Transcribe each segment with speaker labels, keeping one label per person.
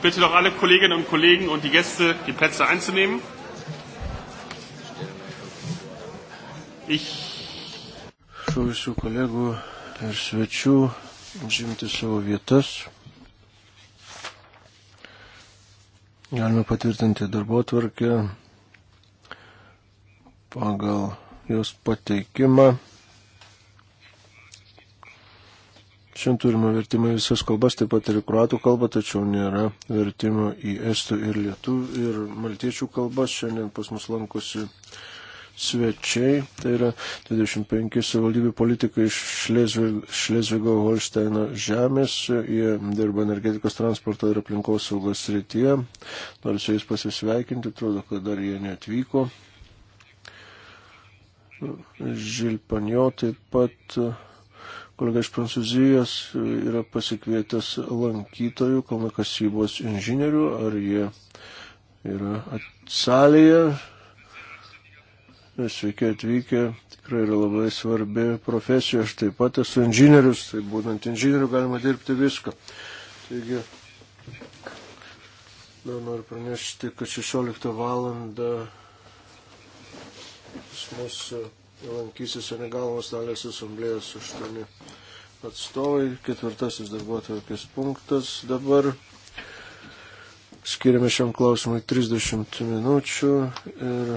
Speaker 1: Ich bitte doch alle Kolleginnen und Kollegen und die Gäste, die Plätze einzunehmen.
Speaker 2: Ich. Prašau visų kolegų ir svečių užimti savo vietas. Galime patvirtinti darbo tvarkę pagal jos pateikimą. Šiandien turime vertimą į visas kalbas, taip pat ir į kruatų kalbą, tačiau nėra vertimo į estų ir lietų ir maltiečių kalbas. Šiandien pas mus lankosi svečiai, tai yra 25 savivaldybių politikai iš Šlezvigo Holsteino žemės, jie dirba energetikos transporto ir aplinkos saugos srityje. Noriu su jais pasisveikinti, atrodo, kad dar jie neatvyko. Žilpanjo taip pat kolega iš Prancūzijos e, yra pasikvietęs lankytojų kalnakasybos inžinierių, ar jie yra salėje. E, sveiki atvykę, tikrai yra labai svarbi profesija, aš taip pat esu inžinierius, tai būtent inžinierių galima dirbti viską. Taigi, dar noriu pranešti, kad 16 valandą pas mus e, lankysis Senegalo nacionalinės asamblėjos aštuoni atstovai. Ketvirtasis darbuotojas punktas dabar. Skiriame šiam klausimui 30 minučių ir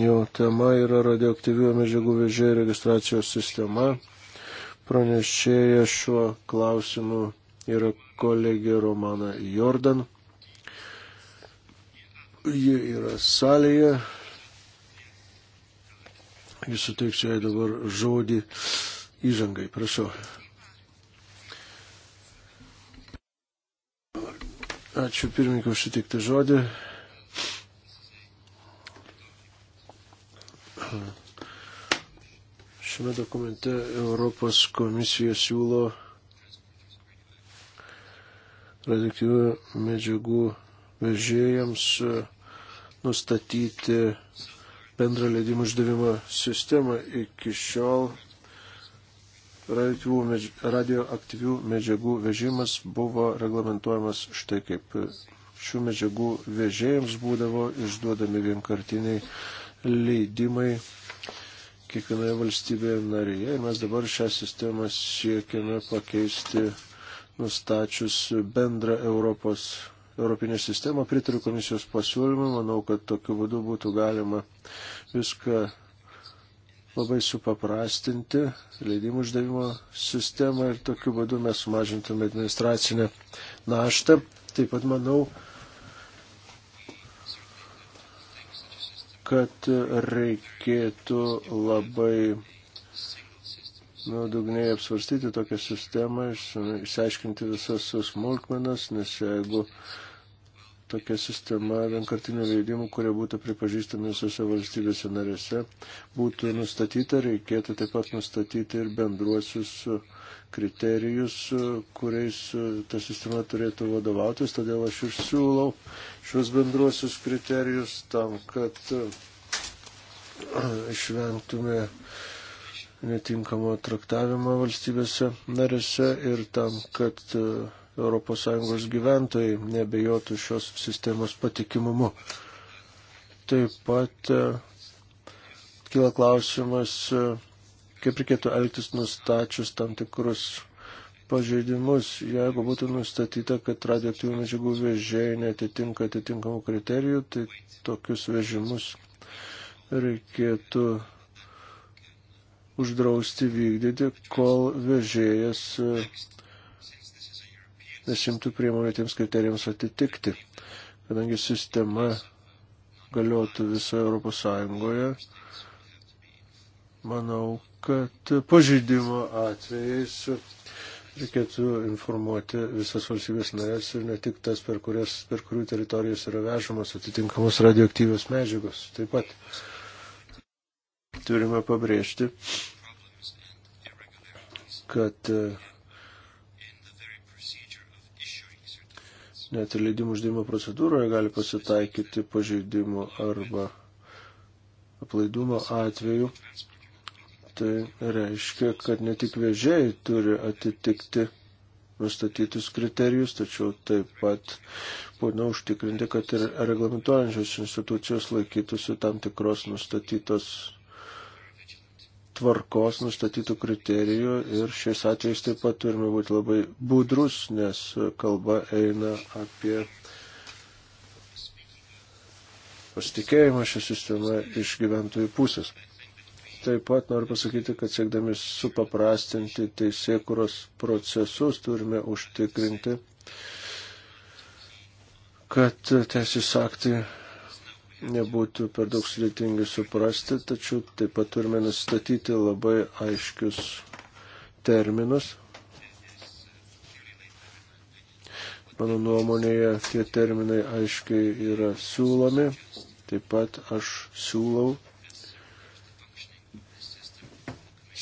Speaker 2: jo tema yra radioaktyvių medžiagų vežėjų registracijos sistema. Pranešėja šiuo klausimu yra kolegė Romana Jordan. Ji yra salėje, Jūs suteiksiu jai dabar žodį įžangai, prašau. Ačiū pirmininkai už sutiktą žodį. Šiame dokumente Europos komisija siūlo radioaktyvių medžiagų vežėjams nustatyti bendrą leidimų išdavimo sistemą. Iki šiol radioaktyvių medžiagų vežimas buvo reglamentuojamas štai kaip. Šių medžiagų vežėjams būdavo išduodami vienkartiniai leidimai kiekvienoje valstybėje narėje ir mes dabar šią sistemą siekiame pakeisti nustačius bendrą Europos Europinę sistemą. Pritariu komisijos pasiūlymą. Manau, kad tokiu būdu būtų galima viską labai supaprastinti leidimų uždavimo sistemą ir tokiu būdu mes sumažintume administracinę naštą. Taip pat manau, kad reikėtų labai nuodugniai apsvarstyti tokią sistemą, išsiaiškinti visas smulkmenas, nes jeigu tokia sistema vienkartinių leidimų, kurie būtų pripažįstami visose valstybėse narėse, būtų nustatyta, reikėtų taip pat nustatyti ir bendruosius kriterijus, kuriais ta sistema turėtų vadovautis. Todėl aš ir siūlau šios bendruosius kriterijus tam, kad išvengtume netinkamo traktavimo valstybėse narėse ir tam, kad ES gyventojai nebejotų šios sistemos patikimumu. Taip pat e, kyla klausimas, e, kaip reikėtų elgtis nustačius tam tikrus pažeidimus, jeigu būtų nustatyta, kad radioaktyvių medžiagų vežėjai netitinka atitinkamų kriterijų, tai tokius vežimus reikėtų uždrausti vykdyti, kol vežėjas e, nesimtų priemonių tiems kriterijams atitikti. Kadangi sistema galiotų visoje Europos Sąjungoje, manau, kad pažydimo atvejais reikėtų informuoti visas valstybės narės ir ne tik tas, per, kurias, per kurių teritorijas yra vežamos atitinkamos radioaktyvios medžiagos. Taip pat turime pabrėžti, kad e, net ir leidimų uždėjimo procedūroje gali pasitaikyti pažeidimų arba aplaidumo atveju. Tai reiškia, kad ne tik vežėjai turi atitikti nustatytus kriterijus, tačiau taip pat būtina užtikrinti, kad ir reglamentuojančios institucijos laikytųsi tam tikros nustatytos tvarkos nustatytų kriterijų ir šiais atvejais taip pat turime būti labai budrus, nes kalba eina apie pasitikėjimą šią sistemą iš gyventojų pusės. Taip pat noriu pasakyti, kad siekdami supaprastinti teisėkuros procesus turime užtikrinti, kad teisės aktai nebūtų per daug sudėtingi suprasti, tačiau taip pat turime nustatyti labai aiškius terminus. Mano nuomonėje tie terminai aiškiai yra siūlomi. Taip pat aš siūlau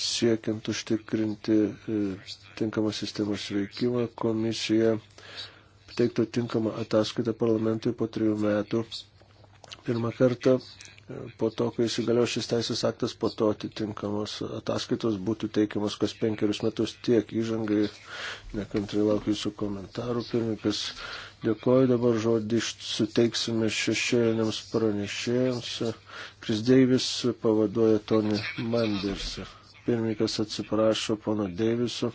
Speaker 2: siekiant užtikrinti e, tinkamą sistemos veikimą, komisija pateiktų tinkamą ataskaitą parlamentui po trijų metų pirmą kartą e, po to, kai įsigalio šis teisės aktas, po to atitinkamos ataskaitos būtų teikiamos kas penkerius metus tiek įžangai. Nekantrai laukiu jūsų komentarų. Pirmininkas, dėkoju dabar žodį, suteiksime šešėliniams pranešėjams. Kris Deivis pavaduoja Tony Mandersą. Pirmininkas atsiprašo pono Deiviso,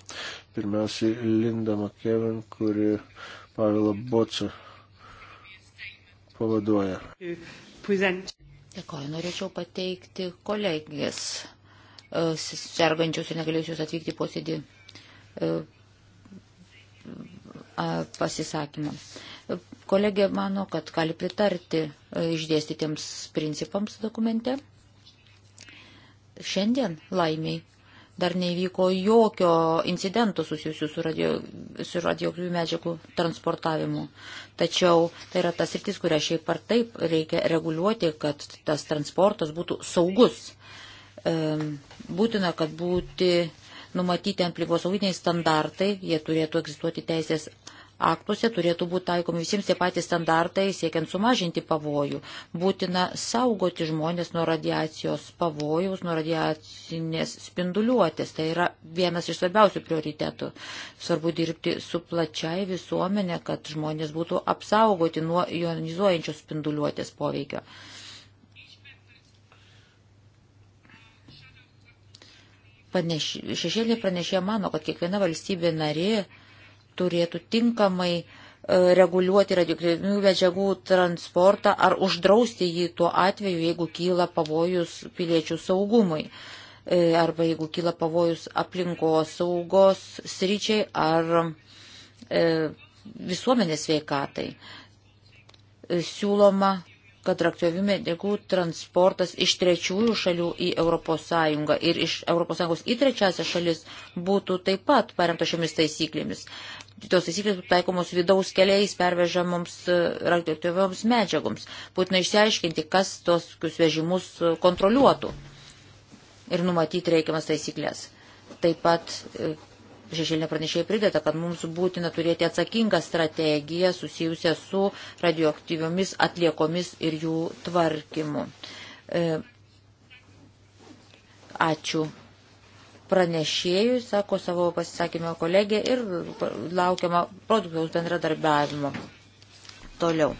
Speaker 2: pirmiausiai Linda McKevin, kuri Pavilo Boca pavaduoja.
Speaker 3: Dėkoju, norėčiau pateikti kolegės, e, sergančius ir negalėjusius atvykti posėdį e, pasisakymą. Kolegė mano, kad gali pritarti e, išdėstytiems principams dokumente. Šiandien laimiai dar nevyko jokio incidento susijusių su, radio, su radioaktyvių medžiagų transportavimu. Tačiau tai yra tas rytis, kurią šiaip ar taip reikia reguliuoti, kad tas transportas būtų saugus. Būtina, kad būti numatyti aplinkosauginiai standartai, jie turėtų egzistuoti teisės aktuose turėtų būti taikomi visiems tie patys standartai, siekiant sumažinti pavojų. Būtina saugoti žmonės nuo radiacijos pavojaus, nuo radiacinės spinduliuotės. Tai yra vienas iš svarbiausių prioritetų. Svarbu dirbti su plačiai visuomenė, kad žmonės būtų apsaugoti nuo jonizuojančios spinduliuotės poveikio. Paneš, šešėlė pranešė mano, kad kiekviena valstybė narė turėtų tinkamai e, reguliuoti radioaktyvių medžiagų transportą ar uždrausti jį tuo atveju, jeigu kyla pavojus piliečių saugumui e, arba jeigu kyla pavojus aplinkos saugos sryčiai ar e, visuomenės veikatai. Siūloma, kad radioaktyvių medžiagų transportas iš trečiųjų šalių į ES ir iš ES į trečiasią šalis būtų taip pat paremta šiomis taisyklėmis tos taisyklės būtų taikomos vidaus keliais pervežamoms e, radioaktyvioms medžiagoms. Būtina išsiaiškinti, kas tos vežimus e, kontroliuotų ir numatyti reikiamas taisyklės. Taip pat e, šešėlinė pranešėjai prideda, kad mums būtina turėti atsakingą strategiją susijusią su radioaktyviomis atliekomis ir jų tvarkymu. Ačiū pranešėjui, sako savo pasisakymą kolegė ir laukiama produktaus bendradarbiavimo. Toliau.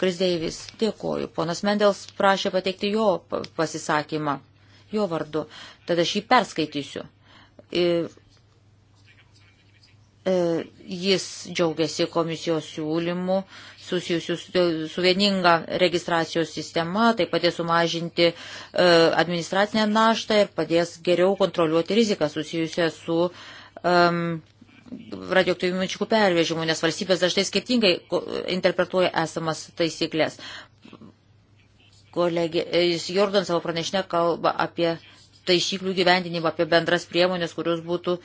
Speaker 3: Kris Deivis, dėkoju. Ponas Mendels prašė pateikti jo pasisakymą, jo vardu. Tada aš jį perskaitysiu. Ir E, jis džiaugiasi komisijos siūlymu susijusių su vieninga registracijos sistema, taip padės sumažinti e, administracinę naštą ir padės geriau kontroliuoti riziką susijusią su um, radioaktyvių medžiagų pervežimu, nes valstybės dažnai skirtingai interpretuoja esamas taisyklės. Kolegė, e, Jordan savo pranešinę kalba apie taisyklių gyvendinimą, apie bendras priemonės, kurios būtų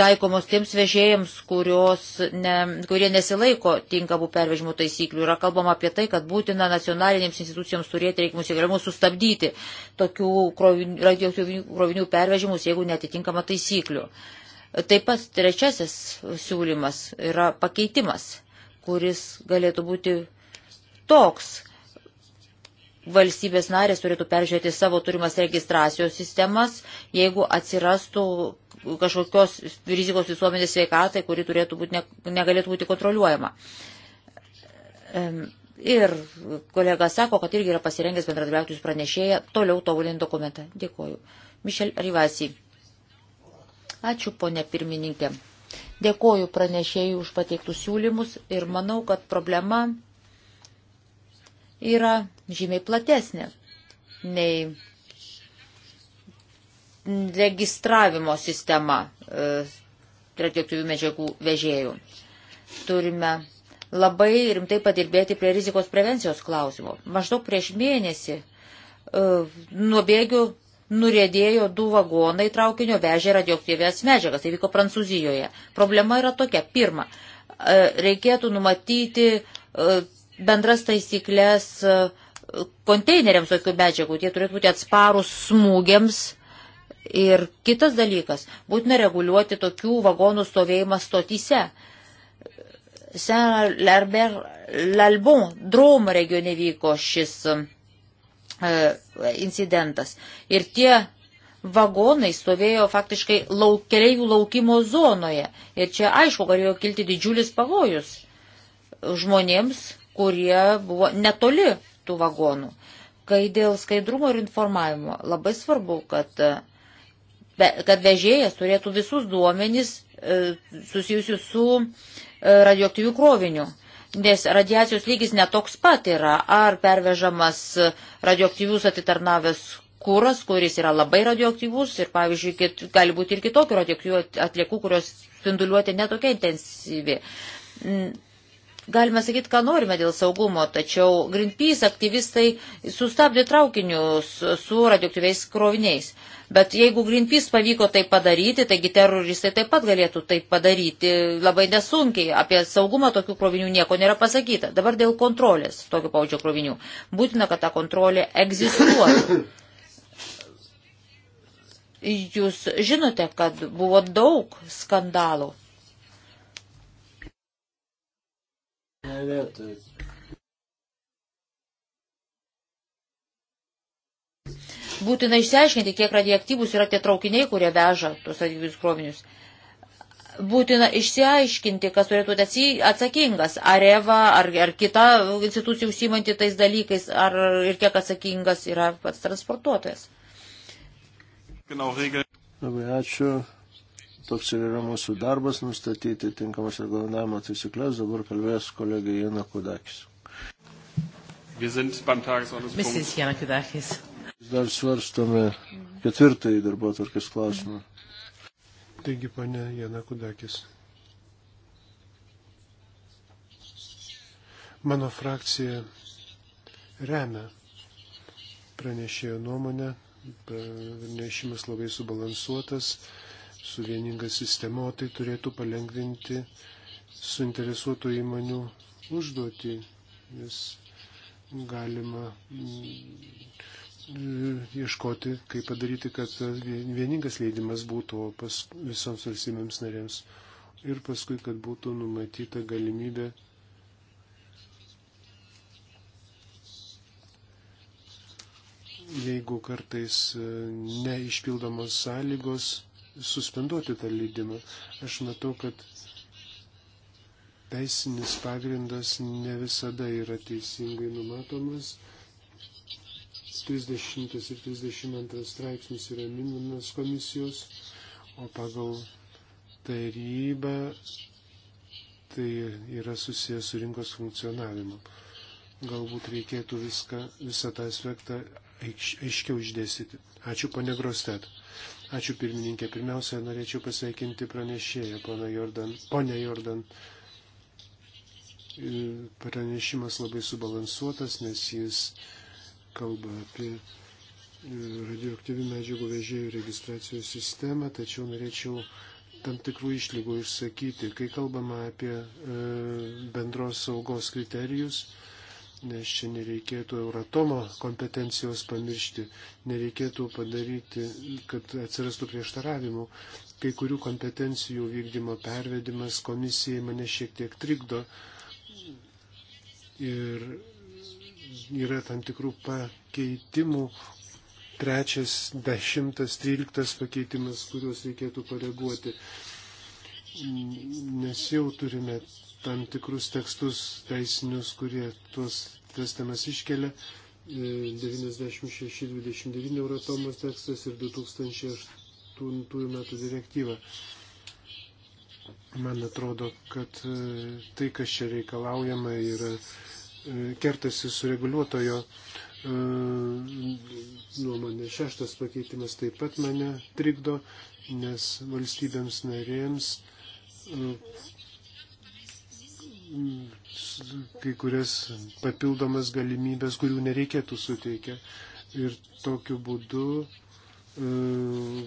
Speaker 3: taikomos tiems vežėjams, kurios ne, kurie nesilaiko tinkamų pervežimų taisyklių. Yra kalbama apie tai, kad būtina nacionalinėms institucijoms turėti reikimus įgaliojimus sustabdyti tokių krovinių, radioaktyvių krovinių pervežimus, jeigu netitinkama taisyklių. Taip pat trečiasis siūlymas yra pakeitimas, kuris galėtų būti toks valstybės narės turėtų peržiūrėti savo turimas registracijos sistemas, jeigu atsirastų kažkokios rizikos visuomenės sveikatai, kuri turėtų būti, negalėtų būti kontroliuojama. Ir kolega sako, kad irgi yra pasirengęs bendradarbiauti su pranešėja, toliau tobulinti dokumentą. Dėkoju. Mišel Rivasi. Ačiū, ponė pirmininkė. Dėkoju pranešėjai už pateiktus siūlymus ir manau, kad problema yra žymiai platesnė nei registravimo sistema e, radioaktyvių medžiagų vežėjų. Turime labai rimtai padirbėti prie rizikos prevencijos klausimo. Maždaug prieš mėnesį e, nuobėgių nurėdėjo du vagonai traukinio vežė radioaktyvės medžiagas. Tai vyko Prancūzijoje. Problema yra tokia. Pirma, e, reikėtų numatyti e, bendras taisyklės e, konteineriams tokių medžiagų, tie turėtų būti atsparus smūgiams. Ir kitas dalykas, būtina reguliuoti tokių vagonų stovėjimą stotyse. Saint-Larbert-Lalbon, Drom regione vyko šis e, incidentas. Ir tie vagonai stovėjo faktiškai lauk, keliaivių laukimo zonoje. Ir čia aišku, galėjo kilti didžiulis pavojus žmonėms, kurie buvo netoli tų vagonų. Kai dėl skaidrumo ir informavimo labai svarbu, kad, kad vežėjas turėtų visus duomenys e, susijusius su e, radioaktyvių krovinių. Nes radiacijos lygis netoks pat yra, ar pervežamas radioaktyvius atitarnavęs kūras, kuris yra labai radioaktyvus ir, pavyzdžiui, kit, gali būti ir kitokių radioaktyvių atliekų, kurios spinduliuoti netokia intensyvi. Mm, Galime sakyti, ką norime dėl saugumo, tačiau Greenpeace aktyvistai sustabdė traukinius su radioaktyviais kroviniais. Bet jeigu Greenpeace pavyko tai padaryti, taigi teroristai taip pat galėtų tai padaryti labai nesunkiai. Apie saugumą tokių krovinių nieko nėra pasakyta. Dabar dėl kontrolės tokio paudžio krovinių. Būtina, kad ta kontrolė egzistuotų. Jūs žinote, kad buvo daug skandalų Norėtų. Būtina išsiaiškinti, kiek radioaktyvus yra tie traukiniai, kurie veža tuos radioaktyvius krovinius. Būtina išsiaiškinti, kas turėtų būti atsakingas, ar EVA, ar, ar kita institucija užsimanti tais dalykais, ar ir kiek atsakingas yra pats transportuotojas.
Speaker 2: Genau, Labai ačiū. Toks ir yra mūsų darbas nustatyti tinkamas reglamentavimo taisyklės. Dabar kalbės kolegė Jena Kudakis.
Speaker 3: Mrs. Jena Kudakis.
Speaker 2: Dar svarstome ketvirtąjį darbo atvarkės klausimą.
Speaker 1: Taigi, pane Jena Kudakis. Mano frakcija remia pranešėjo nuomonę, pranešimas labai subalansuotas, su vieninga sistema, o tai turėtų palengvinti suinteresuotų įmonių užduotį, nes galima mm, ieškoti, kaip padaryti, kad vieningas leidimas būtų pas visoms valstybėms narėms ir paskui, kad būtų numatyta galimybė jeigu kartais e, neišpildomos sąlygos suspenduoti tą leidimą. Aš matau, kad teisinis pagrindas ne visada yra teisingai numatomas. 30 ir 32 straipsnis yra minimas komisijos, o pagal tarybą tai yra susijęs su rinkos funkcionavimu. Galbūt reikėtų viską, visą tą aspektą aiš, aiškiau išdėstyti. Ačiū, ponė Grostet. Ačiū, pirmininkė. Pirmiausia, norėčiau pasveikinti pranešėją, ponę Jordan. Ponė Jordan. Pranešimas labai subalansuotas, nes jis kalba apie e, radioaktyvių medžiagų vežėjų registracijos sistemą, tačiau norėčiau tam tikrų išlygų išsakyti. Kai kalbama apie e, bendros saugos kriterijus, nes čia nereikėtų Euratomo kompetencijos pamiršti, nereikėtų padaryti, kad atsirastų prieštaravimų. Kai kurių kompetencijų vykdymo pervedimas komisijai mane šiek tiek trikdo ir yra tam tikrų pakeitimų. Trečias, dešimtas, tryliktas pakeitimas, kuriuos reikėtų koreguoti, nes jau turime tam tikrus tekstus teisinius, kurie tuos tris temas iškelia. 96-29 e, Euratomos tekstas ir 2008 metų direktyva. Man atrodo, kad e, tai, kas čia reikalaujama, yra e, kertasi su reguliuotojo nuomonė. Šeštas pakeitimas taip pat mane trikdo, nes valstybėms narėms kai kurias papildomas galimybės, kurių nereikėtų suteikia. Ir tokiu būdu e,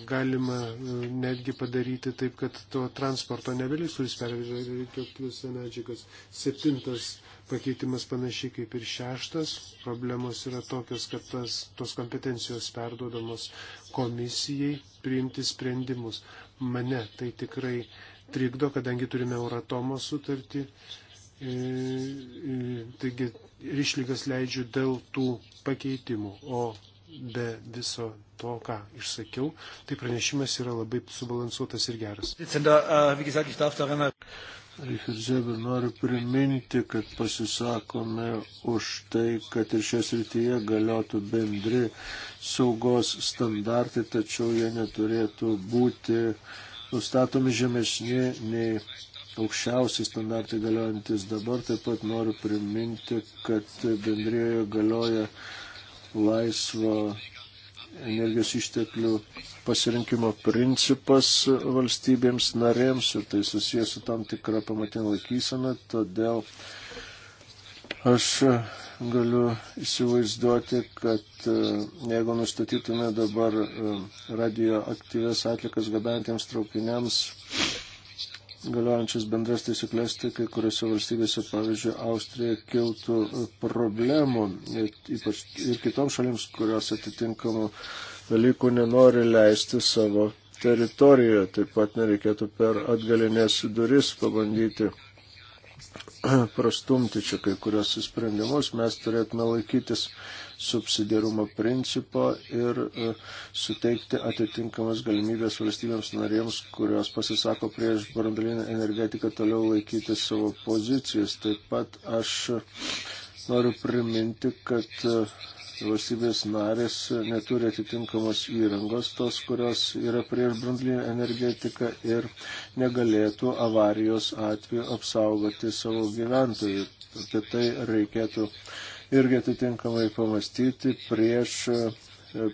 Speaker 1: galima e, netgi padaryti taip, kad to transporto nebeliks, kuris pervežė visą medžiagas. Septintas pakeitimas panašiai kaip ir šeštas. Problemos yra tokios, kad tas, tos kompetencijos perduodamos komisijai priimti sprendimus. Mane tai tikrai trikdo, kadangi turime Euratomo sutartį E, e, taigi išlygas leidžiu dėl tų pakeitimų, o be viso to, ką išsakiau, tai pranešimas yra labai subalansuotas ir geras.
Speaker 2: Äh, Richardžebė noriu priminti, kad pasisakome už tai, kad ir šios rytyje galiotų bendri saugos standartai, tačiau jie neturėtų būti nustatomi žemesni nei aukščiausi standartai galiojantis dabar. Taip pat noriu priminti, kad bendrėje galioja laisvo energijos išteklių pasirinkimo principas valstybėms narėms ir tai susijęs su tam tikra pamatinė laikysena, todėl aš galiu įsivaizduoti, kad e, jeigu nustatytume dabar e, radioaktyvės atlikas gabentiems traukiniams, galiojančias bendras taisyklės, tai kai kuriuose valstybėse, pavyzdžiui, Austrija, kiltų problemų, ypač ir kitoms šalims, kurios atitinkamų dalykų nenori leisti savo teritorijoje. Taip pat nereikėtų per atgalinės duris pabandyti prastumti čia kai kurios sprendimus, mes turėtume laikytis subsidiarumo principo ir e, suteikti atitinkamas galimybės valstybėms narėms, kurios pasisako prieš brandalinę energetiką, toliau laikyti savo pozicijos. Taip pat aš noriu priminti, kad e, valstybės narės neturi atitinkamos įrangos, tos, kurios yra prieš branduolinę energetiką ir negalėtų avarijos atveju apsaugoti savo gyventojų. Apie tai reikėtų irgi atitinkamai pamastyti prieš e,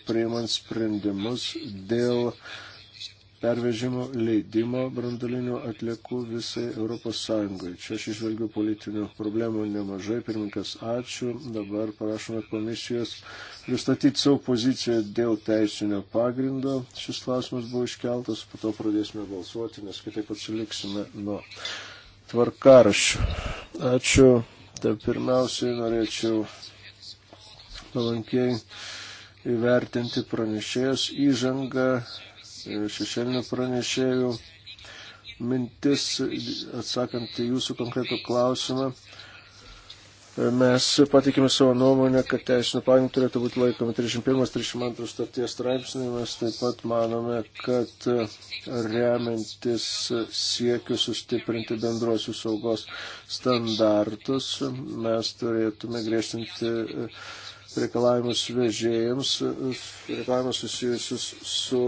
Speaker 2: priimant sprendimus dėl pervežimo leidimo brandolinių atliekų visai Europos Sąjungai. Čia aš išvelgiu politinių problemų nemažai. Pirmininkas, ačiū. Dabar prašome komisijos pristatyti savo poziciją dėl teisinio pagrindo. Šis klausimas buvo iškeltas, po to pradėsime balsuoti, nes kitaip atsiliksime nuo tvarkaraščių. Ačiū. Ta pirmiausiai norėčiau palankiai įvertinti pranešėjos įžangą, šešėlinių pranešėjų mintis, atsakant į jūsų konkretų klausimą. Mes patikime savo nuomonę, kad teisinių pagrindų turėtų būti laikomi 31-32 starties straipsniai. Mes taip pat manome, kad e, remiantis siekiu sustiprinti bendruosius saugos standartus, mes turėtume grėžtinti e, reikalavimus vežėjams, e, reikalavimus susijusius su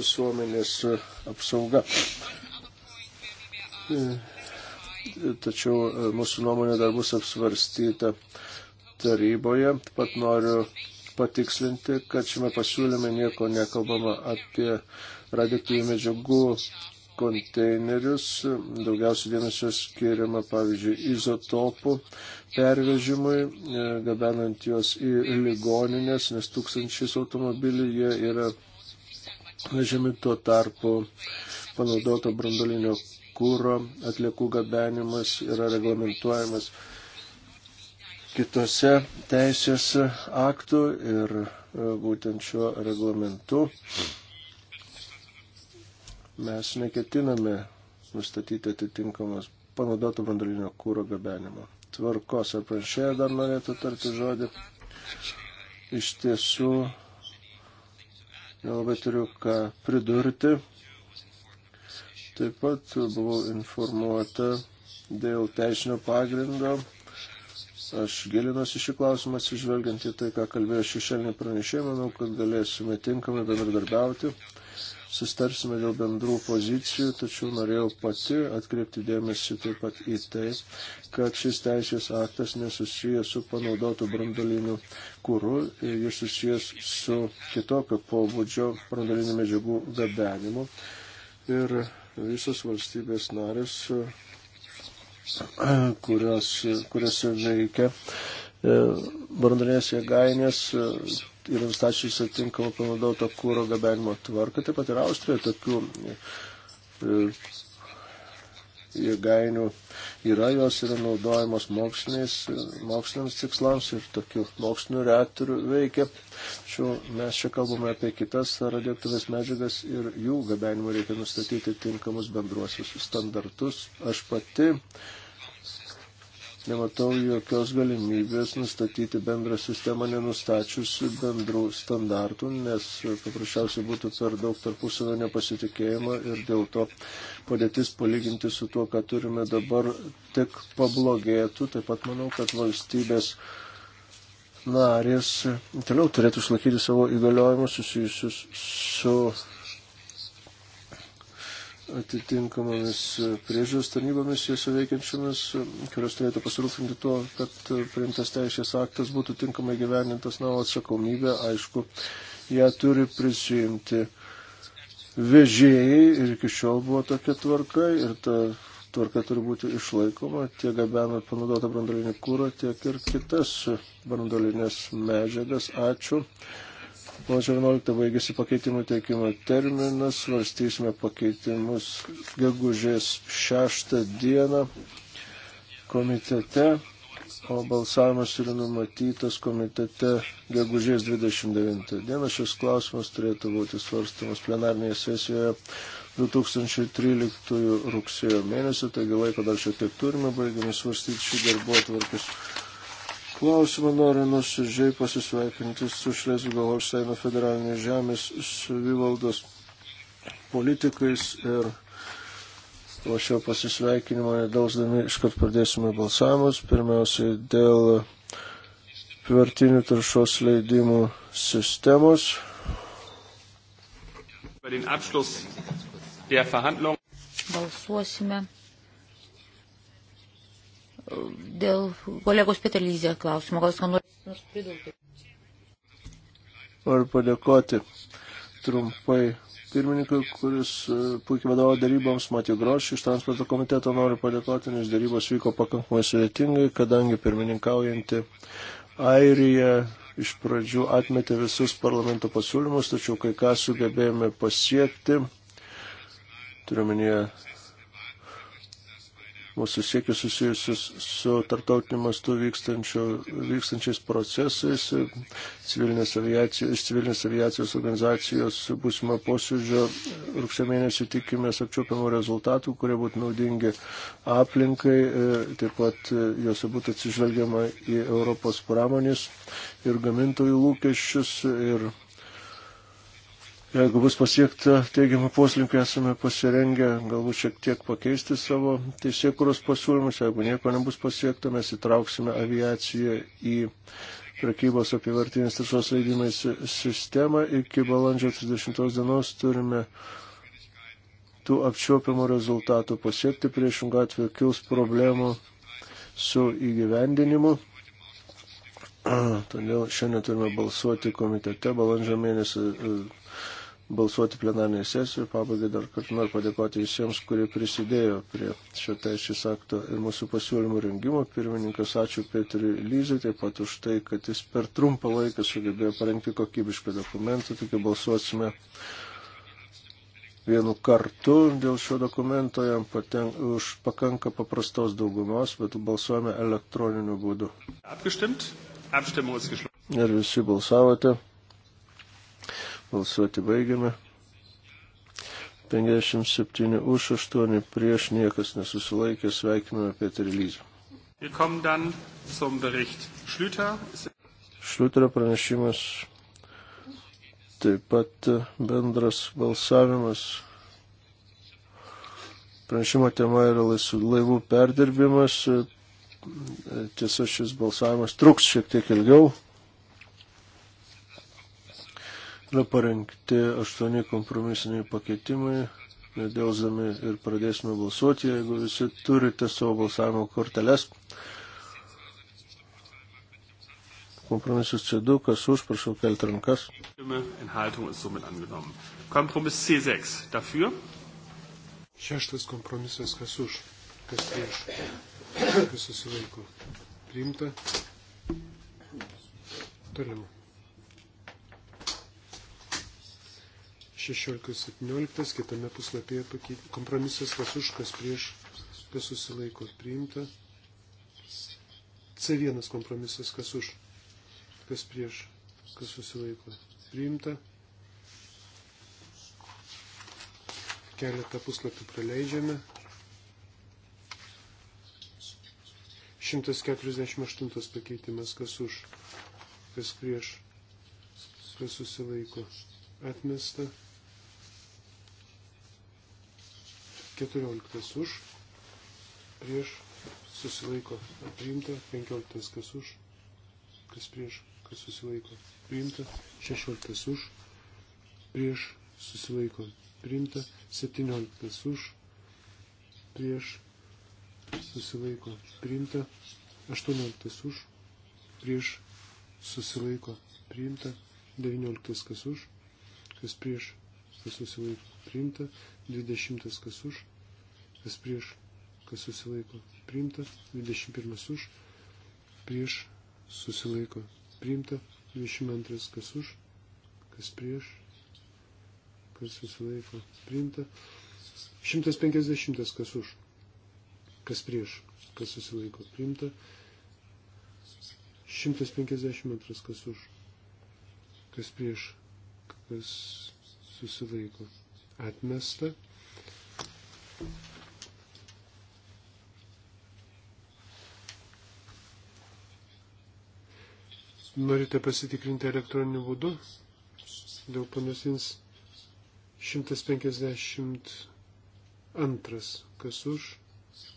Speaker 2: visuomenės apsauga tačiau e, mūsų nuomonė dar bus apsvarstyta taryboje. Taip pat noriu patikslinti, kad šiame pasiūlyme nieko nekalbama apie radioaktyvių medžiagų konteinerius. Daugiausiai dėmesio skiriama, pavyzdžiui, izotopų pervežimui, e, gabenant juos į ligoninės, nes tūkstančiais automobilių jie yra vežami tuo tarpu panaudoto brandolinio kūro atliekų gabenimas yra reglamentuojamas kitose teisės aktų ir e, būtent šiuo reglamentu mes neketiname nustatyti atitinkamos panaudoto brandalinio kūro gabenimo. Tvarkos ar pranešėja dar norėtų tarti žodį. Iš tiesų nelabai turiu ką pridurti. Taip pat buvau informuota dėl teisinio pagrindo. Aš gilinuosi šį klausimą, atsižvelgiant į tai, ką kalbėjo šešėlinė pranešė, manau, kad galėsime tinkamai bendradarbiauti, sustarsime dėl bendrų pozicijų, tačiau norėjau pati atkreipti dėmesį taip pat į tai, kad šis teisės aktas nesusijęs su panaudotu brandoliniu kūru, jis susijęs su kitokio pobūdžio brandolinių medžiagų gabenimu. Ir visos valstybės narės, kurios, kuriuose veikia e, brandalinės jėgainės e, ir nustačiusi atinkamą panaudoto kūro gabenimo tvarką. Taip pat ir Austrija tokių e, jėgainių yra, jos yra naudojamos moksliniams tikslams ir tokių mokslinių reaktorių veikia. Šiuo mes čia kalbame apie kitas radioaktyves medžiagas ir jų gabenimo reikia nustatyti tinkamus bendruosius standartus. Aš pati nematau jokios galimybės nustatyti bendrą sistemą, nenustačius bendrų standartų, nes paprasčiausiai būtų per daug tarpusavio nepasitikėjimo ir dėl to padėtis palyginti su tuo, ką turime dabar, tik pablogėtų. Taip pat manau, kad valstybės narės toliau turėtų išlaikyti savo įgaliojimus susijusius su atitinkamomis priežiūros tarnybomis jose veikiančiomis, kurios turėtų pasirūpinti tuo, kad priimtas teisės aktas būtų tinkamai gyvenintas, na, atsakomybė, aišku, ją turi prisijimti vežėjai ir iki šiol buvo tokia tvarka ir ta tvarka turi būti išlaikoma, tiek gabena panaudotą brandolinį kūrą, tiek ir kitas brandolinės medžiagas. Ačiū. Nuo 11 baigėsi pakeitimų teikimo terminas, svarstysime pakeitimus gegužės 6 dieną komitete, o balsavimas yra numatytas komitete gegužės 29 dieną. Šis klausimas turėtų būti svarstamas plenarnėje sesijoje 2013 rugsėjo mėnesį, taigi laiko dar šiek tiek turime, baigėme svarstyti šį darbo atvarkės klausimą noriu nusižiai pasisveikinti su Šlesvigo Holsteino federalinės žemės savivaldos politikais ir po šio pasisveikinimo nedalsdami iškart pradėsime balsavimus. Pirmiausiai dėl vertinių taršos leidimų sistemos.
Speaker 3: Balsuosime dėl kolegos Peterlyzė klausimo, gal skan nors pridurti.
Speaker 2: Noriu padėkoti trumpai pirmininkui, kuris e, puikiai vadovavo daryboms, Matijų Grošį iš transporto komiteto noriu padėkoti, nes darybos vyko pakankamai sudėtingai, kadangi pirmininkaujanti Airija iš pradžių atmetė visus parlamento pasiūlymus, tačiau kai ką sugebėjome pasiekti, turiuomenėje mūsų siekius susijusius su tarptautiniu mastu vykstančiais procesais, civilinės aviacijos, civilinės aviacijos organizacijos būsimo posėdžio rugsė mėnesį tikimės apčiopiamų rezultatų, kurie būtų naudingi aplinkai, e, taip pat e, juose būtų atsižvelgiama į Europos pramonės ir gamintojų lūkesčius ir Jeigu bus pasiekta teigiamą poslinkį, esame pasirengę galbūt šiek tiek pakeisti savo teisėkuros pasiūlymus. Jeigu nieko nebus pasiekta, mes įtrauksime aviaciją į prekybos apivartinės taršos leidimais sistemą. Iki balandžio 30 dienos turime tų apčiuopiamų rezultatų pasiekti. Priešingą atveju kils problemų su įgyvendinimu. Todėl šiandien turime balsuoti komitete balandžio mėnesį balsuoti plenarnėje sesijoje. Pabaigai dar kartą noriu padėkoti visiems, kurie prisidėjo prie šio teisės akto ir mūsų pasiūlymų rengimo. Pirmininkas, ačiū Petriui Lyzai, taip pat už tai, kad jis per trumpą laiką sugebėjo parengti kokybišką dokumentą. Taigi balsuosime vienu kartu dėl šio dokumento, jam paten, už pakanka paprastos daugumos, bet balsuojame elektroniniu būdu. Ar visi balsavote? Balsuoti baigiame. 57 už 8 prieš niekas nesusilaikė. Sveikiname Peterį Lyzą. Šliuterio pranešimas taip pat bendras balsavimas. Pranešimo tema yra laivų perdirbimas. Tiesa, šis balsavimas truks šiek tiek ilgiau. Yra parengti aštuoni kompromisiniai pakeitimai, nedėlzami ir pradėsime balsuoti, jeigu visi turite savo balsavimo korteles. Kompromisus C2, kas už, prašau kelti rankas.
Speaker 1: Kompromis C6, dafür. Šeštas kompromisas, kas už, kas prieš, kas susilaiko. Priimta. Toliau. 16-17, kitame puslapyje pakeit... kompromisas kas už, kas prieš, kas susilaiko priimta. C1 kompromisas kas už, kas prieš, kas susilaiko priimta. Keletą puslapių praleidžiame. 148 pakeitimas kas už, kas prieš, kas susilaiko atmesta. 14 už, prieš, susilaiko, priimta, 15 kas už, kas prieš, kas susilaiko, priimta, 16 už, prieš, susilaiko, priimta, 17 už, prieš, susilaiko, priimta, 18 už, prieš, susilaiko, priimta, 19 kas už, kas prieš, kas susilaiko, priimta, 20 kas už, kas prieš, kas susilaiko priimta, 21 už, prieš susilaiko priimta, 22 kas už, kas prieš, kas susilaiko priimta, 150 kas už, kas prieš, kas susilaiko priimta, 152 kas už, kas prieš, kas susilaiko atmesta. Norite pasitikrinti elektroniniu būdu? Dėl panusins 152. Kas už,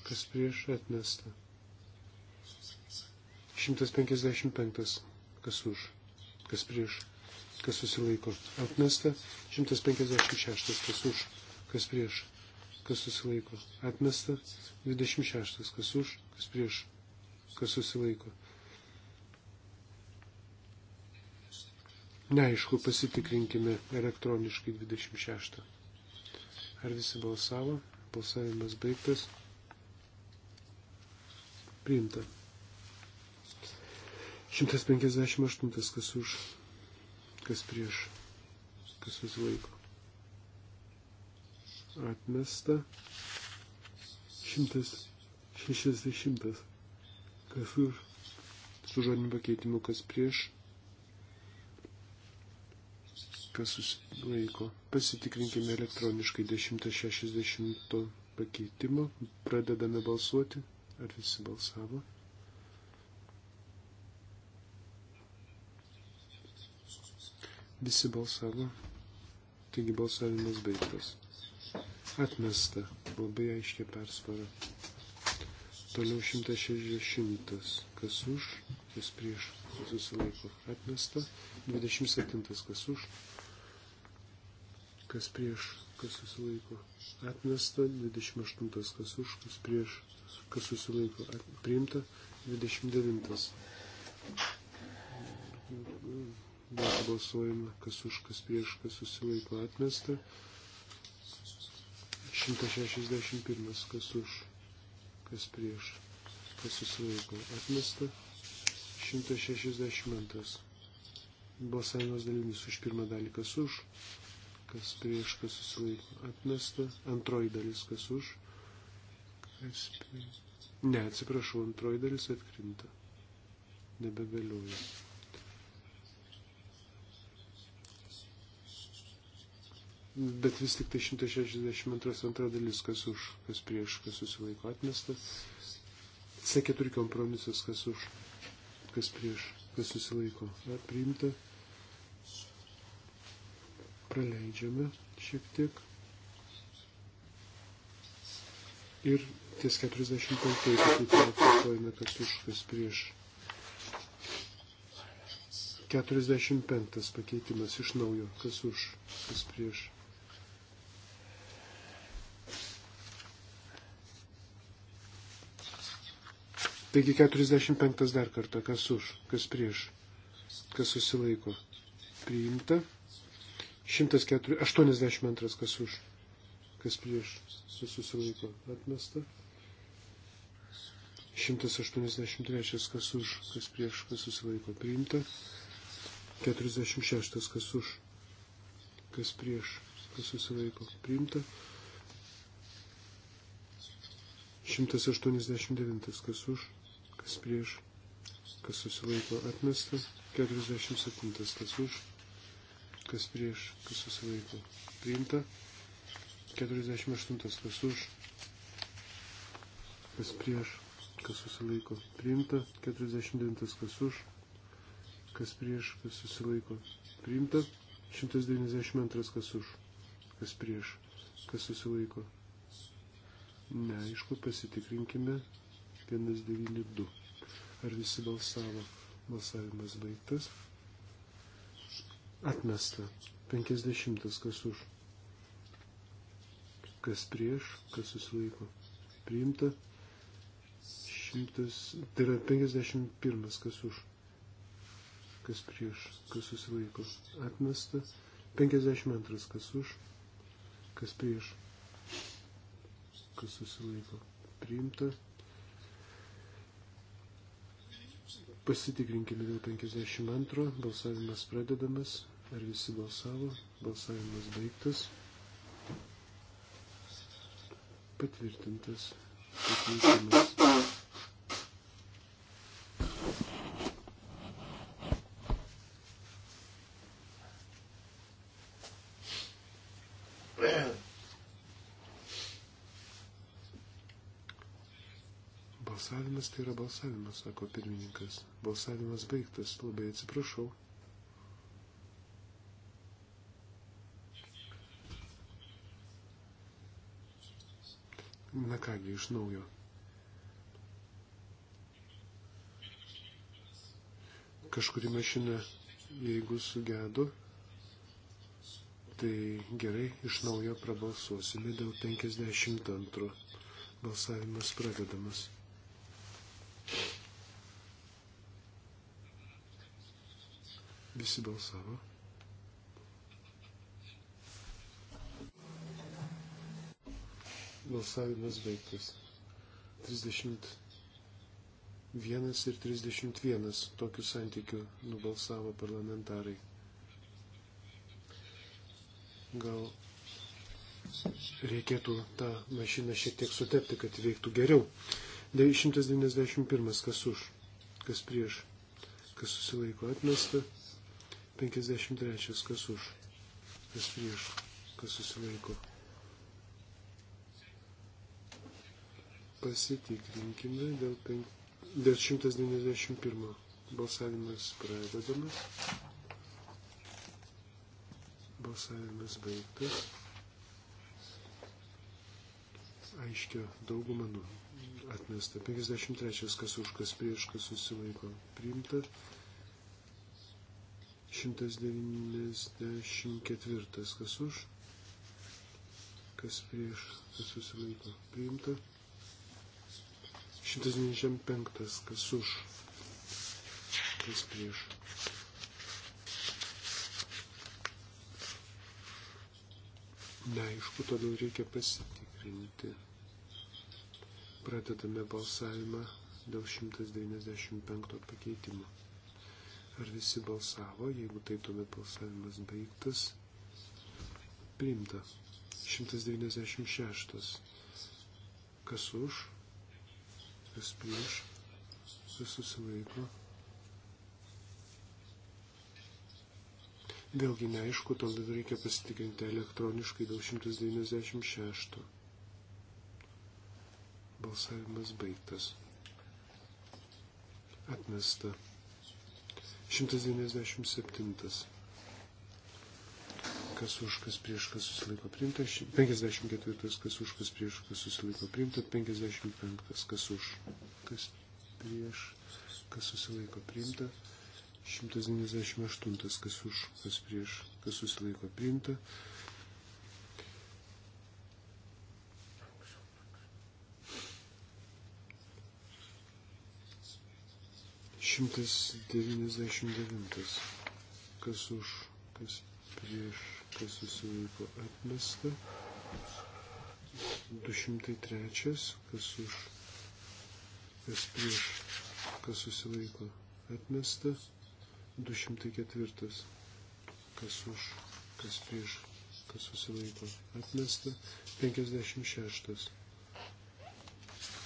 Speaker 1: kas prieš atmesta. 155. Kas už, kas prieš, kas susilaiko. Atmesta. 156. Kas už, kas prieš, kas susilaiko. Atmesta. 26. Kas už, kas prieš, kas susilaiko Neaišku, pasitikrinkime elektroniškai 26. Ar visi balsavo? Balsavimas baigtas. Priimta. 158. Kas už, kas prieš, kas susilaiko. Atmesta. 160. Kas už, su žodiniu pakeitimu, kas prieš, kas susilaiko. Pasitikrinkime elektroniškai 160 pakeitimo. Pradedame balsuoti. Ar visi balsavo? Visi balsavo. Taigi balsavimas baigtas. Atmesta. Labai aiškia persvara. Toliau 160. Kas už, kas prieš, susilaiko. Atmesta. 27. Kas už, kas prieš, kas susilaiko atmesta, 28 kas už, kas prieš, kas susilaiko at, priimta, 29. Dar balsuojama, kas už, kas prieš, kas susilaiko atmesta, 161 kas už, kas prieš, kas susilaiko atmesta, 162. Balsavimas dalimis už pirmą dalį, kas už, kas prieš, kas susilaiko atmesta, antroji dalis, kas už, kas prieš. Ne, atsiprašau, antroji dalis atkrinta. Nebegaliuoja. Bet vis tik tai 162 antra dalis, kas už, kas prieš, kas susilaiko atmesta. C4 kompromisas, kas už, kas prieš, kas susilaiko priimta praleidžiame šiek tiek. Ir ties 45 pakituojame kartuškas prieš. 45 pakeitimas iš naujo, kas už, kas prieš. Taigi 45 dar kartą, kas už, kas prieš, kas susilaiko. Priimta. 182 kas už, kas prieš susilaiko atmesta. 183 kas už, kas prieš, kas susilaiko priimta. 46 kas už, kas prieš, kas susilaiko priimta. 189 kas už, kas prieš, kas susilaiko atmesta. 47 kas už, kas prieš, kas susilaiko. Priimta. 48 kas už, kas prieš, kas susilaiko. Priimta. 49 kas už, kas prieš, kas susilaiko. Priimta. 192 kas už, kas prieš, kas susilaiko. Neaišku, pasitikrinkime 192. Ar visi balsavo? Balsavimas baigtas. Atmesta. 50. Kas už. Kas prieš, kas susilaiko. Priimta. 100. Tai yra 51. Kas už. Kas prieš, kas susilaiko. Atmesta. 52. Kas už. Kas prieš, kas susilaiko. Priimta. Pasitikrinkime dėl 52. Balsavimas pradedamas. Ar visi balsavo? Balsavimas baigtas. Patvirtintas. Patvirtintas. Balsavimas tai yra balsavimas, sako pirmininkas. Balsavimas baigtas, labai atsiprašau. Na kągi, iš naujo. Kažkuri mašina, jeigu sugedu, tai gerai, iš naujo prabalsuosime dėl 52. Balsavimas pradedamas. Visi balsavo. Balsavimas baigtas. 31 ir 31 tokių santykių nubalsavo parlamentarai. Gal reikėtų tą mašiną šiek tiek sutepti, kad veiktų geriau. 191 kas už, kas prieš, kas susilaiko atmesta. 53 kas už, kas prieš, kas susilaiko Pasitikrinkime dėl, pen... dėl 191. Balsavimas pradedamas. Balsavimas baigtas. Aiškia dauguma nu atmesta. 53. Kas už kas prieš kas susilaiko priimta. 194. Kas už kas prieš kas susilaiko priimta. 195. Kas už? Kas prieš? Neaišku, todėl reikia pasitikrinti. Pradedame balsavimą dėl 195 pakeitimo. Ar visi balsavo? Jeigu tai tuomet balsavimas baigtas. Priimta. 196. Kas už? kas prieš, kas susilaiko. Vėlgi neaišku, tol dar reikia pasitikrinti elektroniškai 296. Balsavimas baigtas. Atmesta. 197 kas už, kas prieš, kas susilaiko priimta, 54, kas už, kas prieš, kas susilaiko priimta, 55, kas už, kas prieš, kas susilaiko priimta, 198, kas už, kas prieš, kas susilaiko priimta. Šimtas devyniasdešimt devintas, kas už, kas prieš kas susilaiko atmesta. 203, kas už, kas prieš, kas susilaiko atmesta. 204, kas už, kas prieš, kas susilaiko atmesta. 56,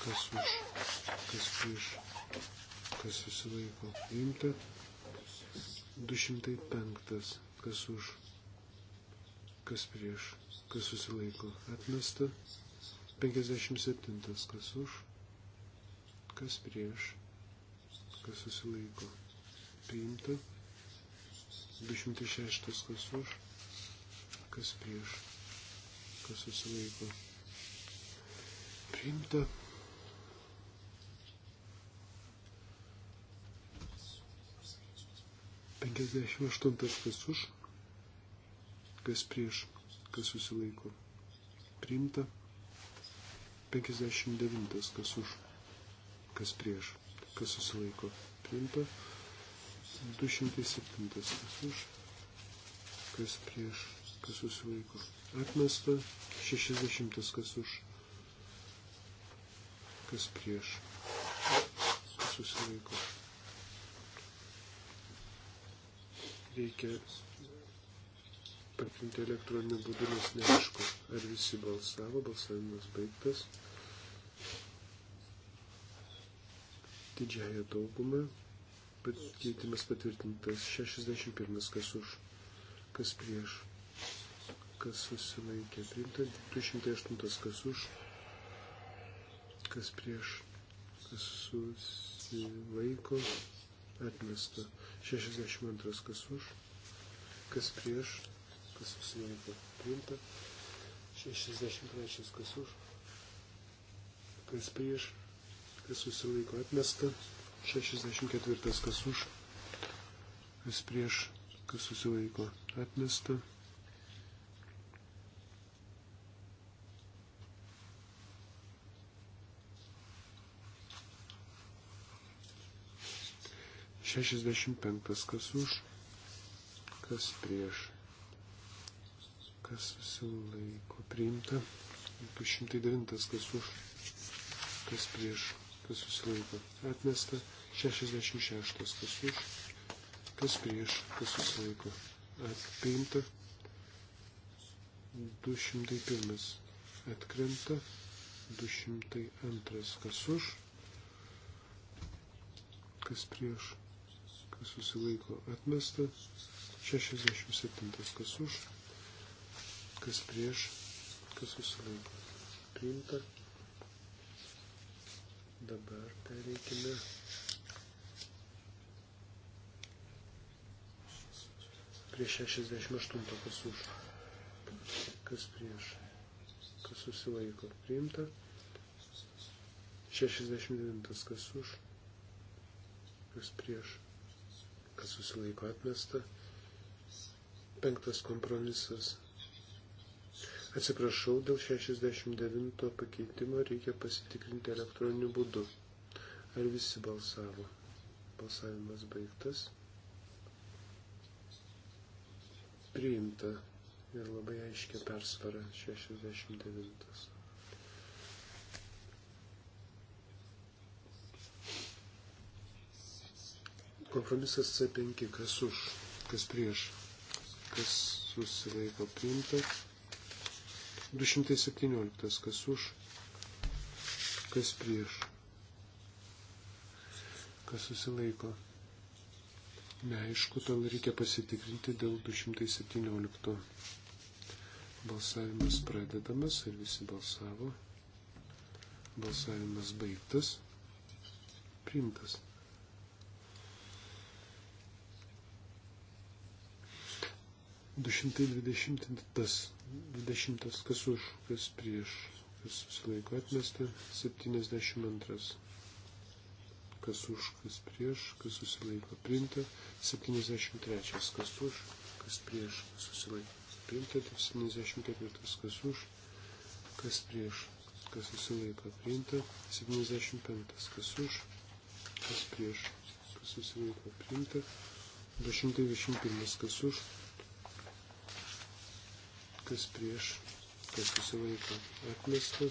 Speaker 1: kas už, kas prieš, kas susilaiko imta. 205, kas už, kas prieš, kas susilaiko, atmesta. 57, kas už, kas prieš, kas susilaiko, priimta. 206, kas už, kas prieš, kas susilaiko, priimta. Penkiasdešimt aštuntas kas už, kas prieš, kas susilaiko. Priimta. 59. Kas už, kas prieš, kas susilaiko. Priimta. 207. Kas už, kas prieš, kas susilaiko. Atmesta. 60. Kas už, kas prieš, kas susilaiko. Reikia Patrinti elektroniniu būdu, nes neaišku, ar visi balsavo, balsavimas baigtas. Didžiąją daugumą pakeitimas patvirtintas 61, kas už, kas prieš, kas susilaikė. Priimta 208, kas už, kas prieš, kas susilaiko. Atmesta 62, kas už, kas prieš, kas susilaiko priimta, 63 kas už, kas prieš, kas susilaiko atmesta, 64 kas už, kas prieš, kas susilaiko atmesta. Šešiasdešimt penktas kas už, kas prieš kas susilaiko priimta. 209 kas už, kas prieš, kas susilaiko atmesta. 66 kas už, kas prieš, kas susilaiko atpinta. 201 atkrenta. 202 kas už, kas prieš, kas susilaiko atmesta. 67 kas už, kas prieš, kas susilaiko priimta. Dabar pereikime. Prie 68 kas už, kas prieš, kas susilaiko priimta. 69 kas už, kas prieš, kas susilaiko atmesta. Penktas kompromisas Atsiprašau, dėl 69 pakeitimo reikia pasitikrinti elektroniniu būdu. Ar visi balsavo? Balsavimas baigtas. Priimta ir labai aiškia persvara 69. Kompromisas C5, kas už, kas prieš, kas susilaiko priimta. 217, kas už, kas prieš, kas susilaiko. Neaišku, tol reikia pasitikrinti dėl 217. Balsavimas pradedamas ir visi balsavo. Balsavimas baigtas. Priimtas. Du šimtai dvidešimtas 20. Kas už, kas prieš, kas susilaiko atmesta. 72. Kas už, kas prieš, kas susilaiko priimta. 73. Kas už, kas prieš, kas susilaiko priimta. 74. Kas už, kas prieš, kas susilaiko priimta. 75. Kas už, kas prieš, kas susilaiko priimta. 221. Kas už, kas prieš, kas susilaiko atmesta.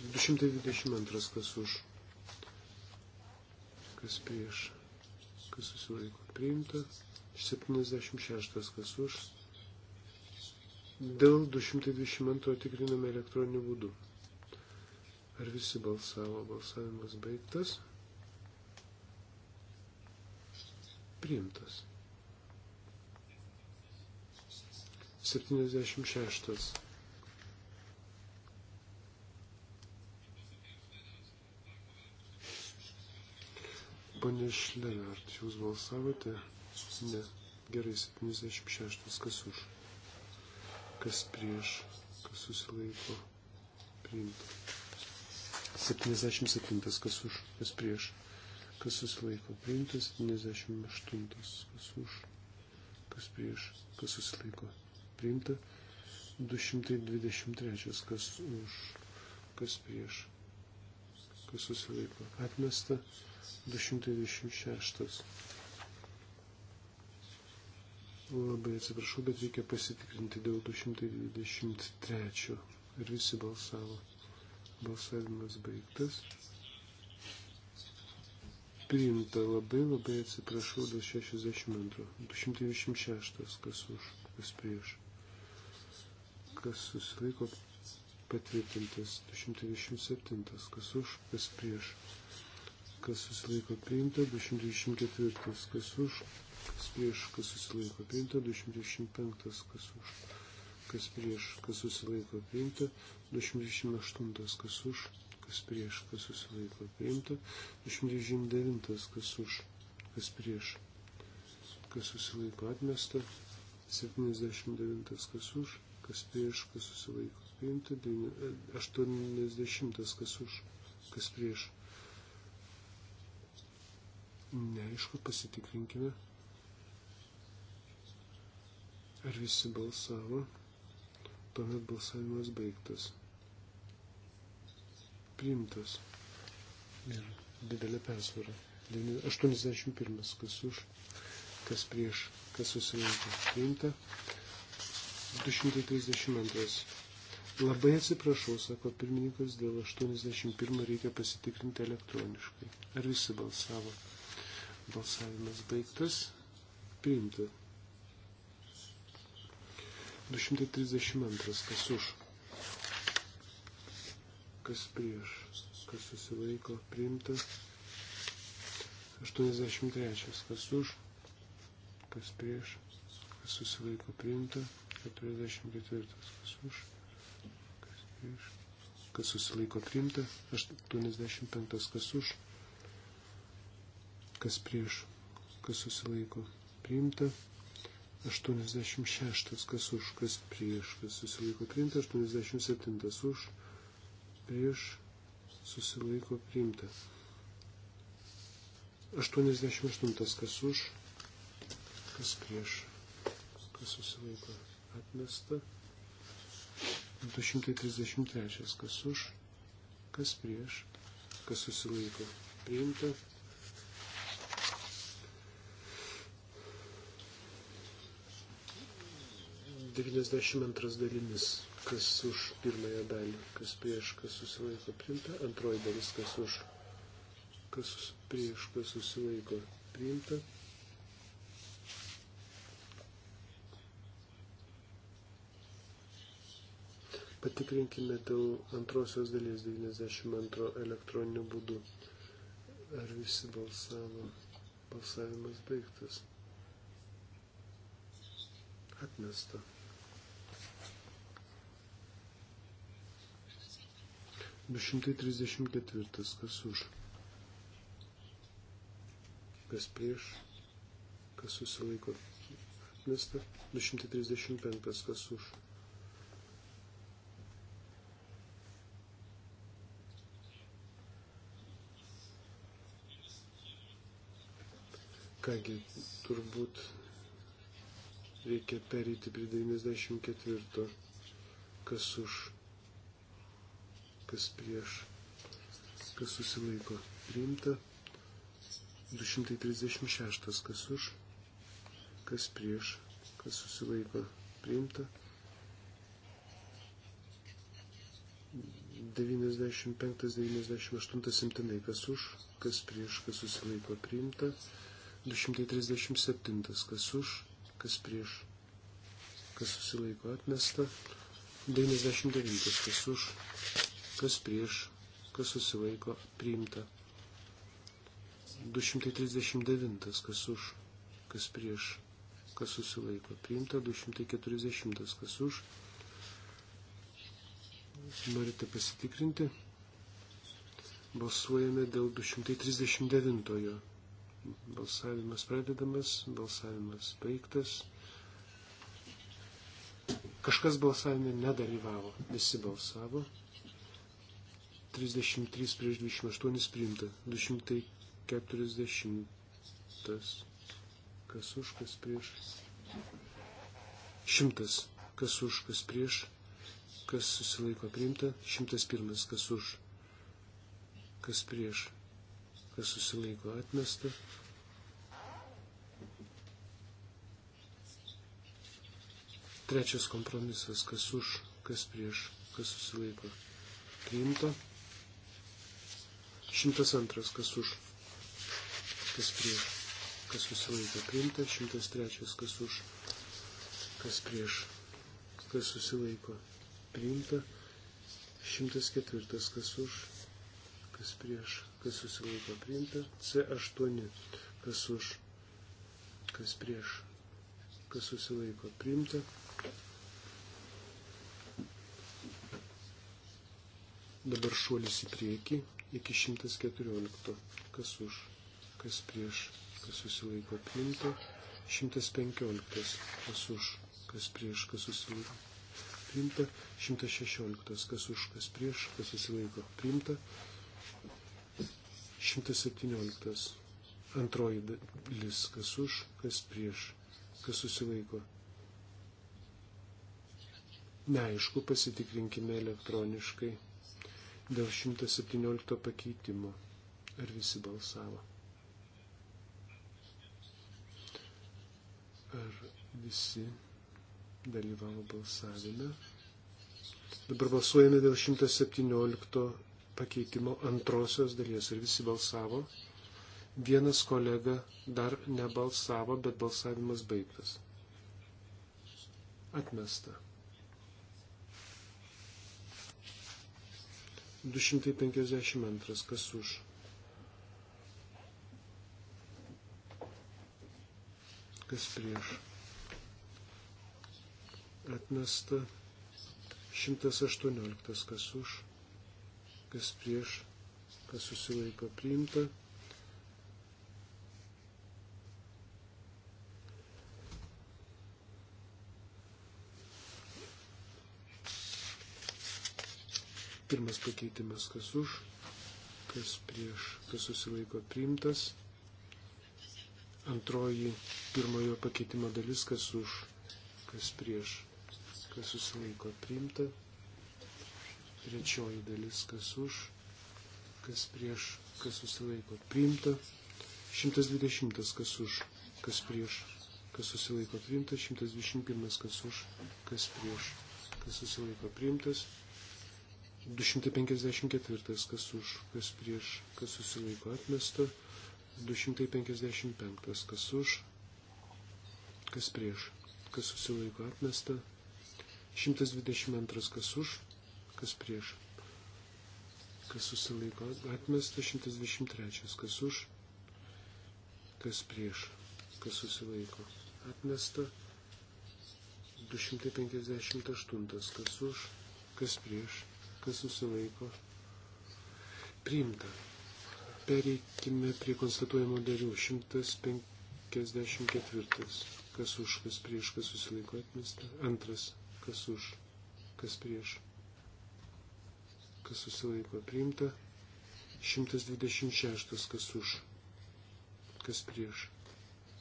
Speaker 1: 222 kas už, kas prieš, kas susilaiko priimta. 76 kas už. Dėl 222 tikriname elektroniniu būdu. Ar visi balsavo? Balsavimas baigtas. Priimtas. 76. Pane Šlenart, jūs balsavote? Ne. Gerai, 76. Kas už? Kas prieš? Kas susilaiko? Priimta. 77. Kas už? Kas prieš? Kas susilaiko? Priimta. 78. Kas už? Kas prieš? Kas susilaiko? priimta. 223. Kas už, kas prieš, kas susilaiko. Atmesta. 226. Labai atsiprašau, bet reikia pasitikrinti dėl 223. Ar visi balsavo? Balsavimas baigtas. Priimta labai, labai atsiprašau dėl 62. 226. Kas už, kas prieš kas susilaiko patvirtintas, 227, kas už, kas prieš, kas susilaiko priimta, 224, kas už, kas prieš, kas susilaiko priimta, 225, kas už, kas prieš, kas susilaiko priimta, 228, kas už, kas prieš, kas susilaiko priimta, 229, kas už, kas prieš, kas susilaiko atmesta, 79, kas už, kas prieš, kas susilaiko priimta, 80 kas už, kas prieš. Neaišku, pasitikrinkime. Ar visi balsavo? Tuomet balsavimas baigtas. Priimtas. Ir didelė persvara. 81. Kas už, kas prieš, kas susirinko. Priimta. 232. Labai atsiprašau, sako pirmininkas, dėl 81 reikia pasitikrinti elektroniškai. Ar visi balsavo? Balsavimas baigtas. Priimta. 232. Kas už? Kas prieš? Kas susilaiko? Priimta. 83. Kas už? Kas prieš? Kas susilaiko? Priimta. 44. Kas už? Kas prieš? Kas susilaiko priimta? 85. Kas už? Kas prieš? Kas susilaiko priimta? 86, kas už, kas prieš, kas susilaiko priimta, 87 už, prieš, susilaiko priimta. 88, kas už, kas prieš, kas susilaiko atmesta. 233. Kas už, kas prieš, kas susilaiko. Priimta. Devyniasdešimt antras dalimis, kas už pirmąją dalį, kas prieš, kas susilaiko priimta, antroji dalis, kas už, kas prieš, kas susilaiko priimta. Patikrinkime dėl antrosios dalies 92 elektroniniu būdu. Ar visi balsavo? Balsavimas baigtas. Atmesta. Du šimtai trisdešimt ketvirtas. Kas už? Kas prieš? Kas susilaiko? Atmesta. Du šimtai trisdešimt penktas. Kas už? Kągi, turbūt reikia perėti prie 94. Kas už, kas prieš, kas susilaiko. Priimta. 236. Kas už, kas prieš, kas susilaiko. Priimta. 95, 98 imtinai, kas už, kas prieš, kas susilaiko priimta, 237. Kas už, kas prieš, kas susilaiko atmesta. 99. Kas už, kas prieš, kas susilaiko priimta. 239. Kas už, kas prieš, kas susilaiko priimta. 240. Kas už. Norite pasitikrinti? Balsuojame dėl 239. Balsavimas pradedamas, balsavimas baigtas. Kažkas balsavime nedalyvavo, visi balsavo. 33 prieš 28 priimta, 240. Kas už, kas prieš. 100. Kas už, kas prieš. Kas susilaiko priimta. 101. Kas už, kas prieš kas susilaiko atmesta. Trečias kompromisas, kas už, kas prieš, kas susilaiko priimta. Šimtas antras, kas už, kas prieš, kas susilaiko priimta. Šimtas trečias, kas už, kas prieš, kas susilaiko priimta. Šimtas ketvirtas, kas už, kas prieš, kas susilaiko priimta, C8, kas už, kas prieš, kas susilaiko priimta. Dabar šuolis į priekį iki 114, kas už, kas prieš, kas susilaiko priimta, 115, kas už, kas prieš, kas susilaiko priimta, 116, kas už, kas prieš, kas susilaiko priimta. 117. Antroji dalis, kas už, kas prieš, kas susilaiko. Neaišku, pasitikrinkime elektroniškai dėl 117 pakeitimo. Ar visi balsavo? Ar visi dalyvavo balsavime? Dabar balsuojame dėl 117 pakeitimo antrosios dalies. Ar visi balsavo? Vienas kolega dar nebalsavo, bet balsavimas baigtas. Atmesta. 252. Kas už? Kas prieš? Atmesta. 118. Kas už? kas prieš, kas susilaiko priimta. Pirmas pakeitimas, kas už, kas prieš, kas susilaiko priimtas. Antroji pirmojo pakeitimo dalis, kas už, kas prieš, kas susilaiko priimta. Trečioji dalis, kas už, kas prieš, kas susilaiko priimta. 120, kas už, kas prieš, kas susilaiko priimta. 121, kas už, kas prieš, kas susilaiko priimtas. 254, kas už, kas prieš, kas susilaiko atmesta. 255, kas už, kas prieš, kas susilaiko atmesta. 122, kas už, kas prieš, kas susilaiko, atmesta 123, kas už, kas prieš, kas susilaiko, atmesta 258, kas už, kas prieš, kas susilaiko, priimta. Pereikime prie konstatuojamo dalių 154, kas už, kas prieš, kas susilaiko, atmesta, antras, kas už, kas prieš kas susilaiko priimta, 126, kas už, kas prieš,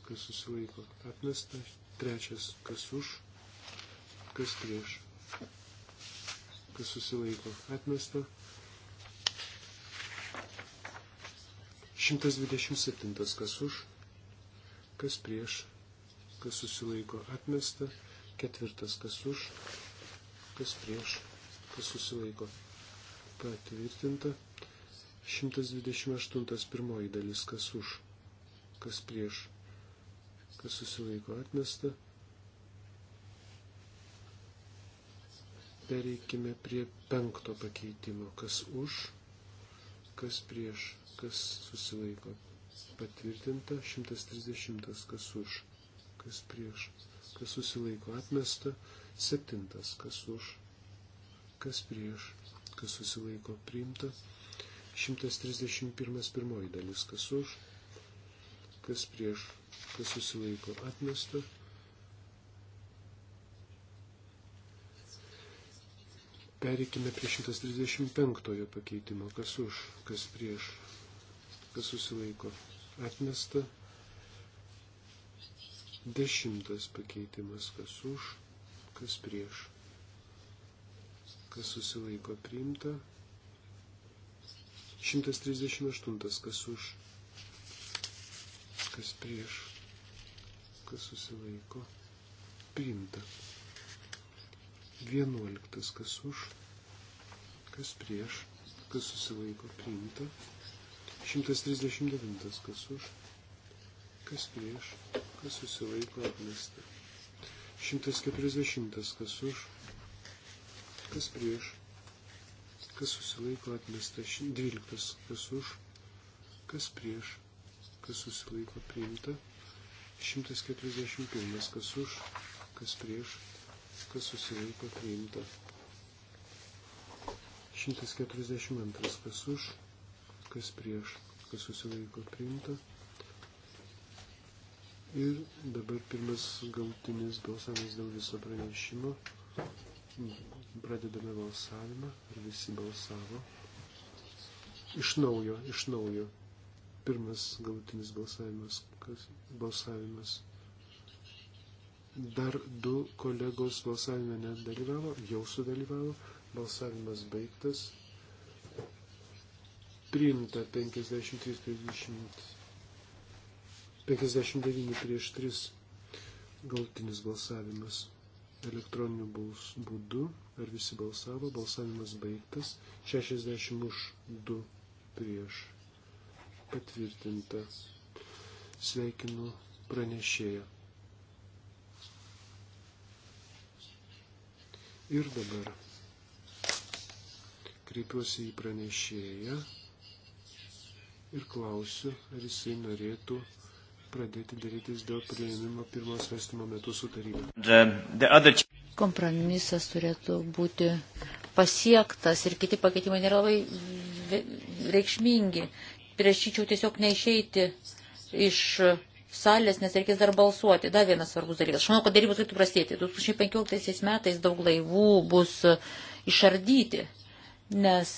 Speaker 1: kas susilaiko atmesta, trečias, kas už, kas prieš, kas susilaiko atmesta, 127, kas už, kas prieš, kas susilaiko atmesta, ketvirtas, kas už, kas prieš, kas susilaiko patvirtinta. 128 pirmoji dalis, kas už, kas prieš, kas susilaiko atmesta. Pereikime prie penkto pakeitimo, kas už, kas prieš, kas susilaiko. Patvirtinta 130, kas už, kas prieš, kas susilaiko atmesta, septintas, kas už, kas prieš, kas susilaiko priimta. 131 pirmoji dalis, kas už, kas prieš, kas susilaiko atmesta. Pereikime prie 135 pakeitimo, kas už, kas prieš, kas susilaiko atmesta. Dešimtas pakeitimas, kas už, kas prieš, kas susilaiko priimta. 138, kas už, kas prieš, kas susilaiko priimta. 11, kas už, kas prieš, kas susilaiko priimta. 139, kas už, kas prieš, kas susilaiko atmesta. 140, kas už, kas prieš, kas susilaiko atmesta, 12, kas už, kas prieš, kas susilaiko priimta, 141, kas už, kas prieš, kas susilaiko priimta, 142, kas už, kas prieš, kas susilaiko priimta. Ir dabar pirmas galtinis balsavimas dėl viso pranešimo Pradedame balsavimą. Ar visi balsavo? Iš naujo, iš naujo. Pirmas galutinis balsavimas. Kas? Balsavimas. Dar du kolegos balsavime nedalyvavo, jau sudalyvavo. Balsavimas baigtas. Priimta 53 30. 59 prieš 3 galtinis balsavimas elektroniniu bals, būdu. Ar visi balsavo? Balsavimas baigtas. 60 už 2 prieš. Patvirtinta. Sveikinu pranešėją. Ir dabar kreipiuosi į pranešėją ir klausiu, ar jisai norėtų pradėti darytis dėl prieimimo pirmos svarstymo metu sutaryba.
Speaker 3: Kompromisas turėtų būti pasiektas ir kiti pakeitimai nėra labai reikšmingi. Priešyčiau tiesiog neišeiti iš salės, nes reikės dar balsuoti. Dar vienas svarbus dalykas. Aš manau, kad darybos turėtų prastėti. 2015 metais daug laivų bus išardyti, nes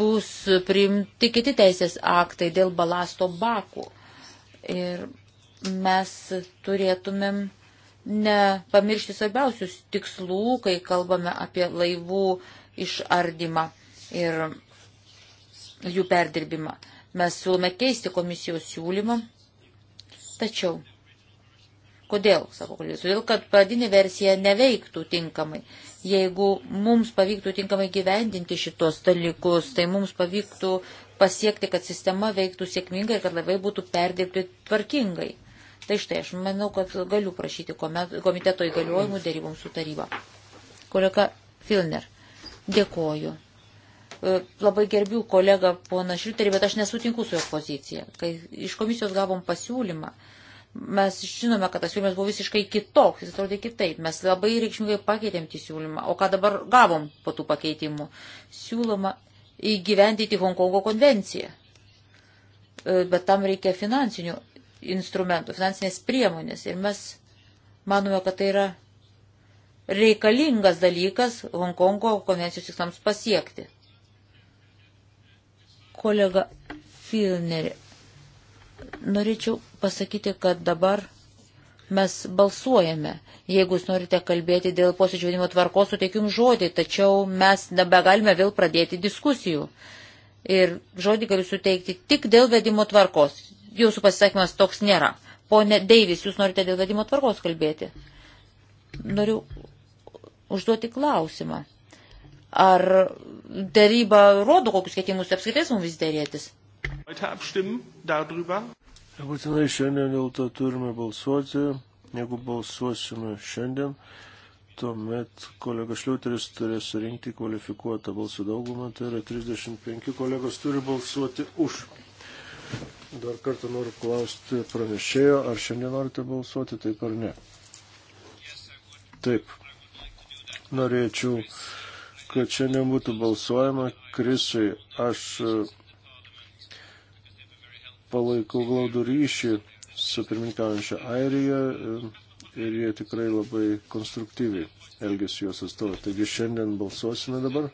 Speaker 3: bus priimti kiti teisės aktai dėl balasto bakų. Ir mes turėtumėm nepamiršti svarbiausius tikslų, kai kalbame apie laivų išardymą ir jų perdirbimą. Mes siūlome keisti komisijos siūlymą, tačiau Kodėl, sako kolegis, todėl, kad pradinė versija neveiktų tinkamai. Jeigu mums pavyktų tinkamai gyvendinti šitos dalykus, tai mums pavyktų pasiekti, kad sistema veiktų sėkmingai ir kad laivai būtų perdirbti tvarkingai. Tai štai aš manau, kad galiu prašyti komiteto įgaliojimų dėrybom su taryba. Kolega Filner, dėkoju. E, labai gerbiu kolegą poną Šilterį, bet aš nesutinku su jo pozicija. Kai iš komisijos gavom pasiūlymą, mes žinome, kad tas siūlymas buvo visiškai kitoks, jis atrodė kitaip. Mes labai reikšmingai pakeitėm tį siūlymą. O ką dabar gavom po tų pakeitimų? Siūloma įgyvendyti Hongkongo konvenciją. E, bet tam reikia finansinių instrumentų, finansinės priemonės. Ir mes manome, kad tai yra reikalingas dalykas Hongkongo konvencijos tikslams pasiekti. Kolega Filneri, norėčiau pasakyti, kad dabar mes balsuojame. Jeigu jūs norite kalbėti dėl posėdžio vedimo tvarkos, suteikim žodį, tačiau mes nebegalime vėl pradėti diskusijų. Ir žodį galiu suteikti tik dėl vedimo tvarkos. Jūsų pasisakymas toks nėra. Pone Deivis, jūs norite dėl vedimo tvarkos kalbėti? Noriu užduoti klausimą. Ar daryba rodo kokius ketimus apskritai mums dėrėtis?
Speaker 2: Nebūtinai šiandien dėl to turime balsuoti. Jeigu balsuosime šiandien, tuomet kolega Šliuteris turės surinkti kvalifikuotą balsų daugumą, tai yra 35 kolegos turi balsuoti už. Dar kartą noriu klausti pranešėjo, ar šiandien norite balsuoti, taip ar ne. Taip. Norėčiau, kad šiandien būtų balsuojama. Krisai, aš palaikau glaudų ryšį su pirmininkaujančia Airija e, ir jie tikrai labai konstruktyviai elgesi jos atstovai. Taigi šiandien balsuosime dabar.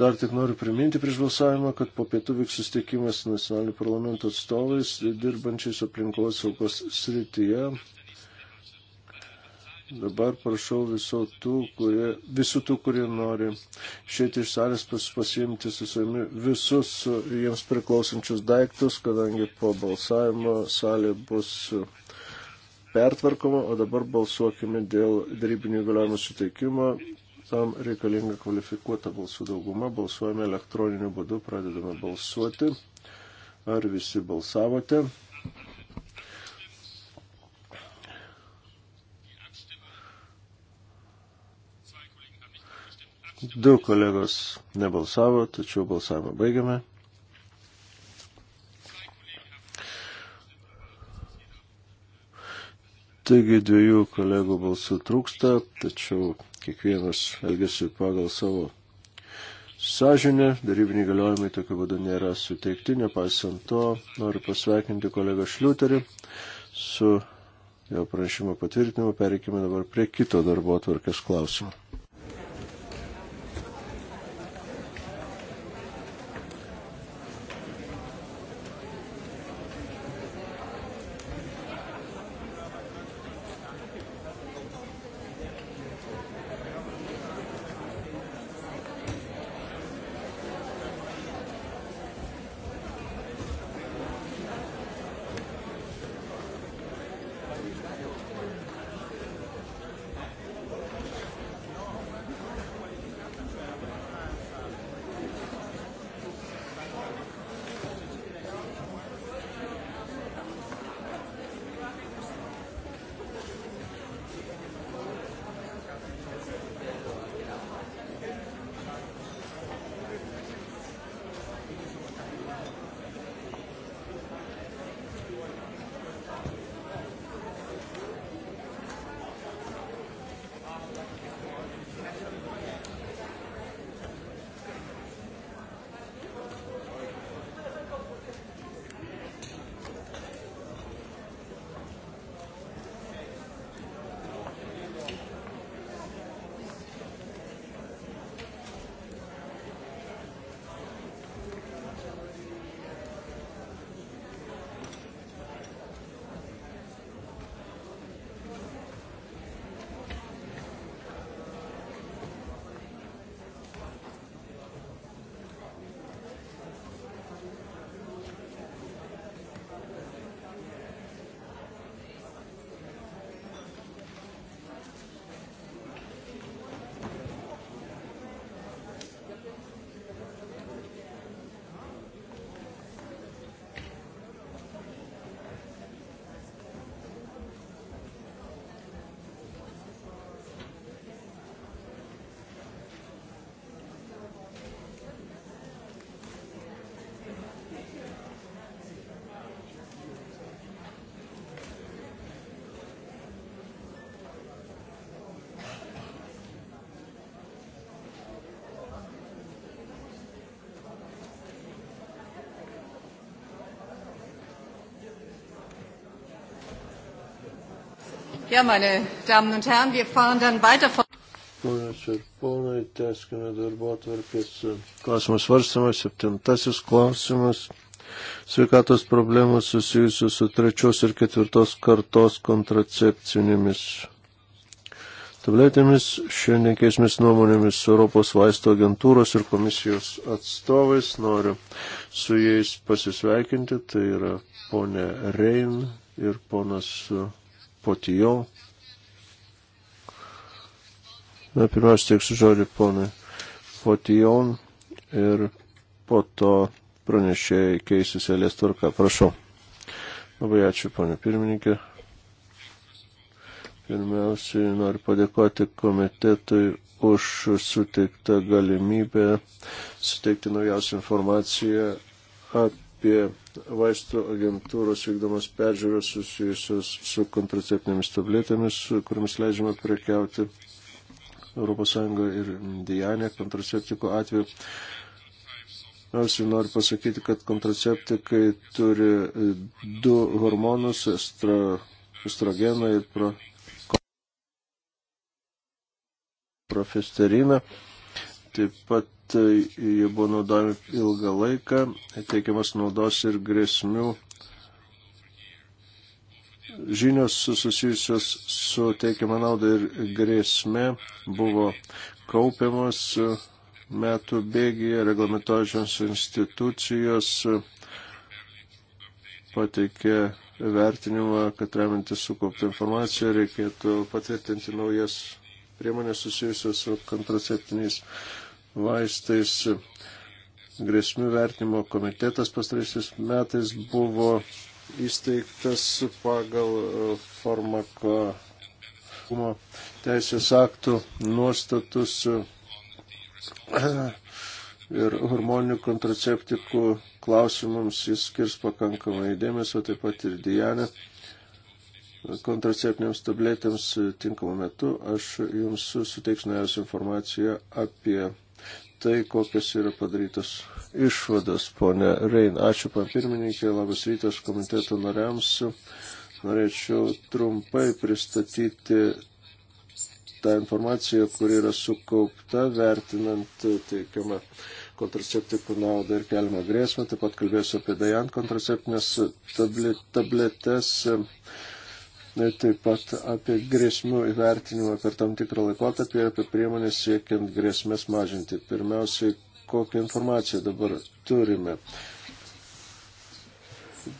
Speaker 2: Dar tik noriu priminti prieš balsavimą, kad po pietų vyks susitikimas su nacionaliniu parlamento atstovais dirbančiais aplinkos saugos srityje Dabar prašau visų tų, kurie, visų tų, kurie nori išėti iš salės pas, pasiimti su savimi visus e, jiems priklausančius daiktus, kadangi po balsavimo salė bus e, pertvarkoma, o dabar balsuokime dėl darybinių įgaliojimų suteikimo. Tam reikalinga kvalifikuota balsų dauguma. Balsuojame elektroniniu būdu, pradedame balsuoti. Ar visi balsavote? Du kolegos nebalsavo, tačiau balsavimą baigiame. Taigi dviejų kolegų balsų trūksta, tačiau kiekvienas elgesi pagal savo sąžinę, darybiniai galiojimai tokiu būdu nėra suteikti, nepaisant to noriu pasveikinti kolegą Šliuterį su jo prašymo patvirtinimu, pereikime dabar prie kito darbo atvarkės klausimo.
Speaker 1: Ja, meine Damen und Herren,
Speaker 3: wir fahren dann weiter von.
Speaker 2: Ponios ir ponai, teskime darbo atvarkės e, klausimas svarstamas, septintasis klausimas. Sveikatos problemos susijusios su trečios ir ketvirtos kartos kontracepcinėmis tabletėmis. Šiandien keismės nuomonėmis su Europos vaisto agentūros ir komisijos atstovais. Noriu su jais pasisveikinti. Tai yra ponė Rein ir ponas Potijau. Na, pirmiausia, teiksiu žodį ponui Fotijon ir po to pranešėjai keisis eilės turka. Prašau. Labai ačiū, ponė pirmininkė. Pirmiausiai noriu padėkoti komitetui už suteiktą galimybę suteikti naujausią informaciją apie vaistų agentūros vykdomas peržiūros susijusios su kontraceptinėmis tabletėmis, kuriamis leidžiama prekiauti ES ir Dijanė kontraceptikų atveju. Aš noriu pasakyti, kad kontraceptikai turi du hormonus, estra, estrogeną ir pro, profesteriną. Taip pat Tai jie buvo naudojami ilgą laiką, teikiamas naudos ir grėsmių žinios susijusios su teikiama nauda ir grėsme buvo kaupiamas metų bėgyje, reglamentuojančios institucijos pateikė vertinimą, kad remintis sukauptą informaciją reikėtų patvirtinti naujas priemonės susijusios su kontraceptiniais vaistais. Grėsmių vertinimo komitetas pastaraisiais metais buvo įsteigtas pagal e, farmako teisės aktų nuostatus e, ir hormoninių kontraceptikų klausimams jis skirs pakankamai dėmesio, taip pat ir Dianė kontraceptiniams tabletėms tinkamu metu. Aš jums suteiksiu naujausią informaciją apie tai, kokios yra padarytos išvados, ponė Rein. Ačiū, pan pirmininkė, labas rytas komiteto nariams. Norėčiau trumpai pristatyti tą informaciją, kuri yra sukaupta, vertinant teikiamą kontraceptikų naudą ir keliamą grėsmę. Taip pat kalbėsiu apie Dajan kontraceptinės tabletes. Tablet taip pat apie grėsmių įvertinimą per tam tikrą laikotarpį ir apie priemonės siekiant grėsmės mažinti. Pirmiausiai, kokią informaciją dabar turime.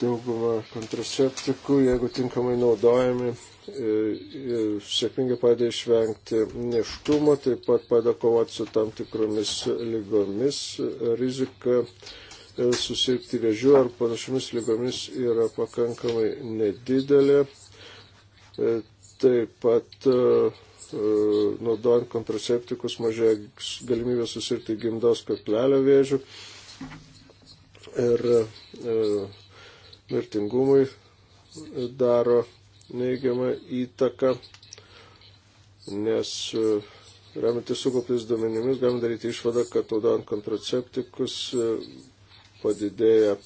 Speaker 2: Dauguma kontraceptikų, jeigu tinkamai naudojami, e, e, sėkmingai padeda išvengti neštumo, taip pat padeda kovoti su tam tikromis lygomis. Rizika e, susirgti vėžiu ar panašiomis lygomis yra pakankamai nedidelė. E, taip pat e, e, naudojant kontraceptikus mažėja galimybė susirgti gimdos kaklelio vėžių ir mirtingumui daro neigiamą įtaką, nes remiantis sukauptais duomenimis galime daryti išvadą, kad naudojant kontraceptikus padidėja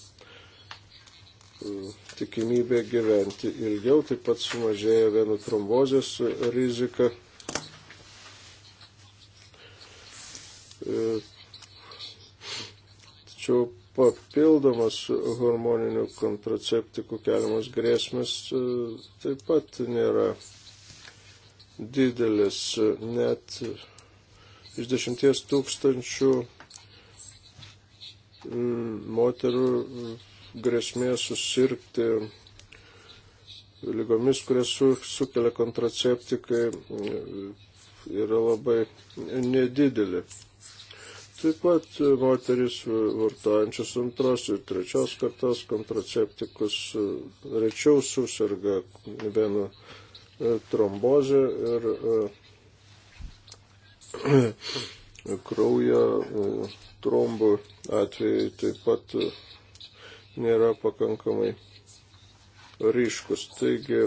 Speaker 2: tikimybė gyventi ilgiau, taip pat sumažėja vienų trombozės rizika. E, tačiau papildomas hormoninių kontraceptikų keliamas grėsmės e, taip pat nėra didelis. Net iš dešimties tūkstančių moterų grėsmė susirgti lygomis, kurias su, sukelia kontraceptikai, e, yra labai nedidelė. Taip pat moteris vartojančios antros ir trečios kartos kontraceptikus e, rečiau susirga vienu e, trombozė ir kraujo trombų atvejai taip pat nėra pakankamai ryškus. Taigi,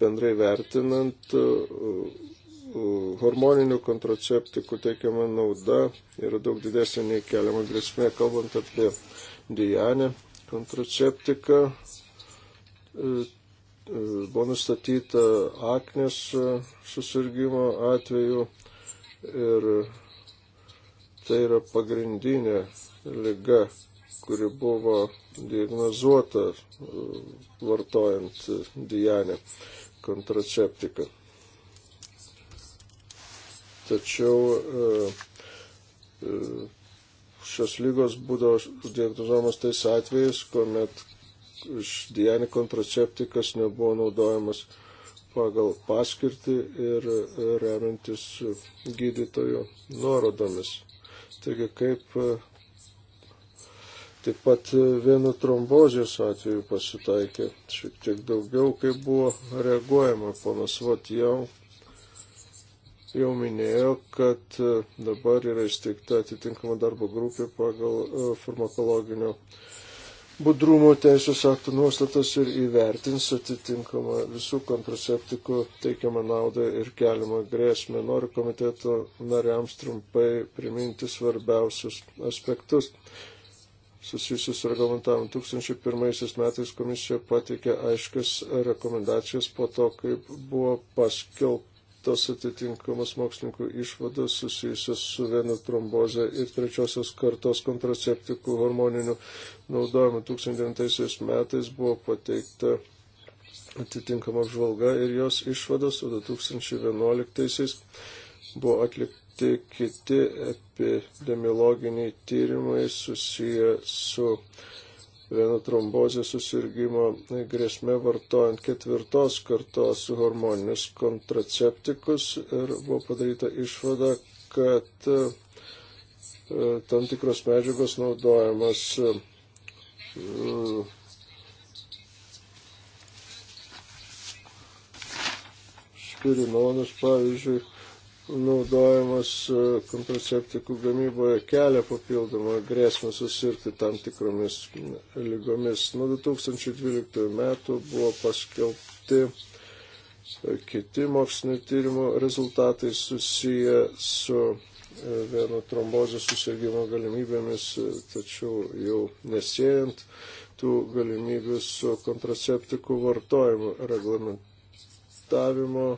Speaker 2: bendrai vertinant, hormoninių kontraceptikų teikiama nauda yra daug didesnė nei keliama grėsmė, kalbant apie Dianę kontraceptiką. Buvo nustatyta aknės susirgymo atveju ir tai yra pagrindinė lyga, kuri buvo diagnozuota e, vartojant dianę kontraceptiką. Tačiau e, e, šios lygos būdavo diagnozuojamas tais atvejais, kuomet dianį kontraceptikas nebuvo naudojamas pagal paskirtį ir remiantis gydytojo nuorodomis. Taigi kaip Taip pat vienu trombozijos atveju pasitaikė šiek tiek daugiau, kai buvo reaguojama. Ponas Votijau jau minėjo, kad dabar yra įsteigta atitinkama darbo grupė pagal e, farmakologinio budrumo teisės aktų nuostatas ir įvertins atitinkamą visų kontraceptikų teikiamą naudą ir keliamą grėsmę. Noriu komiteto nariams trumpai priminti svarbiausius aspektus susijusius su reglamentavimu. 2001 metais komisija patikė aiškias rekomendacijas po to, kaip buvo paskelbtos atitinkamos mokslininkų išvados susijusios su venų tromboze ir trečiosios kartos kontraceptikų hormoninių naudojimų. 2009 metais buvo pateikta atitinkama apžvalga ir jos išvados, o 2011 buvo atlikta atlikti kiti epidemiologiniai tyrimai susiję su viena trombozė susirgymo grėsme vartojant ketvirtos kartos hormoninius kontraceptikus ir buvo padaryta išvada, kad e, tam tikros medžiagos naudojamas spirinonas, e, pavyzdžiui, naudojimas e, kontraceptikų gamyboje kelia papildomą grėsmę susirgti tam tikromis lygomis. Nuo 2012 metų buvo paskelbti e, kiti mokslinio tyrimo rezultatai susiję su e, vieno trombozės susirgymo galimybėmis, tačiau jau nesėjant tų galimybių su kontraceptikų vartojimu reglamentavimo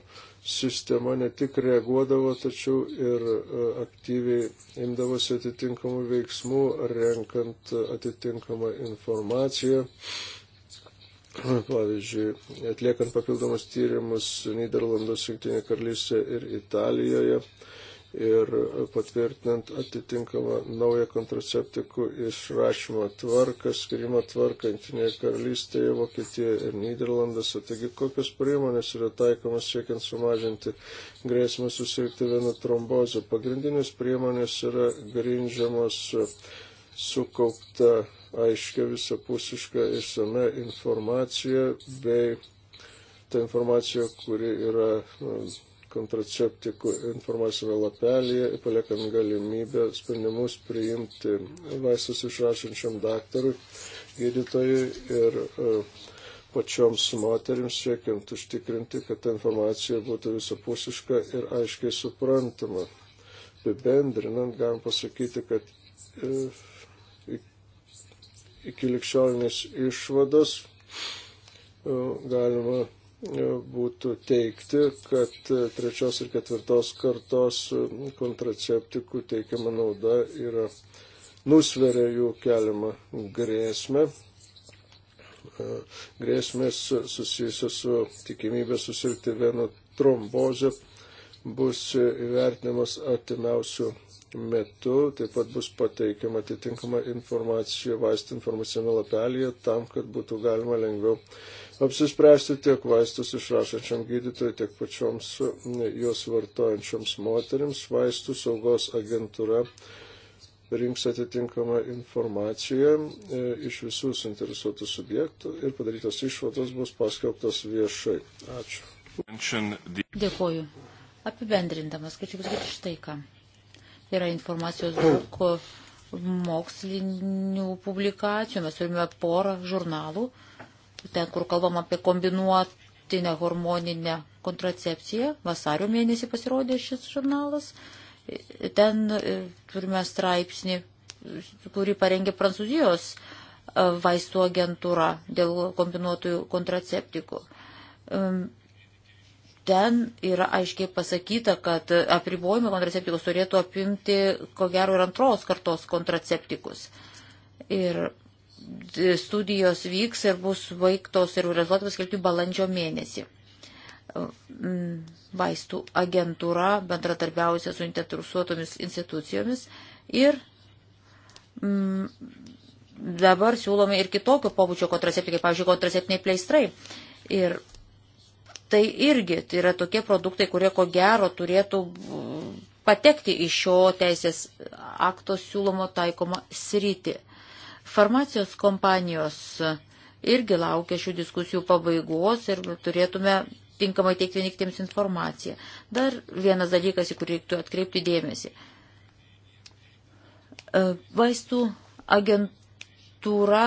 Speaker 2: sistema ne tik reaguodavo, tačiau ir e, aktyviai imdavosi atitinkamų veiksmų, renkant atitinkamą informaciją. Pavyzdžiui, atliekant papildomus tyrimus Niderlandos, Junktinė karalystė ir Italijoje ir patvirtinant atitinkamą naują kontraceptikų išrašymo tvarką, skirimo tvarką Antinėje karalystėje, Vokietijoje ir Niderlandose. Taigi, kokios priemonės yra taikomas siekiant sumažinti grėsmę susirgti vieną trombozę. Pagrindinės priemonės yra grindžiamos sukaupta aiškia visapusiška išsame informacija bei ta informacija, kuri yra kontraceptikų informacinę lapelį, paliekant galimybę sprendimus priimti vaistus išrašančiam daktarui, gydytojui ir e, pačioms moteriams, siekiant užtikrinti, kad ta informacija būtų visapusiška ir aiškiai suprantama. Bibendrinant, galim pasakyti, kad e, iki likščiolinės išvados e, galima būtų teikti, kad trečios ir ketvirtos kartos kontraceptikų teikiama nauda yra nusveria jų keliamą grėsmę. Grėsmės susijusios su tikimybė susirgti vienu trombozę bus įvertinamas artimiausių metu taip pat bus pateikiama atitinkama informacija vaistų informacinėme lapelėje tam, kad būtų galima lengviau apsispręsti tiek vaistus išrašančiam gydytojui, tiek pačioms juos vartojančioms moteriams. Vaistų saugos agentūra rinks atitinkamą informaciją e, iš visų suinteresuotų subjektų ir padarytos išvados bus paskelbtos viešai.
Speaker 3: Ačiū. Dėkoju. Apibendrindamas, kad jūs sakyti štai ką yra informacijos daug mokslinių publikacijų, mes turime porą žurnalų, ten, kur kalbam apie kombinuotinę hormoninę kontracepciją, vasario mėnesį pasirodė šis žurnalas, ten e, turime straipsnį, kurį parengė Prancūzijos e, vaistų agentūra dėl kombinuotųjų kontraceptikų ten yra aiškiai pasakyta, kad apribojimai kontraceptikus turėtų apimti, ko gero, ir antros kartos kontraceptikus. Ir studijos vyks ir bus baigtos ir rezultatai paskelbti balandžio mėnesį. Mm, vaistų agentūra bendradarbiausia su interesuotomis institucijomis ir mm, dabar siūlomi ir kitokio pobūdžio kontraceptikai, pavyzdžiui, kontraceptiniai pleistrai. Ir tai irgi tai yra tokie produktai, kurie ko gero turėtų mm, patekti į šio teisės akto siūlomo taikomo sritį. Farmacijos kompanijos irgi laukia šių diskusijų pabaigos ir turėtume tinkamai teikti vieni kitiems informaciją. Dar vienas dalykas, į kurį reiktų atkreipti dėmesį. E, vaistų agentūra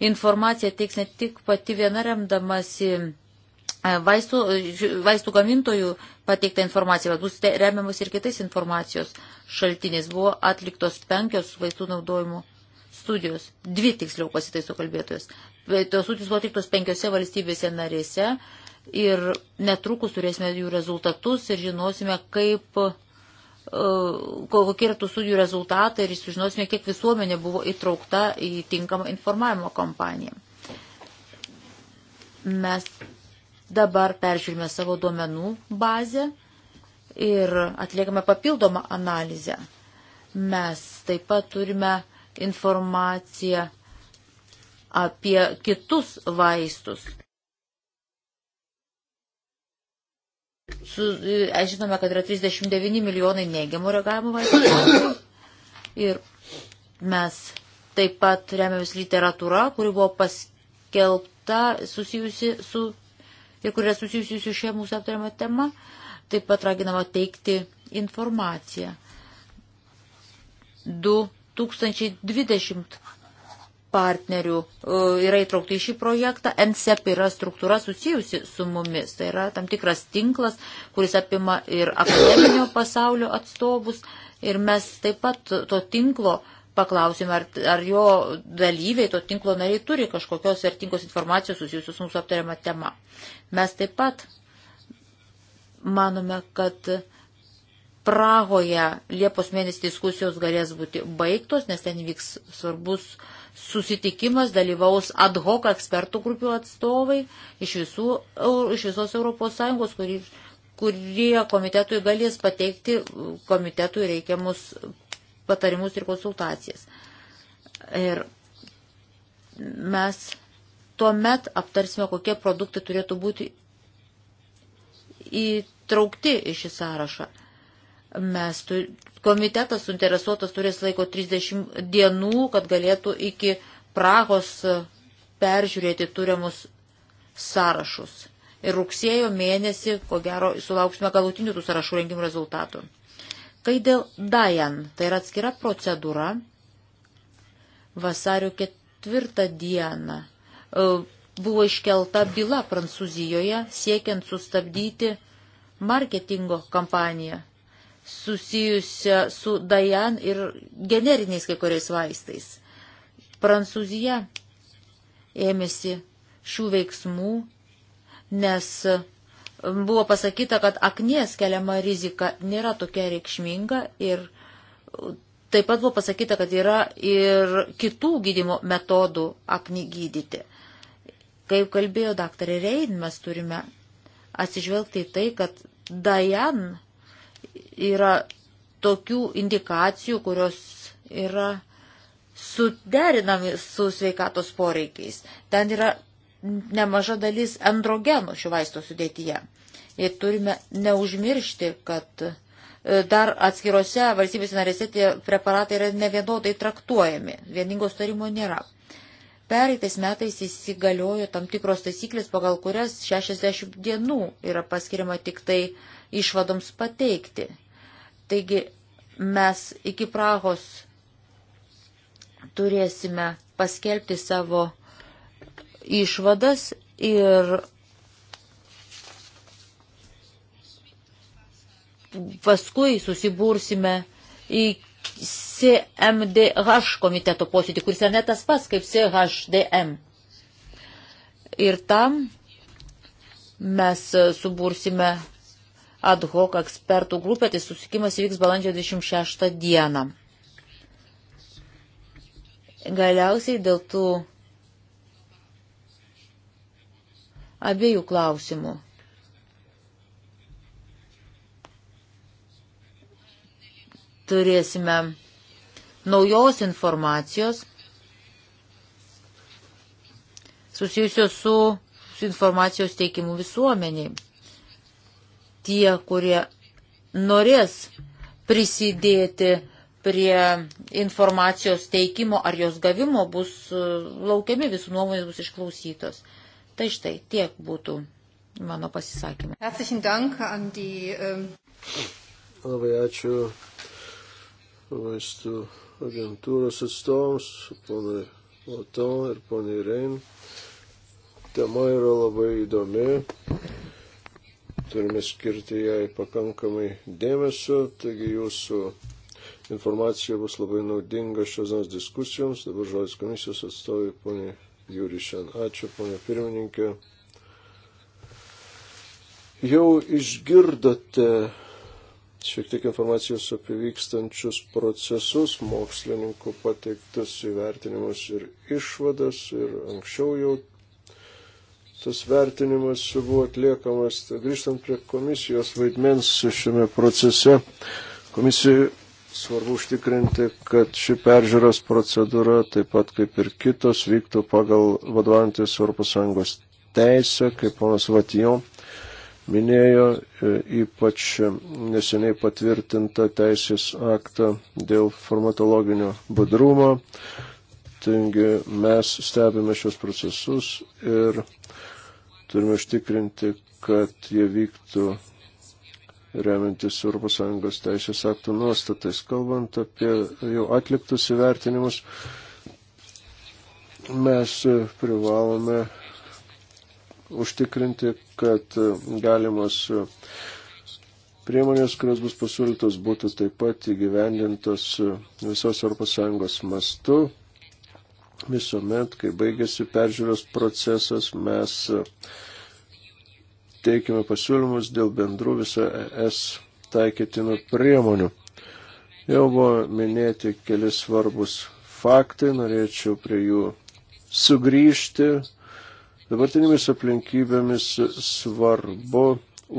Speaker 3: informaciją teiks ne tik pati viena remdamasi e, vaistų, vaistų gamintojų pateiktą informaciją, bet bus remiamas ir kitais informacijos šaltiniais. Buvo atliktos penkios vaistų naudojimo studijos, dvi tiksliau pasitaiso kalbėtojas. E, tos studijos buvo atliktos penkiose valstybėse narėse ir netrukus turėsime jų rezultatus ir žinosime, kaip E, kokie yra tų studijų rezultatai ir sužinosime, kiek visuomenė buvo įtraukta į tinkamą informavimo kampaniją. Mes dabar peržiūrime savo duomenų bazę ir atliekame papildomą analizę. Mes taip pat turime informaciją apie kitus vaistus. Su, e, žinome, kad yra 39 milijonai neigiamų reagavimų vaistų. Ir mes taip pat remiamės literatūra, kuri buvo paskelbta susijusi su ir kur yra susijusi su šia mūsų aptariama tema, taip pat raginama teikti informaciją. 2020 partnerių e, yra įtraukti į šį projektą. NSEP yra struktūra susijusi su mumis. Tai yra tam tikras tinklas, kuris apima ir akademinio pasaulio atstovus. Ir mes taip pat to tinklo paklausime, ar, ar jo dalyviai, to tinklo nariai turi kažkokios vertingos informacijos susijusios su mūsų aptariama tema. Mes taip pat manome, kad Prahoje Liepos mėnesį diskusijos galės būti baigtos, nes ten vyks svarbus susitikimas, dalyvaus ad hoc ekspertų grupių atstovai iš, visų, iš visos ES, kurie, kurie komitetui galės pateikti komitetui reikiamus patarimus ir konsultacijas. Ir mes tuomet aptarsime, kokie produktai turėtų būti įtraukti į šį sąrašą. Mes tu, komitetas suinteresuotas turės laiko 30 dienų, kad galėtų iki Prahos e, peržiūrėti turiamus sąrašus. Ir rugsėjo mėnesį, ko gero, sulauksime galutinių tų sąrašų rengimų rezultatų. Kai dėl Dajan, tai yra atskira procedūra, vasario ketvirtą dieną e, buvo iškelta byla Prancūzijoje siekiant sustabdyti marketingo kampaniją susijusią su Dajan ir generiniais kai kuriais vaistais. Prancūzija ėmėsi šių veiksmų, nes buvo pasakyta, kad aknės keliama rizika nėra tokia reikšminga ir taip pat buvo pasakyta, kad yra ir kitų gydimo metodų aknį gydyti. Kaip kalbėjo daktarė Rein, mes turime atsižvelgti į tai, kad Dajan yra tokių indikacijų, kurios yra suderinami su sveikatos poreikiais. Ten yra nemaža dalis androgenų šio vaisto sudėtyje. Ir turime neužmiršti, kad e, dar atskirose valstybės narėse tie preparatai yra nevienodai traktuojami. Vieningos tarimo nėra. Pereitais metais įsigaliojo tam tikros taisyklės, pagal kurias 60 dienų yra paskiriama tik tai išvadoms pateikti. Taigi mes iki Prahos turėsime paskelbti savo išvadas ir paskui susibūrsime į CMDH komiteto posėdį, kuris yra ne tas pats kaip CHDM. Ir tam mes subursime ad hoc ekspertų grupė, tai susikimas vyks balandžio 26 dieną. Galiausiai dėl tų abiejų klausimų. Turėsime naujos informacijos susijusios su, su informacijos teikimu visuomeniai tie, kurie norės prisidėti prie informacijos teikimo ar jos gavimo, bus e, laukiami visų nuomonės bus išklausytos. Tai štai tiek būtų mano pasisakymai. Ähm,
Speaker 2: labai ačiū vaistų agentūros atstovams, ponai Oto ir ponai Rein. Tema yra labai įdomi Turime skirti jai pakankamai dėmesio, taigi jūsų informacija bus labai naudinga šios dienos diskusijoms. Dabar žodis komisijos atstovai, ponė Jūrišen. Ačiū, ponė pirmininkė. Jau išgirdote šiek tiek informacijos apie vykstančius procesus, mokslininkų pateiktus įvertinimus ir išvadas ir anksčiau jau tas vertinimas buvo atliekamas. Tai grįžtant prie komisijos vaidmens šiame procese, komisijai svarbu užtikrinti, kad ši peržiūros procedūra, taip pat kaip ir kitos, vyktų pagal vadovantis ES teisę, kaip ponas Vatijon minėjo, e, ypač neseniai patvirtinta teisės aktą dėl formatologinio budrumo. Taigi mes stebime šios procesus ir Turime užtikrinti, kad jie vyktų remiantis ES teisės aktų nuostatais. Kalbant apie jau atliktus įvertinimus, mes privalome užtikrinti, kad galimas priemonės, kurios bus pasiūlytos, būtų taip pat įgyvendintos visos ES mastu visuomet, kai baigėsi peržiūros procesas, mes e, teikiame pasiūlymus dėl bendrų viso ES taikytinų priemonių. Jau buvo minėti keli svarbus faktai, norėčiau prie jų sugrįžti. Dabartinėmis aplinkybėmis svarbu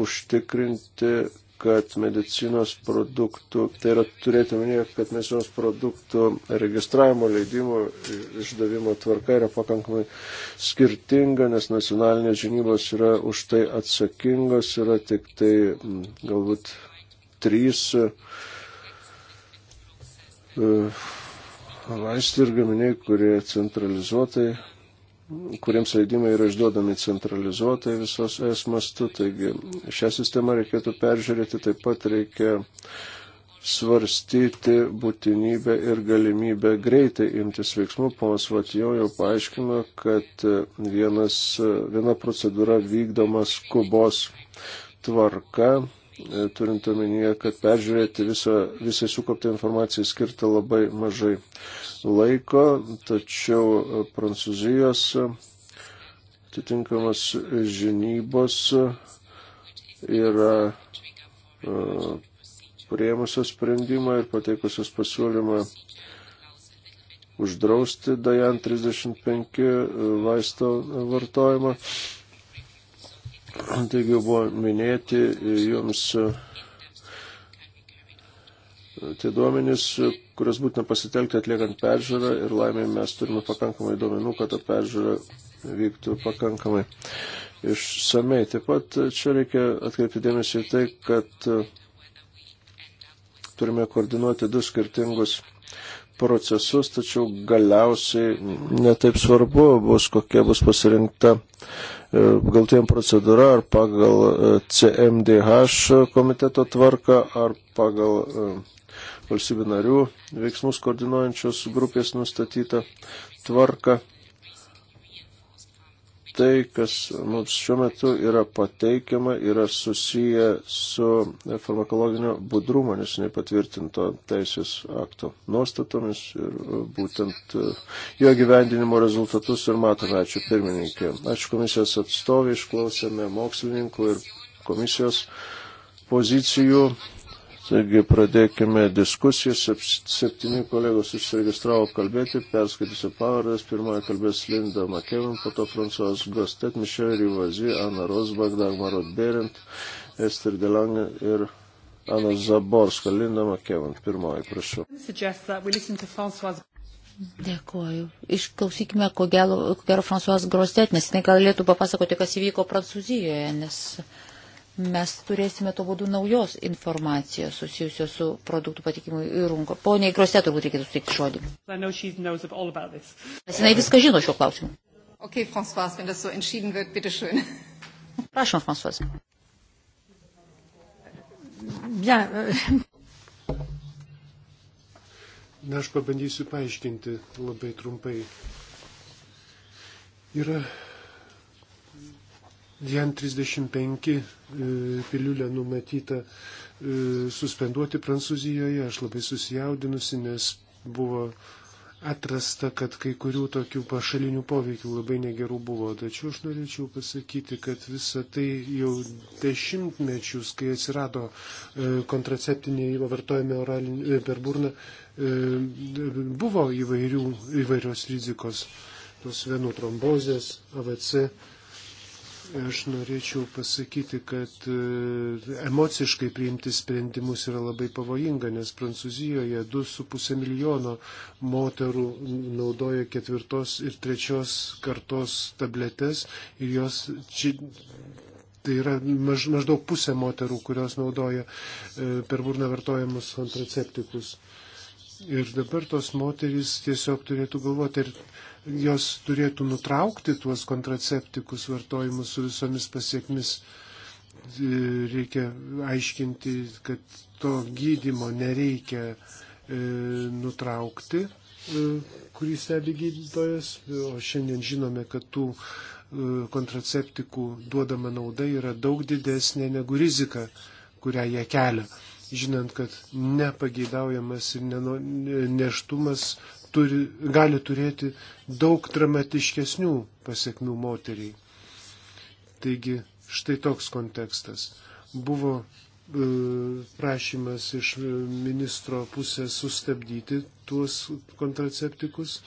Speaker 2: užtikrinti kad medicinos produktų, tai yra turėti minėti, kad medicinos produktų registravimo leidimo išdavimo tvarka yra pakankamai skirtinga, nes nacionalinės žinybos yra už tai atsakingos, yra tik tai galbūt trys e, vaistų ir gaminiai, kurie centralizuotai kuriems leidimai yra išduodami centralizuotai visos es mastu. Taigi šią sistemą reikėtų peržiūrėti, taip pat reikia svarstyti būtinybę ir galimybę greitai imtis veiksmų. Ponas Vatijo jau paaiškino, kad vienas, viena procedūra vykdoma skubos tvarka, turint omenyje, kad peržiūrėti visą, visą sukauptą informaciją skirta labai mažai laiko, tačiau Prancūzijos atitinkamos žinybos yra e, prieimusios sprendimą ir pateikusios pasiūlymą uždrausti Dajan 35 e, vaisto vartojimą. Taigi jau buvo minėti e, jums tie duomenys, kurias būtina pasitelkti atliekant peržiūrą ir laimėjai mes turime pakankamai duomenų, kad ta peržiūra vyktų pakankamai išsamei. Taip pat čia reikia atkreipti dėmesį į tai, kad e, turime koordinuoti du skirtingus procesus, tačiau galiausiai netaip svarbu bus, kokia bus pasirinkta e, galtiem procedūra, ar pagal e, CMDH komiteto tvarką, ar pagal valstybių narių veiksmus koordinuojančios grupės nustatytą tvarką. Tai, kas mums šiuo metu yra pateikiama, yra susiję su farmakologinio budrumo nesiniai patvirtinto teisės akto nuostatomis ir būtent jo gyvendinimo rezultatus ir matome. Ačiū pirmininkė. Ačiū komisijos atstovai, išklausėme mokslininkų ir komisijos pozicijų. Taigi pradėkime diskusijas. Septyni kolegos užsiregistravo kalbėti, perskaitysiu pavardas. Pirmoji kalbės Linda Makevin, po to Fransuos Gostet, Mišel Rivazi, Ana Rosbach, Dagmarot Berint, Ester Delange ir Ana Zaborska. Linda Makevin, pirmoji, prašau.
Speaker 3: Dėkuoju. Išklausykime, ko gero, ko gero Fransuos Grostet, nes jinai galėtų papasakoti, kas įvyko Prancūzijoje, nes mes turėsime to būdu naujos informacijos susijusios su produktų patikimu į runką. Pone Ikrose turbūt reikėtų suteikti žodį. Nes jinai viską žino šiuo klausimu. Okay, François, wenn das so entschieden wird, bitte schön. Prašom, François. Bien.
Speaker 1: Na, aš pabandysiu paaiškinti labai trumpai. Yra Jan 35 piliulę numatyta e, suspenduoti Prancūzijoje. Aš labai susijaudinusi, nes buvo atrasta, kad kai kurių tokių pašalinių poveikių labai negerų buvo. Tačiau aš norėčiau pasakyti, kad visa tai jau dešimtmečius, kai atsirado e, kontraceptiniai vartojami oralinį e, per burną, buvo įvairių, įvairios rizikos, tos venų trombozės, AVC Aš norėčiau pasakyti, kad e, emociškai priimti sprendimus yra labai pavojinga, nes Prancūzijoje 2,5 milijono moterų naudoja ketvirtos ir trečios kartos tabletes ir jos Tai yra maž, maždaug pusė moterų, kurios naudoja e, per burną vartojamus kontraceptikus. E, Ir dabar tos moteris tiesiog turėtų galvoti, ar jos turėtų nutraukti tuos kontraceptikus vartojimus su visomis pasiekmis. E, reikia aiškinti, kad to gydimo nereikia e, nutraukti, e, kurį stebi gydytojas. O šiandien žinome, kad tų e, kontraceptikų duodama nauda yra daug didesnė negu rizika, kurią jie kelia. E, žinant, kad nepageidaujamas ir neštumas turi, gali turėti daug dramatiškesnių pasiekmių moteriai. Taigi štai toks kontekstas. Buvo e, prašymas iš ministro pusės sustabdyti tuos kontraceptikus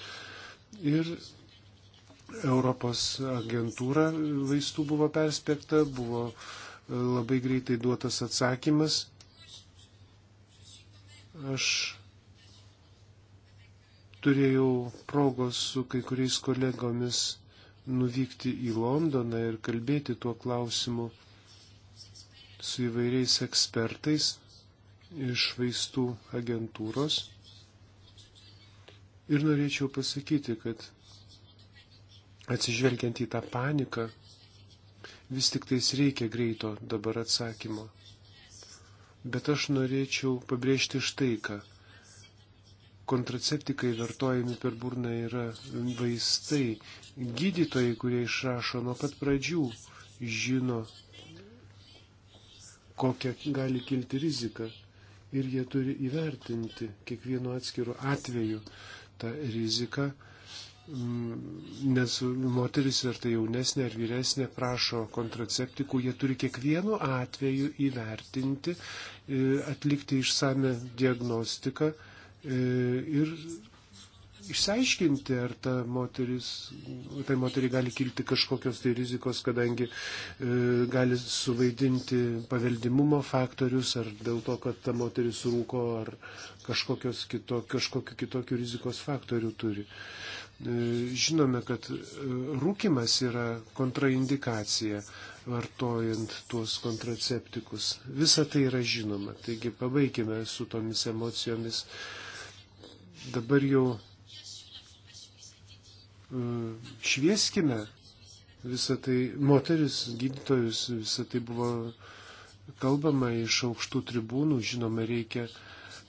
Speaker 1: ir Europos agentūra vaistų buvo perspekta, buvo e, labai greitai duotas atsakymas Aš turėjau progos su kai kuriais kolegomis nuvykti į Londoną ir kalbėti tuo klausimu su įvairiais ekspertais iš vaistų agentūros. Ir norėčiau pasakyti, kad atsižvelgiant į tą paniką, vis tik tais reikia greito dabar atsakymo bet aš norėčiau pabrėžti štai ką. Kontraceptikai vartojami per burną yra vaistai. Gydytojai, kurie išrašo nuo pat pradžių, žino, kokia gali kilti rizika. Ir jie turi įvertinti kiekvienu atskiru atveju tą riziką Mm, nes moteris ar tai jaunesnė ar vyresnė prašo kontraceptikų, jie turi kiekvienu atveju įvertinti, e, atlikti išsame diagnostiką e, ir išsiaiškinti, ar ta moteris, tai moteriai gali kilti kažkokios tai rizikos, kadangi e, gali suvaidinti paveldimumo faktorius, ar dėl to, kad ta moteris rūko, ar kito, kažkokiu kitokiu rizikos faktorių turi. E, žinome, kad e, rūkimas yra kontraindikacija vartojant tuos kontraceptikus. Visa tai yra žinoma. Taigi pabaigime su tomis emocijomis. Dabar jau e, švieskime visą tai, moteris, gydytojus, visą tai buvo kalbama iš aukštų tribūnų, žinoma, reikia uh,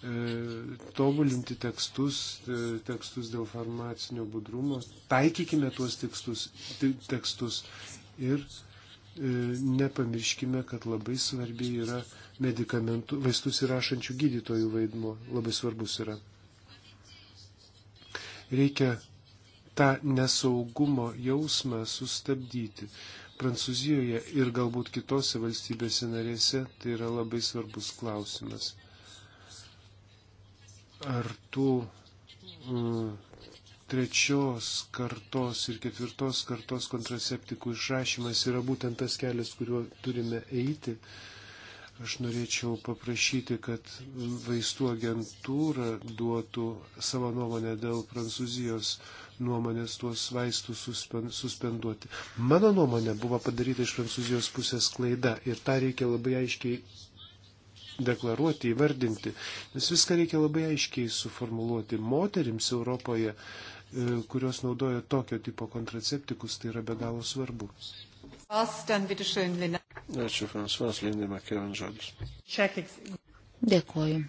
Speaker 1: E, tobulinti tekstus, e, tekstus dėl farmacinio budrumo, taikykime tuos tekstus, tekstus ir e, nepamirškime, kad labai svarbi yra medikamentų, vaistus įrašančių gydytojų vaidmo, labai svarbus yra. Reikia tą nesaugumo jausmą sustabdyti. Prancūzijoje ir galbūt kitose valstybėse narėse tai yra labai svarbus klausimas ar tų mm, trečios kartos ir ketvirtos kartos kontraceptikų išrašymas yra būtent tas kelias, kuriuo turime eiti. Aš norėčiau paprašyti, kad vaistų agentūra duotų savo nuomonę dėl Prancūzijos nuomonės tuos vaistus suspenduoti. Mano nuomonė buvo padaryta iš Prancūzijos pusės klaida ir tą reikia labai aiškiai deklaruoti, įvardinti, nes viską reikia labai aiškiai suformuluoti. Moterims Europoje, e, kurios naudoja tokio tipo kontraceptikus, tai yra be galo svarbu.
Speaker 3: Ačiū,
Speaker 2: Fransuas Lindė Makėvan žodis.
Speaker 3: Dėkuoju.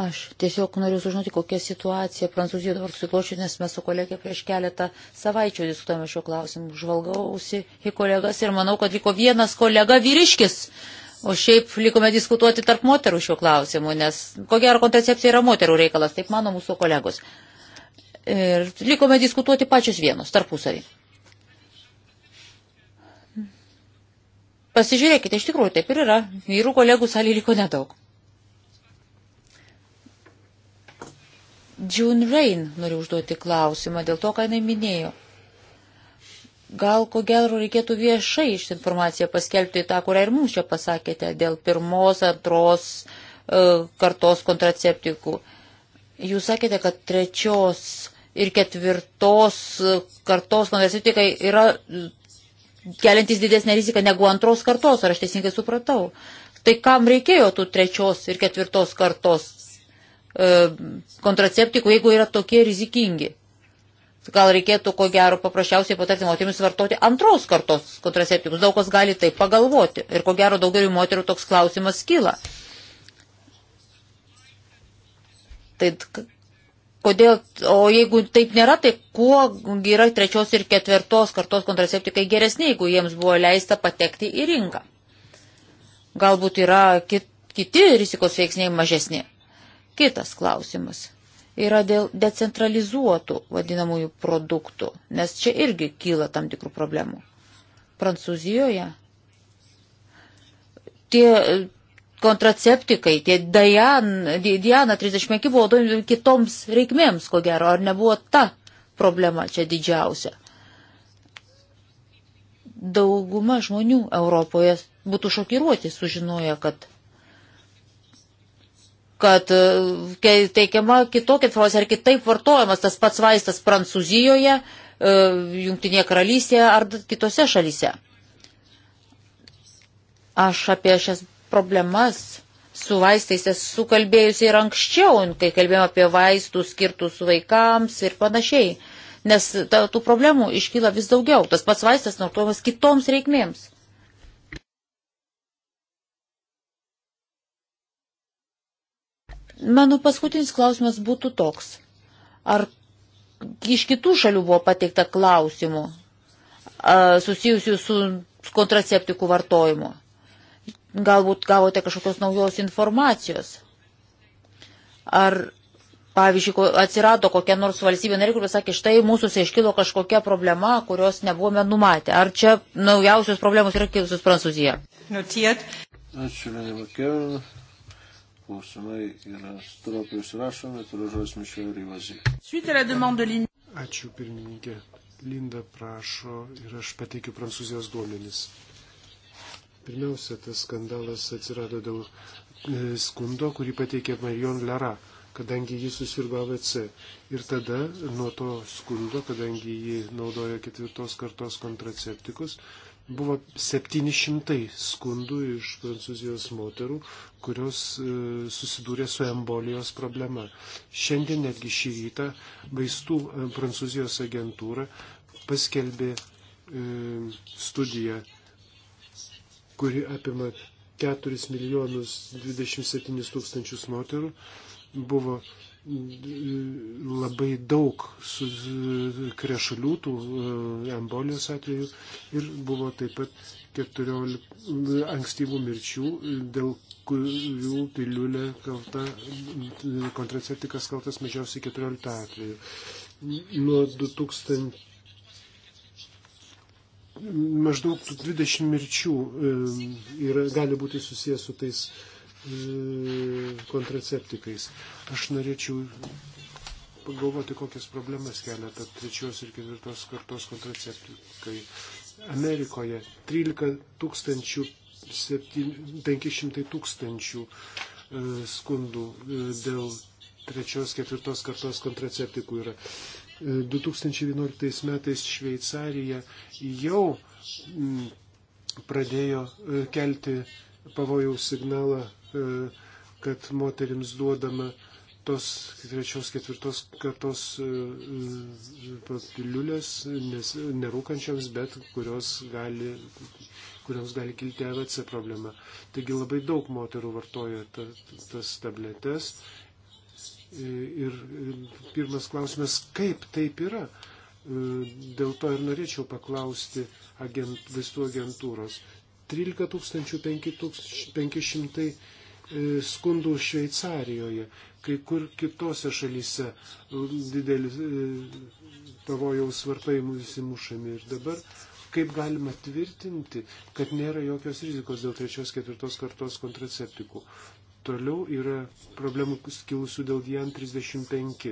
Speaker 3: Aš tiesiog noriu sužinoti, kokia situacija Prancūzijoje dabar susiklošė, nes mes su kolegė prieš keletą savaičių diskutavome šiuo klausimu. Žvalgausi į kolegas ir manau, kad liko vienas kolega vyriškis O šiaip likome diskutuoti tarp moterų šiuo klausimu, nes ko gero kontracepcija yra moterų reikalas, taip mano mūsų kolegos. Ir likome diskutuoti pačios vienos tarpusavį. Pasižiūrėkite, iš tikrųjų taip ir yra. Vyrų kolegų salėje liko nedaug. June Rain noriu užduoti klausimą dėl to, ką jinai minėjo. Gal ko gero reikėtų viešai iš informaciją paskelbti tą, kurią ir mums čia pasakėte dėl pirmos, antros e, kartos kontraceptikų. Jūs sakėte, kad trečios ir ketvirtos kartos kontraceptikai yra keliantis didesnę riziką negu antros kartos, ar aš teisingai supratau. Tai kam reikėjo tų trečios ir ketvirtos kartos e, kontraceptikų, jeigu yra tokie rizikingi? Gal reikėtų, ko gero, paprasčiausiai patarti moterims vartoti antros kartos kontraceptikus. Daug kas gali taip pagalvoti. Ir ko gero, daugeliu moterų toks klausimas kyla. Tai kodėl, o jeigu taip nėra, tai kuo yra trečios ir ketvirtos kartos kontraceptikai geresni, jeigu jiems buvo leista patekti į rinką? Galbūt yra kit, kiti rizikos veiksniai mažesni. Kitas klausimas yra dėl decentralizuotų vadinamųjų produktų, nes čia irgi kyla tam tikrų problemų. Prancūzijoje tie e, kontraceptikai, tie Diana, Diana 35 buvo duodami kitoms reikmėms, ko gero, ar nebuvo ta problema čia didžiausia. Dauguma žmonių Europoje būtų šokiruoti sužinoję, kad kad e, teikiama kitokia informacija ar kitaip vartojamas tas pats vaistas Prancūzijoje, e, Junktinėje karalystėje ar kitose šalyse. Aš apie šias problemas su vaistais esu kalbėjusi ir anksčiau, kai kalbėjom apie vaistus skirtus vaikams ir panašiai, nes ta, tų problemų iškyla vis daugiau. Tas pats vaistas naudojamas kitoms reikmėms. Mano paskutinis klausimas būtų toks. Ar iš kitų šalių buvo pateikta klausimų susijusių su kontraceptikų vartojimu? Galbūt gavote kažkokios naujos informacijos? Ar, pavyzdžiui, atsirado kokia nors valstybė narė, kuris sakė, štai mūsų iškilo kažkokia problema, kurios nebuvome numatę? Ar čia naujausios problemos yra kilusios Prancūzija? Notiet.
Speaker 2: Ačiū, Lenė Makėvina klausimai yra stropiai užsirašomi, turiu žodis Mišel Rivazį.
Speaker 1: Ačiū pirmininkė. Linda prašo ir aš pateikiu prancūzijos duomenis. Pirmiausia, tas skandalas atsirado dėl e, skundo, kurį pateikė Marion Lera, kadangi ji susirgo AVC. Ir tada nuo to skundo, kadangi ji naudojo ketvirtos kartos kontraceptikus, buvo 700 skundų iš prancūzijos moterų, kurios e, susidūrė su embolijos problema. Šiandien netgi šį rytą vaistų e, prancūzijos agentūra paskelbė e, studiją, kuri apima 4 milijonus 27 tūkstančius moterų. Buvo labai daug krešulių, tų e, embolijos atveju ir buvo taip pat 14 ankstyvų mirčių, dėl kurių piliulė kalta, kontraceptikas kaltas mažiausiai 14 atveju. Nuo 2000 maždaug 20 mirčių e, yra, gali būti susijęs su tais E, kontraceptikais. Aš norėčiau pagalvoti, kokias problemas kelia tarp trečios ir ketvirtos kartos kontraceptikai. Amerikoje 13 tūkstančių 500 tūkstančių e, skundų e, dėl trečios, ketvirtos kartos kontraceptikų yra. 2011 metais Šveicarija jau pradėjo kelti pavojaus signalą E, kad moterims duodama tos trečios, ketvirtos kartos e, e, piliulės, nes nerūkančiams, bet kurios gali, kuriams gali kilti AVC problema. Taigi labai daug moterų vartoja ta, tas tabletes. Ir pirmas klausimas, kaip taip yra? Dėl to ir norėčiau paklausti agent, vaistų agentūros. 13 500 E, skundų Šveicarijoje, kai kur kitose šalyse didelis e, pavojaus varpai mūsų mušami. Ir dabar kaip galima tvirtinti, kad nėra jokios rizikos dėl trečios, ketvirtos kartos kontraceptikų. Toliau yra problemų kilusių dėl Dian 35.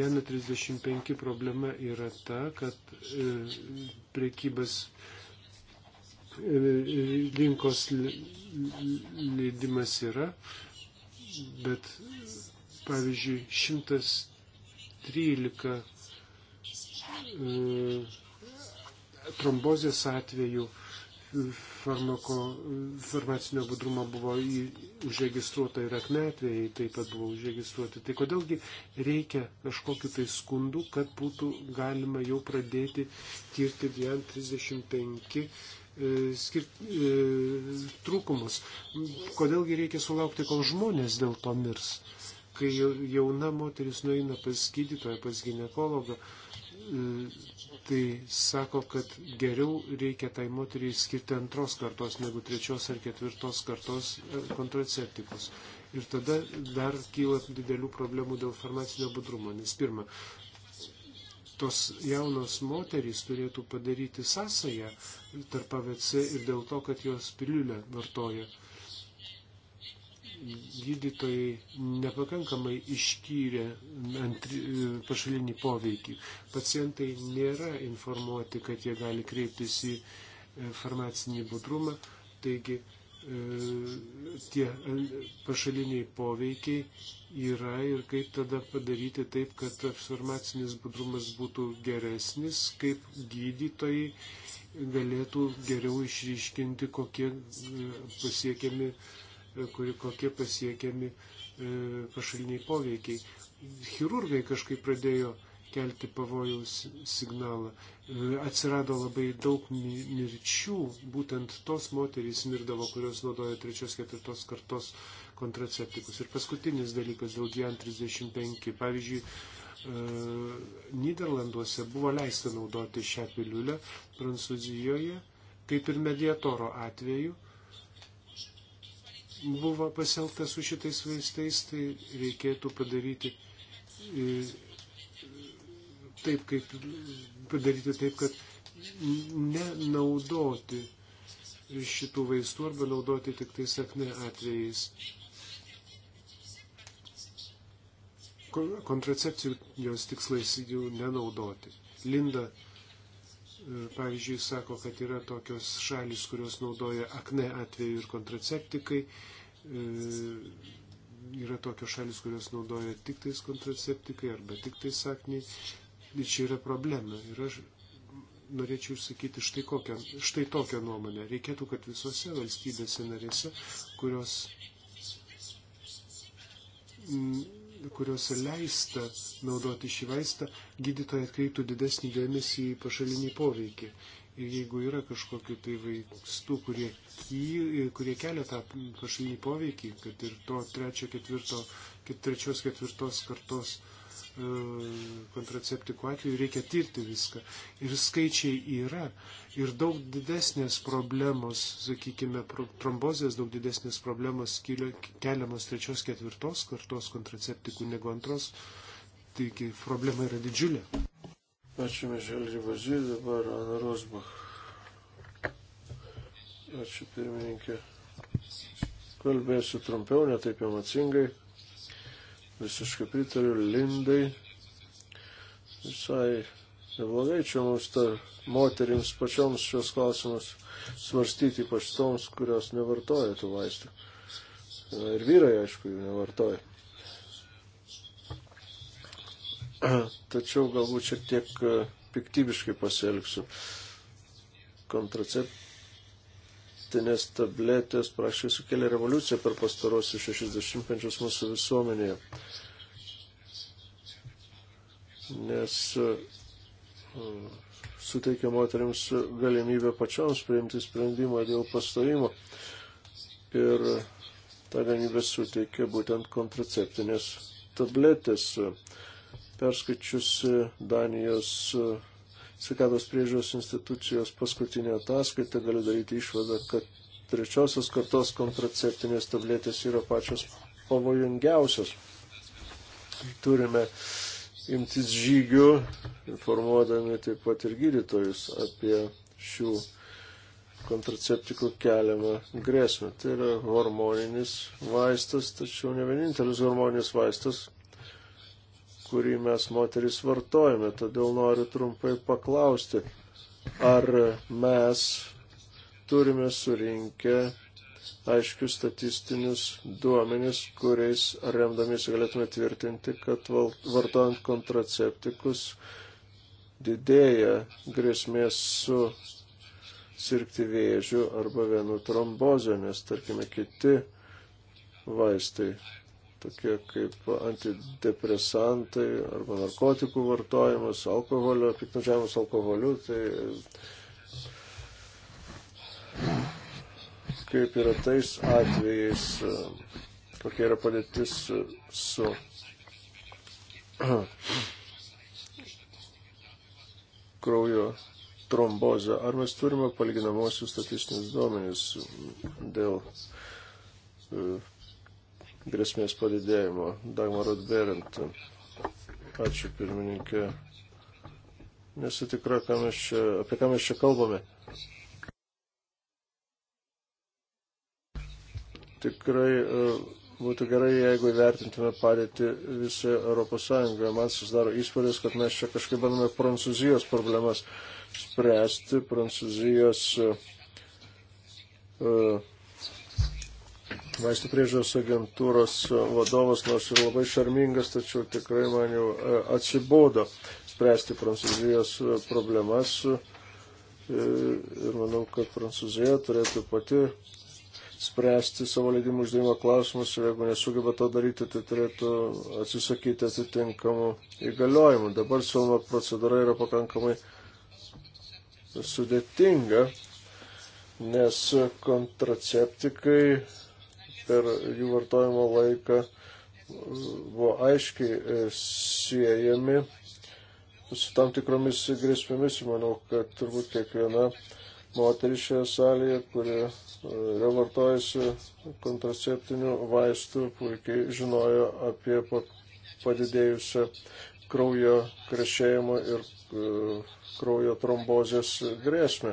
Speaker 1: Diana 35 problema yra ta, kad e, priekybas e, rinkos leidimas yra, bet pavyzdžiui 113 e, trombozės atveju farmako, farmacinio budrumo buvo į, užregistruota ir akmetvėjai taip pat buvo užregistruoti. Tai kodėlgi reikia kažkokiu tai skundu, kad būtų galima jau pradėti tirti vien 35 E, skirt, e, trūkumus. Kodėlgi reikia sulaukti, kol žmonės dėl to mirs? Kai jauna moteris nueina pas gydytoją, pas gynekologą, e, tai sako, kad geriau reikia tai moteriai skirti antros kartos negu trečios ar ketvirtos kartos kontraceptikus. Ir tada dar kyla didelių problemų dėl farmacinio budrumo, nes pirma, tos jaunos moterys turėtų padaryti sąsają tarp AVC ir dėl to, kad jos piliulę vartoja. Gydytojai nepakankamai ištyrė pašalinį poveikį. Pacientai nėra informuoti, kad jie gali kreiptis į e, farmacinį budrumą. Taigi e, tie e, pašaliniai poveikiai yra ir kaip tada padaryti taip, kad informacinis budrumas būtų geresnis, kaip gydytojai galėtų geriau išryškinti, kokie e, pasiekiami, e, kokie pasiekiami e, pašaliniai poveikiai. Chirurgai kažkaip pradėjo kelti pavojaus signalą. Atsirado labai daug mirčių, būtent tos moterys mirdavo, kurios naudojo trečios, ketvirtos kartos uh, kontraceptikus. Ir paskutinis dalykas dėl GN 35. Pavyzdžiui, e, Niderlanduose buvo leista naudoti šią piliulę, Prancūzijoje, kaip ir mediatoro atveju, buvo pasielgta su šitais vaistais, tai reikėtų padaryti e, taip, kaip, padaryti taip, kad nenaudoti šitų vaistų arba naudoti tik tai sakne atvejais. kontracepcijos tikslais jų nenaudoti. Linda, e, pavyzdžiui, sako, kad yra tokios šalis, kurios naudoja akne atveju ir kontraceptikai. E, yra tokios šalis, kurios naudoja tik tais kontraceptikai arba tik tais akniai. Ir čia yra problema. Ir aš norėčiau išsakyti štai, kokią, štai tokią nuomonę. Reikėtų, kad visose valstybėse narėse, kurios kurios leista naudoti šį vaistą, gydytojai atkreiptų didesnį dėmesį į pašalinį poveikį. Ir jeigu yra kažkokiu tai vaistų, kurie, ky, kurie kelia tą pašalinį poveikį, kad ir to trečio, ketvirto, ket, trečios, ketvirtos kartos uh, E, kontraceptikų atveju reikia tirti viską. Ir skaičiai yra. Ir daug didesnės problemos, sakykime, trombozės, daug didesnės problemos keliamos trečios, ketvirtos kartos kontraceptikų negu antros. Taigi problema yra didžiulė.
Speaker 2: Ačiū, Mišel Ribazy, dabar Ana Rosbach. Ačiū, pirmininkė. Kalbėsiu trumpiau, netaip emocingai. Visiškai pritariu Lindai. Visai neblogai čia mums ta moterims pačioms šios klausimus svarstyti, ypač toms, kurios nevartoja tų vaistų. Ir vyrai, aišku, jų nevartoja. Tačiau galbūt šiek tiek piktybiškai pasielgsiu. Kontracept vaistinės tabletės prašė sukelia revoliuciją per pastarosius 60-mečius mūsų visuomenėje. Nes e, suteikia moteriams galimybę pačioms priimti sprendimą dėl pastojimo. Ir tą galimybę suteikia būtent kontraceptinės tabletės. Perskaičiusi Danijos sveikatos priežiūros institucijos paskutinė ataskaita, galiu daryti išvadą, kad trečiosios kartos kontraceptinės tabletės yra pačios pavojingiausios. Turime imtis žygių, informuodami taip pat ir gydytojus apie šių kontraceptikų keliamą grėsmę. Tai yra hormoninis vaistas, tačiau ne vienintelis hormoninis vaistas, kurį mes moteris vartojame. Todėl noriu trumpai paklausti, ar mes turime surinkę aiškius statistinius duomenis, kuriais remdamis galėtume tvirtinti, kad vartojant kontraceptikus didėja grėsmės su sirgti vėžiu arba vienų trombozę, nes tarkime kiti vaistai tokie kaip antidepresantai arba narkotikų vartojimas, alkoholio, piktnaudžiavimas alkoholiu, tai kaip yra tais atvejais, kokia yra padėtis su kraujo trombozę. Ar mes turime palyginamosius statistinius duomenys dėl e, grėsmės padidėjimo. Dagmarot Berint. Ačiū pirmininkė. Nesu tikra, ką čia, apie ką mes čia kalbame. Tikrai e, būtų gerai, jeigu įvertintume padėtį visoje Europos Sąjungoje. Man susidaro įspūdis, kad mes čia kažkaip bandome Prancūzijos problemas spręsti. Prancūzijos uh, vaistų priežiūros agentūros vadovas, nors ir labai šarmingas, tačiau tikrai man jau e, atsibodo spręsti Prancūzijos e, problemas. E, ir manau, kad Prancūzija turėtų pati spręsti savo leidimų uždėjimo klausimus ir jeigu nesugeba to daryti, tai turėtų atsisakyti atitinkamų įgaliojimų. Dabar siūloma procedūra yra pakankamai sudėtinga, nes kontraceptikai per jų vartojimo laiką e, buvo aiškiai e, siejami su tam tikromis grėsmėmis. Manau, kad turbūt kiekviena moteris šioje salėje, kuri e, yra vartojusi kontraceptinių vaistų, puikiai žinojo apie padidėjusią kraujo krešėjimo ir kraujo trombozės grėsmę.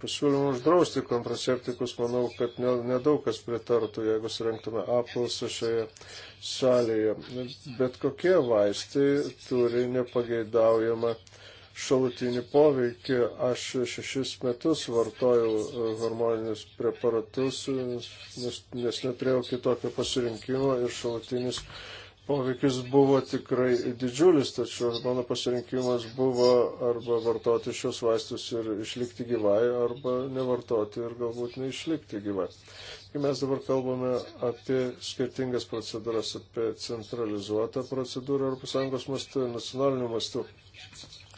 Speaker 2: pasiūlymų uždrausti kontraceptikus, manau, kad nedaug kas pritartų, jeigu surinktume apklausą šioje salėje. Bet kokie vaistai turi nepageidaujamą šalutinį poveikį. Aš šešis metus vartojau e, hormoninius preparatus, nes, nes neturėjau kitokio pasirinkimo ir šalutinis poveikis buvo tikrai didžiulis, tačiau mano pasirinkimas buvo arba vartoti šios vaistus ir išlikti gyvai, arba nevartoti ir galbūt neišlikti gyvai. Kai mes dabar kalbame apie skirtingas procedūras, apie centralizuotą procedūrą ES mastu ir nacionaliniu mastu,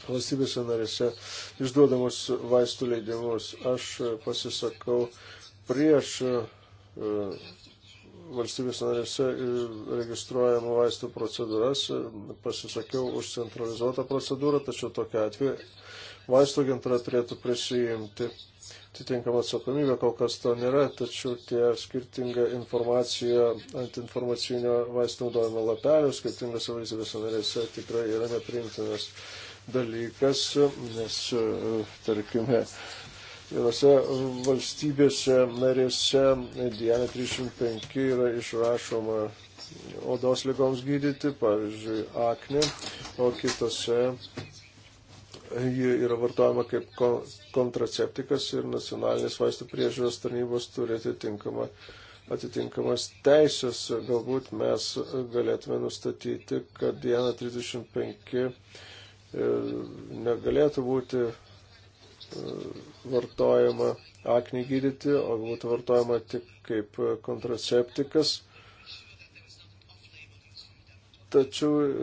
Speaker 2: valstybėse narėse išduodamus vaistų leidimus, aš pasisakau prieš e, valstybės narėse registruojamų vaistų procedūras, pasisakiau už centralizuotą procedūrą, tačiau tokia atveju vaistų agentūra turėtų prisijimti atitinkamą atsakomybę, kol kas to nėra, tačiau tie skirtinga informacija ant informacinio vaistų naudojimo lapelio skirtingose valstybėse narėse tikrai yra neprimtinas dalykas, nes, tarkime, Vienose valstybėse narėse Diana 305 yra išrašoma odos lygoms gydyti, pavyzdžiui, akne, o kitose ji yra vartojama kaip kontraceptikas ir nacionalinės vaistų priežiūros tarnybos turi atitinkamą, atitinkamas teisės. Galbūt mes galėtume nustatyti, kad diena 35 e, negalėtų būti vartojama aknį gydyti, o būtų vartojama tik kaip kontraceptikas. Tačiau e,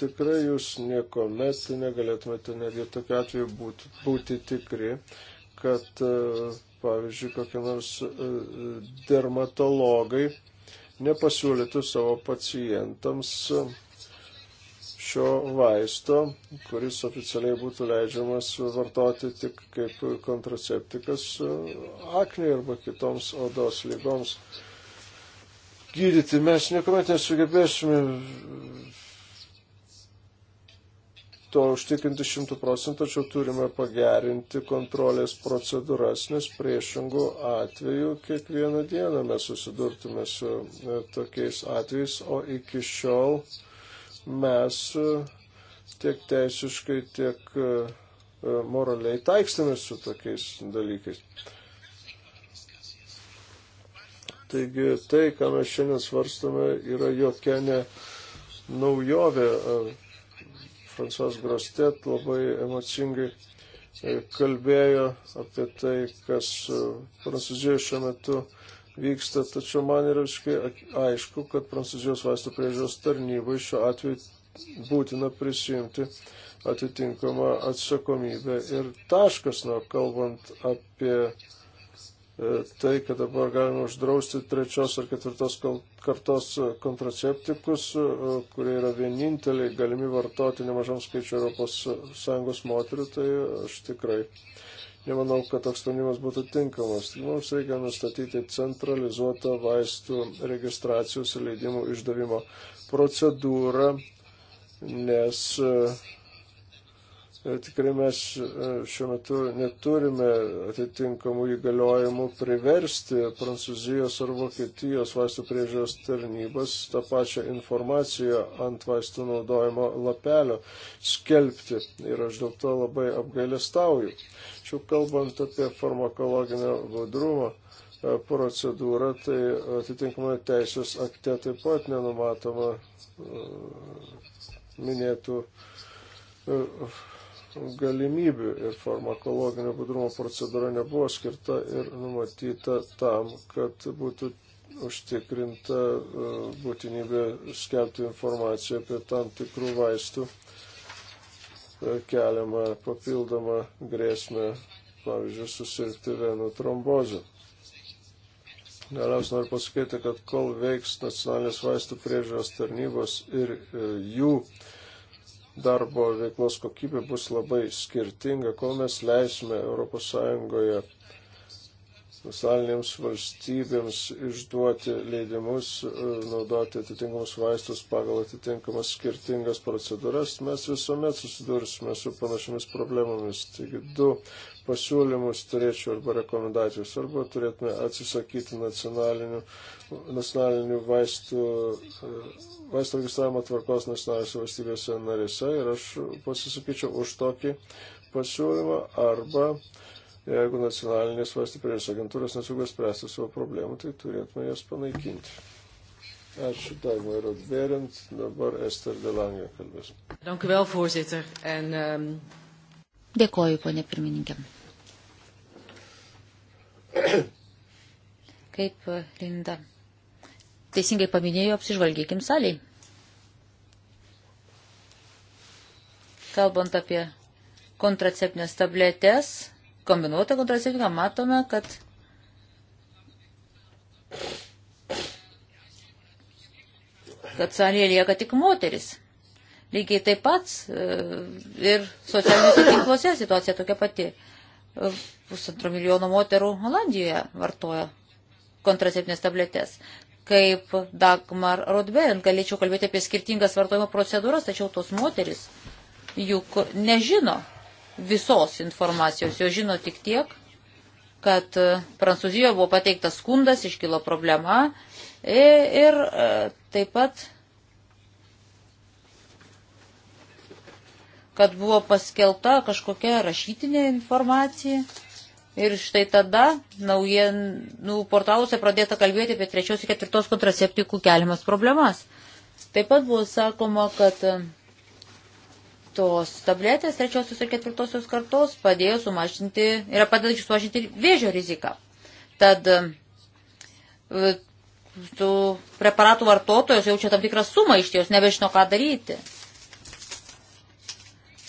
Speaker 2: tikrai jūs nieko met negalėtumėte netgi tokiu atveju būti, būti tikri, kad e, pavyzdžiui kokie nors e, dermatologai nepasiūlytų savo pacientams e, šio vaisto, kuris oficialiai būtų leidžiamas vartoti tik kaip kontraceptikas aknei arba kitoms odos lygoms gydyti. Mes niekuomet nesugebėsime to užtikrinti šimtų procentų, tačiau turime pagerinti kontrolės procedūras, nes priešingų atvejų kiekvieną dieną mes susidurtume su tokiais atvejais, o iki šiol uh, mes e, tiek teisiškai, tiek e, e, moraliai taikstamės su tokiais dalykais. Taigi tai, ką mes šiandien svarstame, yra jokia ne naujovė. Fransuas Grostet labai emocingai kalbėjo apie tai, kas Prancūzijoje šiuo metu vyksta, tačiau man yra visiškai aišku, kad Prancūzijos vaistų priežiūros tarnybai šiuo atveju būtina prisimti atitinkamą atsakomybę ir taškas, nu, kalbant apie e, tai, kad dabar galima uždrausti trečios ar ketvirtos kartos e, kontraceptikus, e, kurie yra vieninteliai galimi vartoti nemažam skaičiu ES moterių, tai aš tikrai nemanau, kad toks sprendimas būtų tinkamas. Mums reikia nustatyti centralizuotą vaistų registracijos ir leidimų išdavimo procedūrą, nes e, tikrai mes e, šiuo metu neturime atitinkamų įgaliojimų priversti Prancūzijos ar Vokietijos vaistų priežiūros tarnybas tą pačią informaciją ant vaistų naudojimo lapelio skelbti. Ir aš dėl to labai apgailestauju. Tačiau kalbant apie farmakologinio budrumo e, procedūrą, tai atitinkamai teisės akte taip pat nenumatoma e, minėtų e, galimybių ir farmakologinio budrumo procedūra nebuvo skirta ir numatyta tam, kad būtų užtikrinta būtinybė skelbti informaciją apie tam tikrų vaistų E, keliamą papildomą grėsmę, pavyzdžiui, susirgti venų trombozę. Galiausiai noriu pasakyti, kad kol veiks nacionalinės vaistų priežiūros tarnybos ir e, jų darbo veiklos kokybė bus labai skirtinga, kol mes leisime ES nacionalinėms valstybėms išduoti leidimus, e, naudoti atitinkamus vaistus pagal atitinkamas skirtingas procedūras, mes visuomet susidursime su panašiamis problemomis. Taigi du pasiūlymus turėčiau arba rekomendacijos, arba turėtume atsisakyti nacionalinių, nacionalinių vaistų, e, vaistų registravimo tvarkos nacionalinėse valstybėse narėse ir aš pasisakyčiau už tokį pasiūlymą arba Jeigu nacionalinės valstybės agentūros nesugeba spręsti savo problemų, tai turėtume jas panaikinti. Ačiū, Dagmar ir Berend. Dabar Ester Delangė kalbės.
Speaker 3: Dank u wel, voorzitter. En, um... Dėkoju, ponė pirmininkė. Kaip e, Linda teisingai paminėjo, apsižvalgykim saliai. Kalbant apie kontraceptinės tabletės, kombinuotą kontraceptiką matome, kad kad salėje lieka tik moteris. Lygiai taip pat e, ir socialiniuose tinkluose situacija tokia pati. E, pusantro milijono moterų Holandijoje vartoja kontraceptinės tabletės. Kaip Dagmar Rodberen galėčiau kalbėti apie skirtingas vartojimo procedūras, tačiau tos moteris juk nežino, visos informacijos, jo žino tik tiek, kad e, Prancūzijoje buvo pateiktas skundas, iškilo problema e, ir e, taip pat, kad buvo paskelta kažkokia rašytinė informacija. Ir štai tada naujienų portaluose pradėta kalbėti apie trečios ir ketvirtos kontraceptikų keliamas problemas. Taip pat buvo sakoma, kad tos tabletės trečiosios ir ketvirtosios kartos padėjo sumažinti, yra padedančių sumažinti vėžio riziką. Tad tų e, preparatų vartotojos jaučia tam tikrą sumaištį, jos nebežino, ką daryti.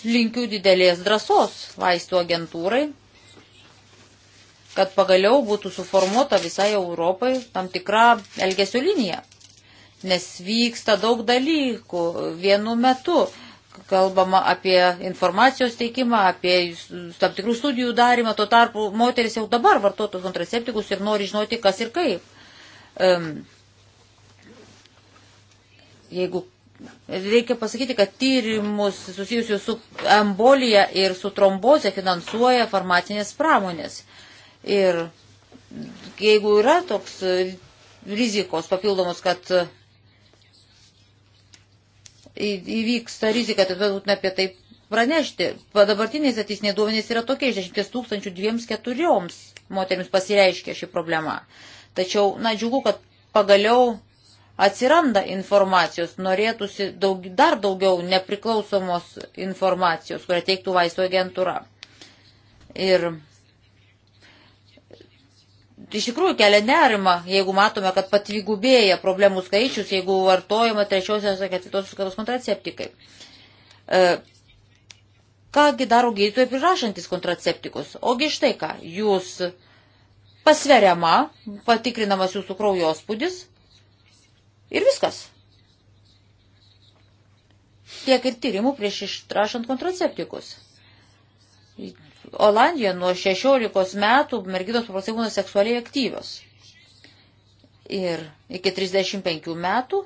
Speaker 3: Linkiu didelės drąsos vaistų agentūrai, kad pagaliau būtų suformuota visai Europai tam tikra elgesio linija. Nes vyksta daug dalykų vienu metu kalbama apie informacijos teikimą, apie tam tikrų studijų darimą, tuo tarpu moteris jau dabar vartotų kontraceptikus ir nori žinoti, kas ir kaip. Um, jeigu reikia pasakyti, kad tyrimus susijusius su embolija ir su trombozė finansuoja farmacinės pramonės. Ir jeigu yra toks rizikos papildomos, kad įvyksta rizika, tai tad būtume apie tai pranešti. Dabartiniai statistiniai duomenys yra tokie, iš 10 tūkstančių 204 moteriams pasireiškia ši problema. Tačiau, na, džiugu, kad pagaliau atsiranda informacijos, norėtųsi daug, dar daugiau nepriklausomos informacijos, kurią teiktų vaisto agentūra. Ir Tai iš tikrųjų kelia nerima, jeigu matome, kad patvigubėja problemų skaičius, jeigu vartojama trečiosios ar ketvirtosios kartos kontraceptikai. E, kągi daro gydytojai prirašantis kontraceptikus? Ogi štai ką, jūs pasveriama, patikrinamas jūsų kraujospūdis ir viskas. Tiek ir tyrimų prieš išrašant kontraceptikus. Olandijoje nuo 16 metų merginos paprastai būna seksualiai aktyvios. Ir iki 35 metų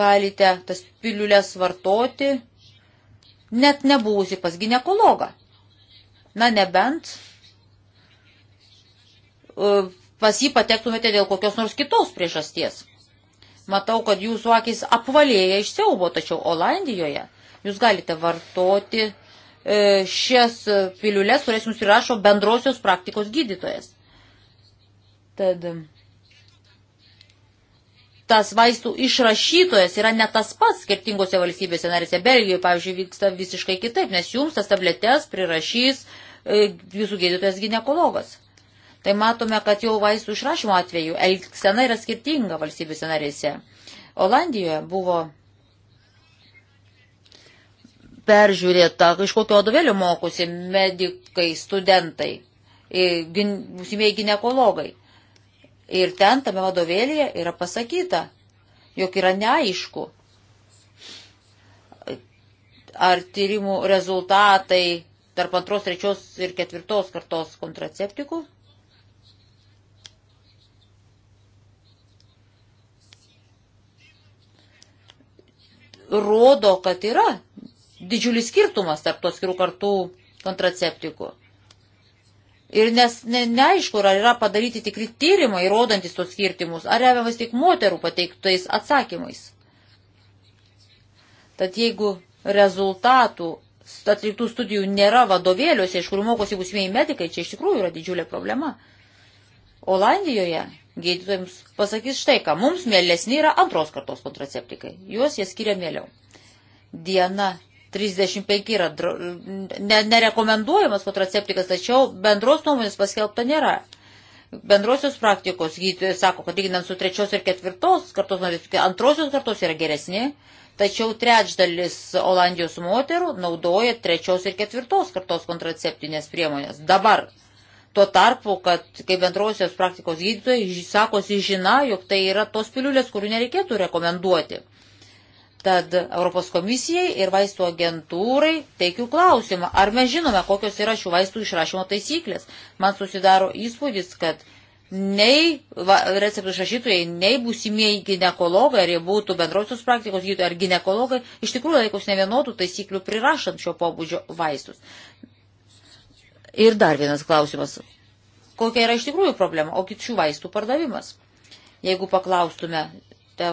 Speaker 3: galite tas piliulės vartoti, net nebūsi pas ginekologą. Na, nebent e, pas jį patektumėte dėl kokios nors kitos priežasties. Matau, kad jūsų akis apvalėja iš siaubo, tačiau Olandijoje jūs galite vartoti E, šias piliulės, kurias jums įrašo bendrosios praktikos gydytojas. Tad tas vaistų išrašytojas yra ne tas pats skirtingose valstybėse narėse. Belgijoje, pavyzdžiui, vyksta visiškai kitaip, nes jums tas tabletes prirašys e, jūsų gydytojas gynekologas. Tai matome, kad jau vaistų išrašymo atveju elgsena yra skirtinga valstybėse narėse. Olandijoje buvo peržiūrėta, iš kokio vadovėlio mokosi medikai, studentai, būsimieji gynekologai. Ir ten tame vadovėlėje yra pasakyta, jog yra neaišku, ar tyrimų rezultatai tarp antros, trečios ir ketvirtos kartos kontraceptikų rodo, kad yra didžiulis skirtumas tarp tos skirų kartų kontraceptikų. Ir nes ne, neaišku, ar yra padaryti tikri tyrimai, rodantis tos skirtimus, ar remiamas tik moterų pateiktais atsakymais. Tad jeigu rezultatų atliktų studijų nėra vadovėliuose, iš kurių mokosi būsimieji medikai, čia iš tikrųjų yra didžiulė problema. Olandijoje gydytojams pasakys štai ką, mums mielesni yra antros kartos kontraceptikai, juos jie skiria mieliau. Diena 35 yra ne, nerekomenduojamas kontraceptikas, tačiau bendros nuomonės paskelbta nėra. Bendrosios praktikos gydytojai sako, kad lyginant su trečios ir ketvirtos kartos, tai antrosios kartos yra geresni, tačiau trečdalis Olandijos moterų naudoja trečios ir ketvirtos kartos kontraceptinės priemonės. Dabar. Tuo tarpu, kad kaip bendrosios praktikos gydytojai sakosi žina, jog tai yra tos piliulės, kurių nereikėtų rekomenduoti. Tad Europos komisijai ir vaistų agentūrai teikiu klausimą, ar mes žinome, kokios yra šių vaistų išrašymo taisyklės. Man susidaro įspūdis, kad nei receptų išrašytojai, nei būsimieji gynekologai, ar jie būtų bendrosios praktikos gydytojai, ar gynekologai, iš tikrųjų laikos ne vienodų taisyklių prirašant šio pobūdžio vaistus. Ir dar vienas klausimas. Kokia yra iš tikrųjų problema, o kitų vaistų pardavimas? Jeigu paklaustume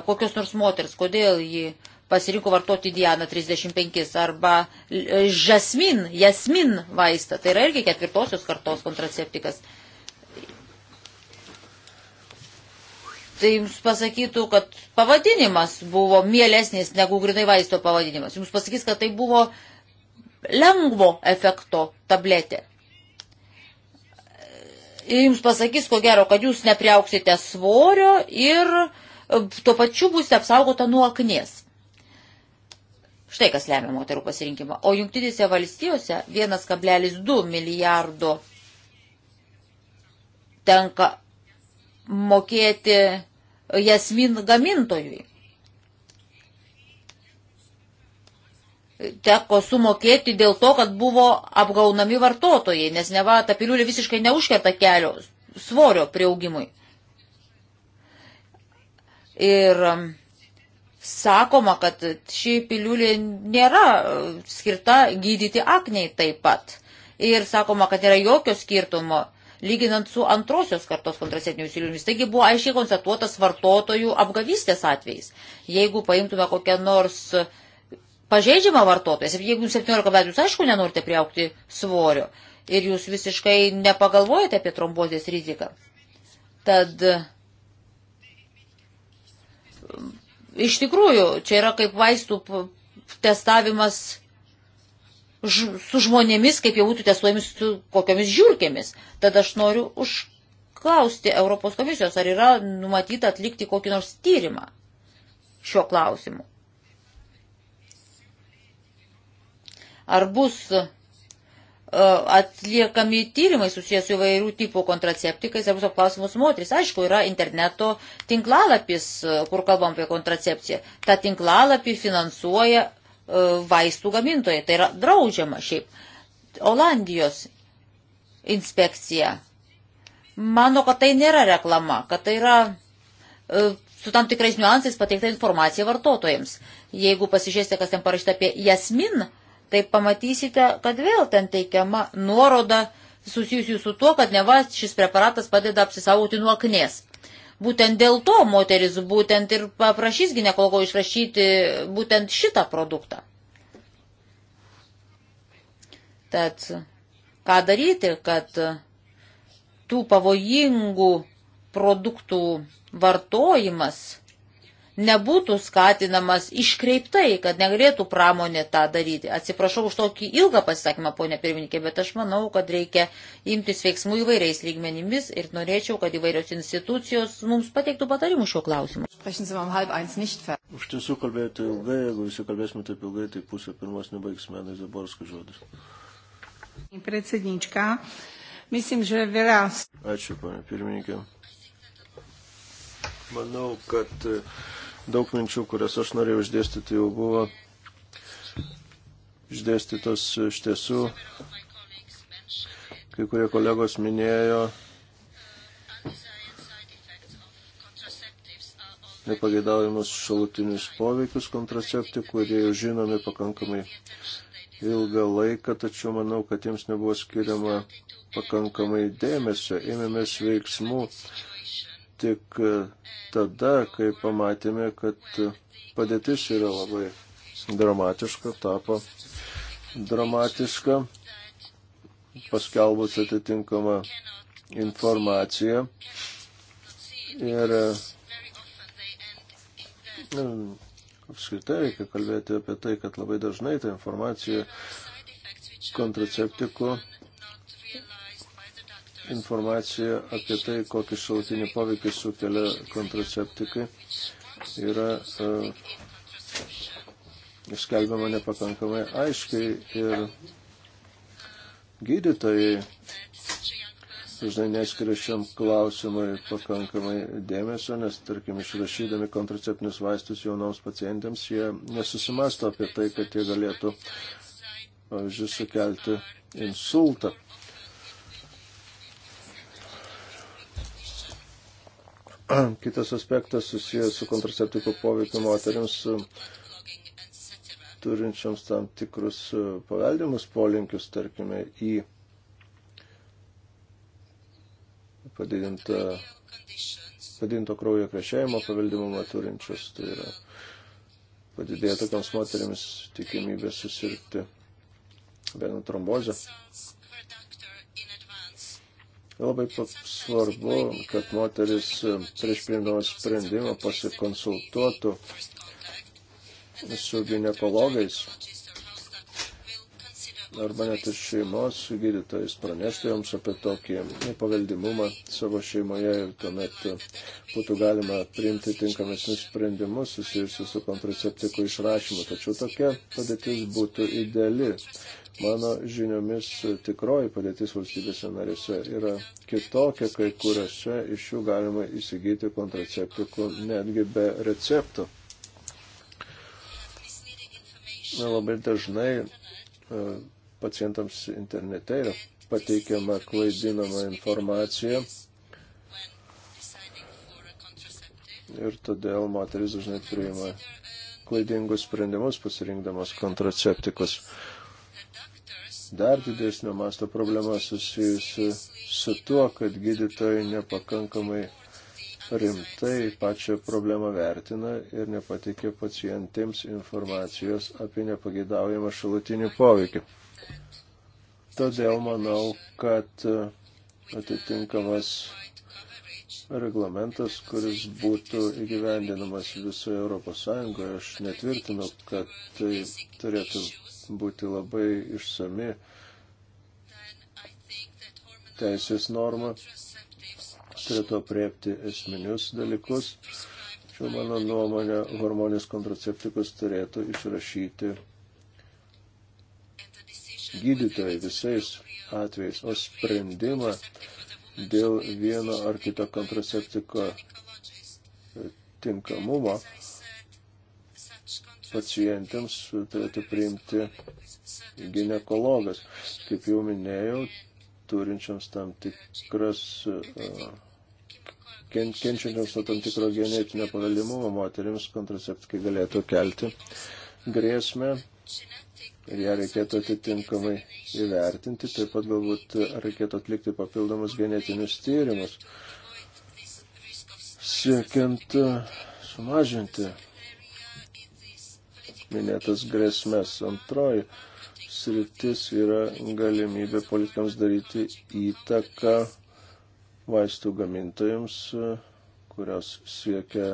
Speaker 3: kokios nors moters, kodėl ji uh, pasirinko vartoti Diana 35 arba Žasmin, e, Jasmin vaistą. Tai yra irgi ketvirtosios kartos kontraceptikas. Tai jums pasakytų, kad pavadinimas buvo mielesnis negu grinai vaisto pavadinimas. Jums pasakys, kad tai buvo lengvo efekto tabletė. Ir jums pasakys, ko gero, kad jūs nepriauksite svorio ir e, tuo pačiu būsite apsaugota nuo aknės. Štai kas lemia moterų pasirinkimą. O jungtinėse valstijose 1,2 milijardo tenka mokėti jasmin gamintojui. Teko sumokėti dėl to, kad buvo apgaunami vartotojai, nes neva ta piliulė visiškai neužkerta kelio svorio prieaugimui. Ir um, sakoma, kad ši piliulė nėra e, skirta gydyti akniai taip pat. Ir sakoma, kad yra jokio skirtumo lyginant su antrosios kartos kontraceptinėmis piliulėmis. Taigi buvo aiškiai konstatuotas vartotojų apgavystės atvejais. Jeigu paimtume kokią nors pažeidžiamą vartotoją, jeigu jums 17 metų jūs aišku nenorite priaukti svorio ir jūs visiškai nepagalvojate apie trombozės riziką, tad iš tikrųjų, čia yra kaip vaistų testavimas su žmonėmis, kaip jau būtų testuojami su kokiamis žiūrkėmis. Tad aš noriu užklausti Europos komisijos, ar yra numatyta atlikti kokį nors tyrimą šiuo klausimu. Ar bus E, atliekami tyrimai susijęs su įvairių tipų kontraceptikais ir bus apklausimus moteris. Aišku, yra interneto tinklalapis, e, kur kalbam apie kontracepciją. Ta tinklalapį finansuoja e, vaistų gamintojai. Tai yra draudžiama šiaip. Olandijos inspekcija. Mano, kad tai nėra reklama, kad tai yra su tam tikrais niuansais pateikta informacija vartotojams. Jeigu pasižiūrėsite, kas ten parašyta apie jasmin, uh, tai pamatysite, kad vėl ten teikiama nuoroda susijusių su tuo, kad neva šis preparatas padeda apsisaugoti nuo aknės. Būtent dėl to moteris būtent ir paprašys ginekologo išrašyti būtent šitą produktą. Tad ką daryti, kad tų pavojingų produktų vartojimas nebūtų skatinamas iškreiptai, kad negalėtų pramonė tą daryti. Atsiprašau už tokį ilgą pasisakymą, ponė pirmininkė, bet aš manau, kad reikia imtis veiksmų įvairiais lygmenimis ir norėčiau, kad įvairios institucijos mums pateiktų patarimų šiuo klausimu. Um už tiesų
Speaker 2: kalbėjote ilgai, jeigu visi kalbėsime taip ilgai, tai pusę pirmos nebaigsime, nes dabar skaičiuodis.
Speaker 3: Predsednička, mislim, že vėliausiai.
Speaker 2: Ačiū, ponė pirmininkė. Manau, kad uh, Daug minčių, kurias aš norėjau išdėstyti, jau buvo išdėstytos iš tiesų. Kai kurie kolegos minėjo nepageidaujamus šalutinius poveikius kontraceptikų, kurie jau žinomi pakankamai ilgą laiką, tačiau manau, kad jiems nebuvo skiriama pakankamai dėmesio. Ėmėmės veiksmų tik tada, kai pamatėme, kad padėtis yra labai dramatiška, tapo dramatiška, paskelbus atitinkamą informaciją. Ir nu, apskritai reikia kalbėti apie tai, kad labai dažnai ta informacija kontraceptikų informacija apie tai, kokį šalutinį poveikį sukelia kontraceptikai, yra uh, skelbiama nepakankamai aiškiai ir gydytojai dažnai neskiria šiam klausimui pakankamai dėmesio, nes, tarkim, išrašydami kontraceptinius vaistus jaunoms pacientėms, jie nesusimasto apie tai, kad jie galėtų, pavyzdžiui, sukelti insultą. Kitas aspektas susijęs su kontraceptikų poveikiu moteriams turinčiams tam tikrus paveldimus polinkius, tarkime, į padidintą, padidinto kraujo krešėjimo paveldimumą turinčius. Tai yra padidėja tokiams moteriams tikimybė susirgti venų trombozę. Labai svarbu, kad moteris prieš priimdamas sprendimą pasikonsultuotų su gynekologais arba net ir šeimos gydytojais pranešti joms apie tokį paveldimumą savo šeimoje ir tuomet būtų galima priimti tinkamesnius sprendimus susijusius su kontraceptikų išrašymu. Tačiau tokia padėtis būtų ideali Mano žiniomis tikroji padėtis valstybėse narėse yra kitokia, kai kuriuose iš jų galima įsigyti kontraceptikų netgi be receptų. Na, labai dažnai e, pacientams internete yra pateikiama klaidinama informacija. Ir todėl moteris dažnai priima klaidingus sprendimus pasirinkdamas kontraceptikus. Uh, dar didesnio masto problema susijusi su tuo, kad gydytojai nepakankamai rimtai pačią problemą vertina ir nepatikė pacientėms informacijos apie nepageidaujamą šalutinį poveikį. Todėl manau, kad atitinkamas reglamentas, kuris būtų įgyvendinamas visoje Europos Sąjungoje. Aš netvirtinu, kad tai turėtų būti labai išsami teisės norma, turėtų apriepti esminius dalykus. Čia mano nuomonė, hormonės kontraceptikus turėtų išrašyti gydytojai visais atvejais, o sprendimą dėl vieno ar kito kontraceptiko tinkamumo pacientėms turėtų priimti gynekologas. Kaip jau minėjau, turinčiams tam tikras, e, kenčiančiams nuo tam tikro genetinio paveldimumo moteriams kontraceptikai galėtų kelti grėsmę ir ją reikėtų atitinkamai įvertinti. Taip pat galbūt reikėtų atlikti papildomus genetinius tyrimus, siekiant e, sumažinti minėtas grėsmės. Antroji sritis yra galimybė politikams daryti įtaką vaistų gamintojams, kurios siekia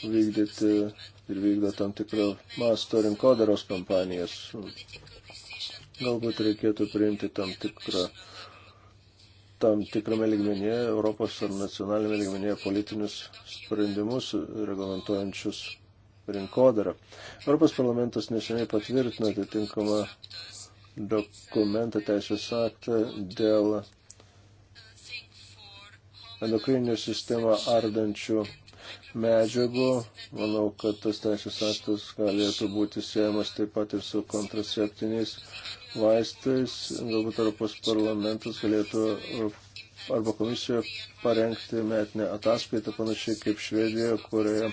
Speaker 2: vykdyti ir vykdo tam tikrą masto rinkodaros kampanijas. Galbūt reikėtų priimti tam tikrą tam tikrame ligmenyje, Europos ar nacionalinėme ligmenyje politinius sprendimus reglamentuojančius rinkodarą. Europos parlamentas neseniai patvirtino atitinkamą dokumentą teisės aktą dėl endokrininę sistemą ardančių medžiagų. Manau, kad tas teisės aktas galėtų būti siejamas taip pat ir su kontraceptiniais vaistais. Galbūt Europos parlamentas galėtų arba komisijoje parengti metinę ataskaitą panašiai kaip Švedijoje, kurioje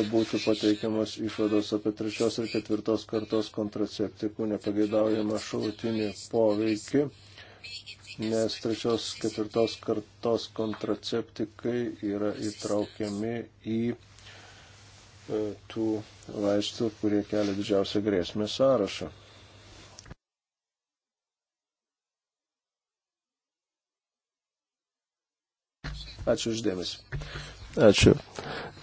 Speaker 2: būtų pateikiamas išvados apie trečios ir ketvirtos kartos kontraceptikų nepageidaujamą šalutinį poveikį, nes trečios ketvirtos kartos kontraceptikai yra įtraukiami į e, tų vaistų, kurie kelia didžiausią grėsmę sąrašą. Ačiū uždėmesi. Ačiū.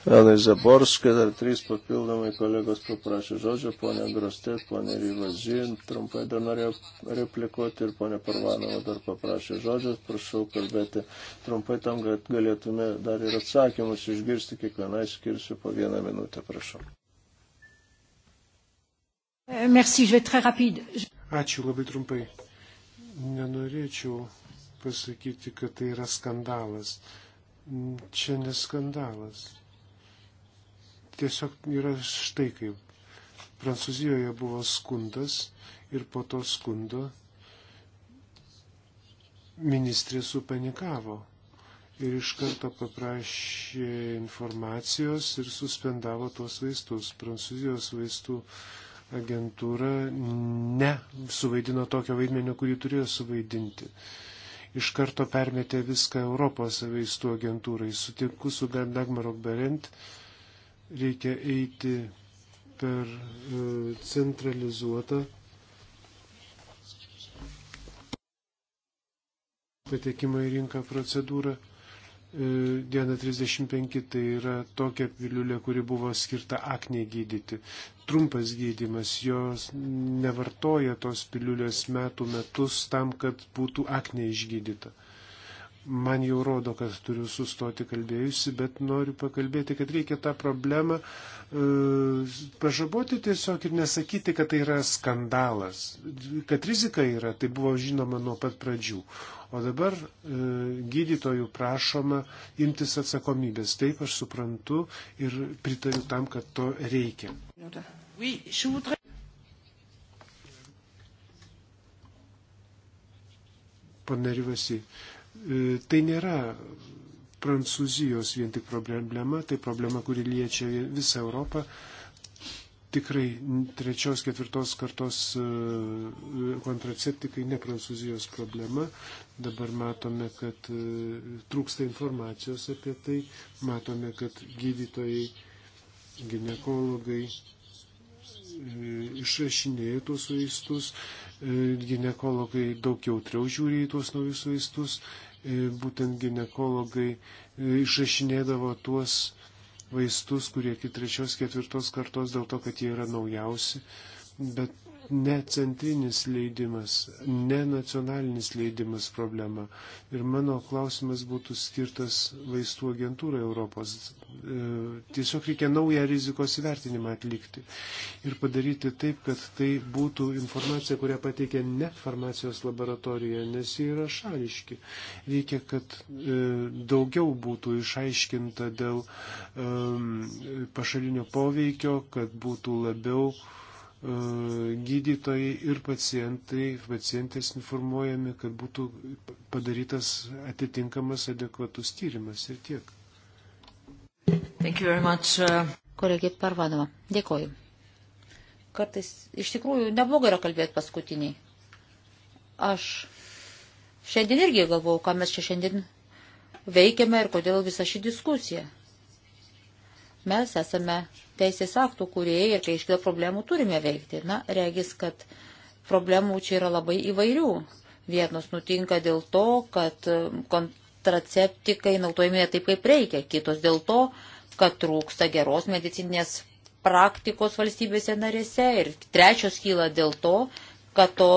Speaker 2: Ana Zaborska, dar trys papildomai kolegos paprašė žodžio, ponė Grostė, ponė Ryvazin, trumpai dar norėjo replikuoti ir ponė Parvanova dar paprašė žodžio, prašau kalbėti trumpai tam, kad galėtume dar ir atsakymus išgirsti, kiekvienai skirsiu po vieną minutę, prašau.
Speaker 3: Euh, merci,
Speaker 1: Ačiū labai trumpai. Nenorėčiau pasakyti, kad tai yra skandalas čia neskandalas. Tiesiog yra štai kaip. Prancūzijoje buvo skundas ir po to skundo ministrė supanikavo ir iš karto paprašė informacijos ir suspendavo tuos vaistus. Prancūzijos vaistų agentūra ne suvaidino tokio vaidmenio, kurį turėjo suvaidinti. Uh, iš karto permetė viską Europos vaistų agentūrai. Sutinku su Dagmaro Berent, reikia eiti per e, centralizuotą patekimo į rinką procedūrą. E, diena 35 tai yra tokia piliulė, kuri buvo skirta aknei gydyti. Trumpas gydimas, jos nevartoja tos piliulės metų metus tam, kad būtų aknė išgydyta man jau rodo, kad turiu sustoti kalbėjusi, bet noriu pakalbėti, kad reikia tą problemą e, pažaboti tiesiog ir nesakyti, kad tai yra skandalas, kad rizika yra, tai buvo žinoma nuo pat pradžių. O dabar e, gydytojų prašoma imtis atsakomybės. Taip aš suprantu ir pritariu tam, kad to reikia. Pane Rivasi, e, E, tai nėra Prancūzijos vien tik problema, tai problema, kuri liečia visą Europą. Tikrai trečios, ketvirtos kartos e, kontraceptikai ne Prancūzijos problema. Dabar matome, kad e, trūksta informacijos apie tai. Matome, kad gydytojai, gynekologai išrašinėja tuos vaistus. Gynekologai daug jautriau žiūri į tuos naujus vaistus E, būtent gynekologai e, išrašinėdavo tuos vaistus, kurie iki trečios, ketvirtos kartos dėl to, kad jie yra naujausi, bet ne centrinis leidimas, ne nacionalinis leidimas problema. Ir mano klausimas būtų skirtas vaistų agentūrai Europos. E, tiesiog reikia naują rizikos įvertinimą atlikti ir padaryti taip, kad tai būtų informacija, kurią pateikia ne farmacijos laboratorija, nes jie yra šališki. Reikia, kad e, daugiau būtų išaiškinta dėl pašalinio poveikio, kad būtų labiau E, gydytojai ir pacientai, pacientės informuojami, kad būtų padarytas atitinkamas adekvatus tyrimas ir tiek.
Speaker 3: Uh, Kolegė Parvanova, dėkoju. Kartais iš tikrųjų neblogai yra kalbėti paskutiniai. Aš šiandien irgi galvau, ką mes čia šiandien veikiame ir kodėl visa ši diskusija. Mes esame teisės aktų kurieji ir kai iškila problemų turime veikti. Na, regis, kad problemų čia yra labai įvairių. Vienos nutinka dėl to, kad kontraceptikai naudojami ne taip, kaip reikia, kitos dėl to, kad trūksta geros medicinės praktikos valstybėse narėse ir trečios kyla dėl to, kad to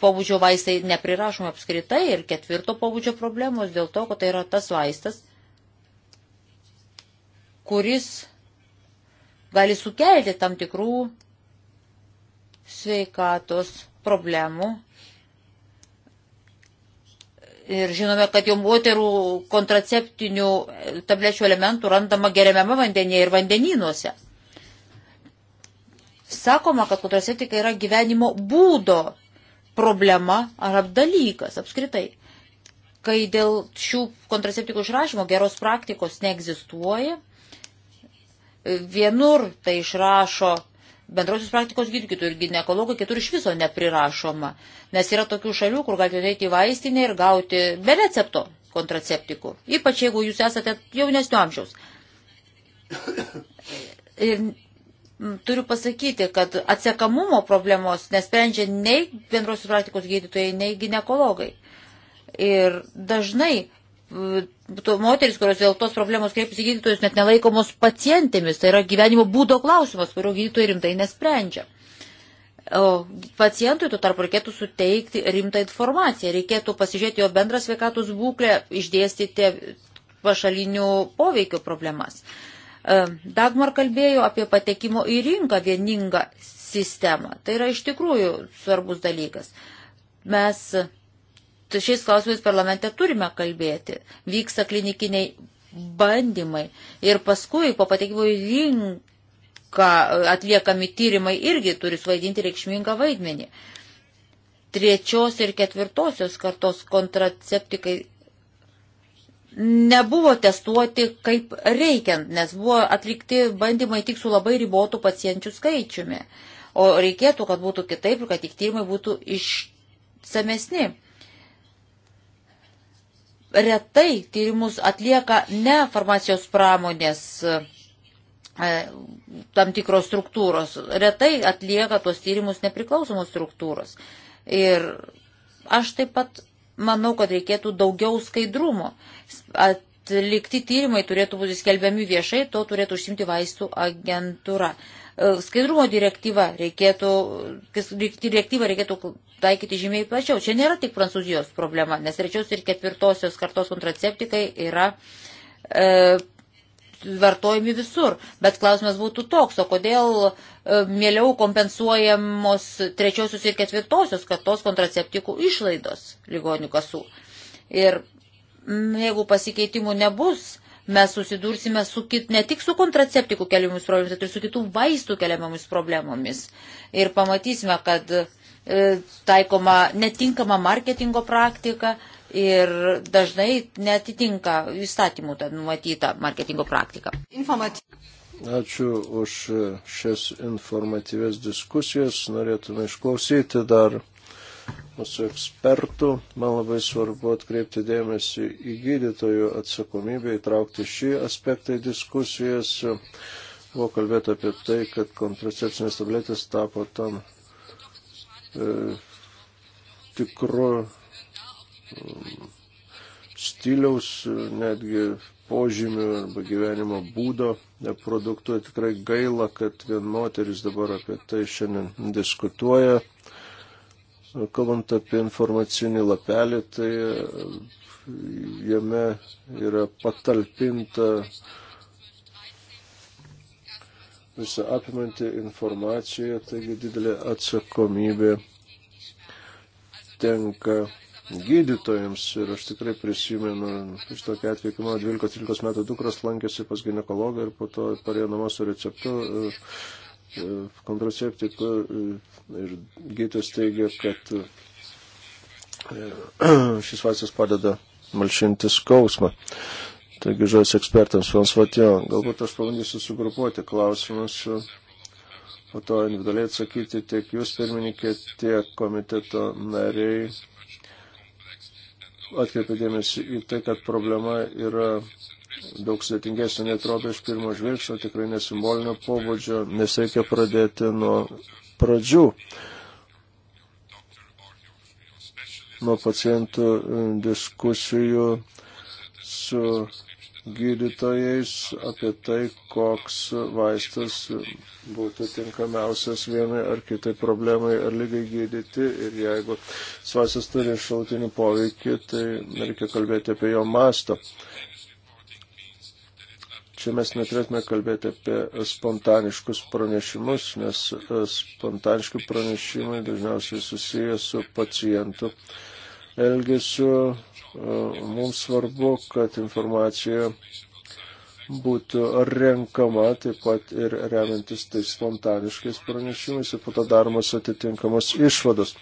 Speaker 3: pobūdžio vaistai neprirašomi apskritai ir ketvirto pobūdžio problemos dėl to, kad tai yra tas vaistas, kuris gali sukelti tam tikrų sveikatos problemų. Ir žinome, kad jau moterų kontraceptinių tablečių elementų randama geriamame vandenyje ir vandenynuose. Sakoma, kad kontraceptika yra gyvenimo būdo problema ar dalykas apskritai. Kai dėl šių kontraceptikų išrašymo geros praktikos neegzistuoja, Vienur tai išrašo bendrosios praktikos gydytojų, kitur gynekologų, kitur iš viso neprirašoma. Nes yra tokių šalių, kur galite eiti į vaistinę ir gauti be recepto kontraceptikų. Ypač jeigu jūs esate jaunesnio amžiaus. Ir turiu pasakyti, kad atsekamumo problemos nesprendžia nei bendrosios praktikos gydytojai, nei gynekologai. Ir dažnai E, moteris, kurios dėl tos problemos kreipiasi gydytojus, net nelaikomos pacientėmis. Tai yra gyvenimo būdo klausimas, kurio gydytojai rimtai nesprendžia. O pacientui tuo tarpu reikėtų suteikti rimtą informaciją, reikėtų pasižiūrėti jo bendrą sveikatos būklę, išdėstyti pašalinių poveikių problemas. E, Dagmar kalbėjo apie patekimo į rinką vieningą sistemą. Tai yra iš tikrųjų svarbus dalykas. Mes šiais klausimais parlamente turime kalbėti. Vyksta klinikiniai bandymai ir paskui po patekimo į rinką atliekami tyrimai irgi turi suvaidinti reikšmingą vaidmenį. Trečios ir ketvirtosios kartos kontraceptikai nebuvo testuoti kaip reikiant, nes buvo atlikti bandymai tik su labai ribotų pacientų skaičiumi. O reikėtų, kad būtų kitaip ir kad tik tyrimai būtų išsamesni retai tyrimus atlieka ne farmacijos pramonės e, tam tikros struktūros, retai atlieka tuos tyrimus nepriklausomos struktūros. Ir aš taip pat manau, kad reikėtų daugiau skaidrumo. Atlikti tyrimai turėtų būti skelbiami viešai, to turėtų užsimti vaistų agentūra. E, skaidrumo direktyvą reikėtų, direktyvą reikėtų taikyti žymiai plačiau. Čia nėra tik Prancūzijos problema, nes trečios ir ketvirtosios kartos kontraceptikai yra e, vartojami visur. Bet klausimas būtų toks, o kodėl e, mieliau kompensuojamos trečiosios ir ketvirtosios kartos kontraceptikų išlaidos ligonių kasų. Ir m, jeigu pasikeitimų nebus, mes susidursime su kit, ne tik su kontraceptikų keliamomis problemomis, bet ir su kitų vaistų keliamomis problemomis. Ir pamatysime, kad e, taikoma netinkama marketingo praktika ir dažnai netitinka įstatymų numatyta marketingo praktika. Informatyvi.
Speaker 2: Ačiū už šias informatyves diskusijas. Norėtume išklausyti dar mūsų ekspertų. Man labai svarbu atkreipti dėmesį į gydytojų atsakomybę, įtraukti šį aspektą į diskusijas. Buvo kalbėta apie tai, kad kontracepcinės tabletės tapo tam e, tikru e, stiliaus, netgi požymių arba gyvenimo būdo produktų. Tikrai gaila, kad vien moteris dabar apie tai šiandien diskutuoja. Kalbant apie informacinį lapelį, tai e, jame yra patalpinta visą apimanti informacija, taigi didelė atsakomybė tenka gydytojams. Ir aš tikrai prisimenu, iš tokio atveju, kai mano 12-13 metų dukras lankėsi pas gynekologą ir po to parėjo namo su receptu. Ir E, kontraceptiką e, ir gydytojas teigia, kad e, šis vaistas padeda malšinti skausmą. Taigi žodis ekspertams, Fransvatijo, galbūt aš pabandysiu sugrupuoti klausimus, po to individualiai atsakyti tiek jūs pirmininkė, tiek komiteto nariai atkreipia dėmesį į tai, kad problema yra daug sudėtingesnė, netrodo iš pirmo žvilgsnio, tikrai nesimbolinio pobūdžio, nes reikia pradėti nuo pradžių, nuo pacientų e, diskusijų su gydytojais apie tai, koks vaistas būtų tinkamiausias vienai ar kitai problemai ar lygai gydyti. Ir jeigu vaistas turi šautinį poveikį, tai reikia kalbėti apie jo masto. Uh, Čia mes neturėtume kalbėti apie spontaniškus pranešimus, nes e, spontaniški pranešimai dažniausiai susiję su pacientu elgesiu. E, mums svarbu, kad informacija būtų renkama taip pat ir remiantis tais spontaniškais pranešimais ir po to daromas atitinkamos išvados.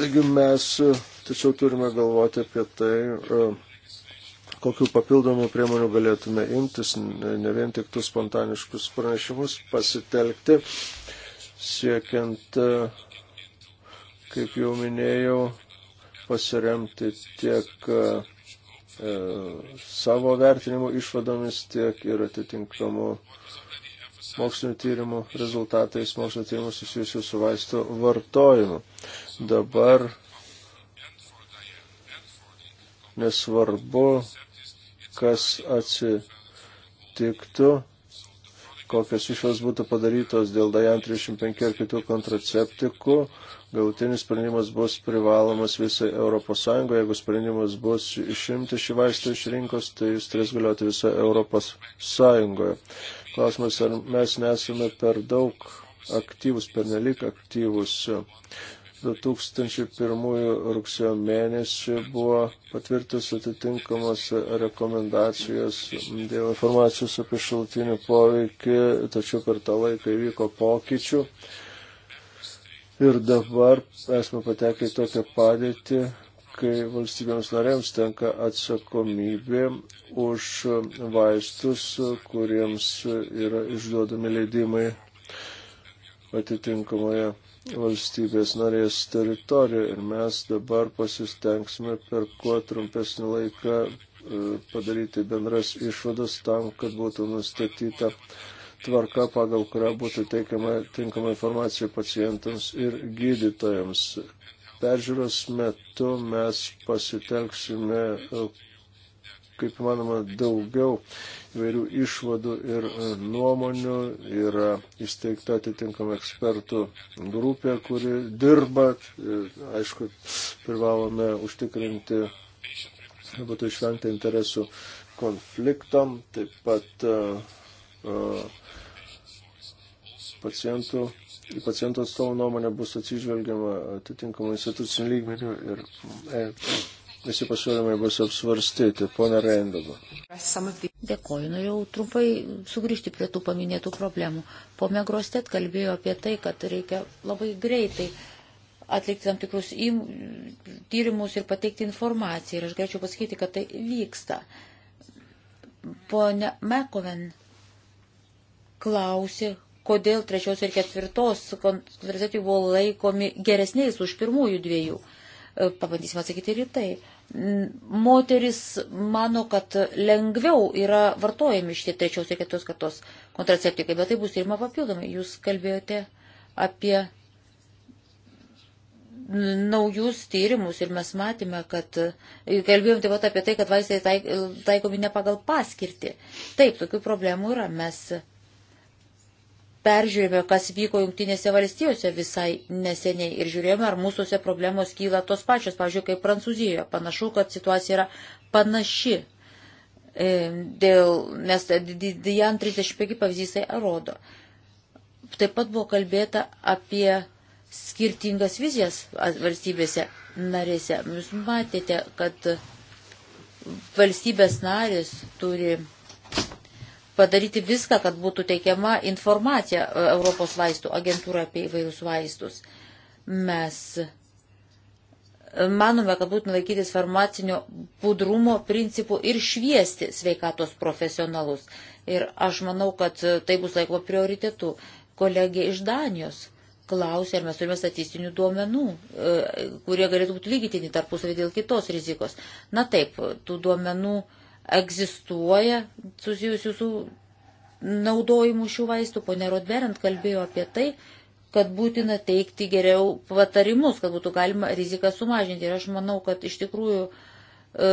Speaker 2: Taigi mes e, tačiau turime galvoti apie tai, kokiu papildomu priemonių galėtume imtis, ne vien tik tų spontaniškus pranešimus pasitelkti, siekiant, e, kaip jau minėjau, pasiremti tiek e, e, savo vertinimo išvadomis, tiek ir atitinkamų mokslinio tyrimų rezultatais, mokslinio tyrimų susijusių su vaisto vartojimu. Dabar nesvarbu, kas atsitiktų, kokios išvas būtų padarytos dėl Dajan 35 ir kitų kontraceptikų. Galutinis sprendimas bus privalomas visai Europos Sąjungoje. Jeigu sprendimas bus išimti šį vaistą iš rinkos, tai jis turės galioti visai Europos Sąjungoje. Klausimas, ar mes nesame per daug aktyvus, per nelik aktyvus 2001 rugsėjo mėnesį buvo patvirtus atitinkamos rekomendacijos dėl informacijos apie šaltinį poveikį, tačiau per tą laiką įvyko pokyčių. Ir dabar esame patekę į tokią padėtį, kai valstybėms narėms tenka atsakomybė už vaistus, kuriems yra išduodami leidimai atitinkamoje valstybės narės teritoriją ir mes dabar pasistengsime per kuo trumpesnį laiką e, padaryti bendras išvadas tam, kad būtų nustatyta tvarka, pagal kurią būtų teikiama tinkama informacija pacientams ir gydytojams. Peržiūros metu mes pasitelksime kaip manoma daugiau įvairių išvadų ir e, nuomonių. Yra įsteigta atitinkama ekspertų grupė, kuri dirba. E, aišku, privalome užtikrinti, būtų išvengti interesų konfliktom, taip pat e, pacientų į paciento atstovų nuomonę bus atsižvelgiama atitinkamų institucinių lygmenių ir visi pasiūlymai bus apsvarstyti.
Speaker 3: Pone Reindova. Dėkoju, norėjau nu, trumpai sugrįžti prie tų paminėtų problemų. Pome Grostet kalbėjo apie tai, kad reikia labai greitai atlikti tam tikrus im, tyrimus ir pateikti informaciją. Ir aš galėčiau pasakyti, kad tai vyksta. Pone Mekoven klausė, kodėl trečios ir ketvirtos konverzacijų buvo laikomi geresniais už pirmųjų dviejų. E, Pabandysime atsakyti ir į tai. Moteris mano, kad lengviau yra vartojami šitie trečios ir ketvirtos kartos kontraceptikai, bet tai bus tyrima papildomai. Jūs kalbėjote apie naujus tyrimus ir mes matėme, kad e, kalbėjom taip pat apie tai, kad vaistai taikomi ne pagal paskirtį. Taip, tokių problemų yra. Mes peržiūrėjome, kas vyko jungtinėse valstijose visai neseniai ir žiūrėjome, ar mūsųse problemos kyla tos pačios, pavyzdžiui, kaip Prancūzijoje. Panašu, kad situacija yra panaši. E, dėl, nes Dijan 35 pavyzdys tai rodo. Taip pat buvo kalbėta apie skirtingas vizijas valstybėse narėse. Jūs matėte, kad valstybės narės turi padaryti viską, kad būtų teikiama informacija e, Europos vaistų agentūra apie įvairius vaistus. Mes e, manome, kad būtina laikytis farmacinio budrumo principų ir šviesti sveikatos profesionalus. Ir aš manau, kad e, tai bus laiko prioritetu. Kolegė iš Danijos klausė, ar mes turime statistinių duomenų, kurie galėtų būti lygitini tarpusavį dėl kitos rizikos. Na taip, tų duomenų egzistuoja susijusių su naudojimu šių vaistų. Pone Rodberant kalbėjo apie tai, kad būtina teikti geriau patarimus, kad būtų galima riziką sumažinti. Ir aš manau, kad iš tikrųjų e,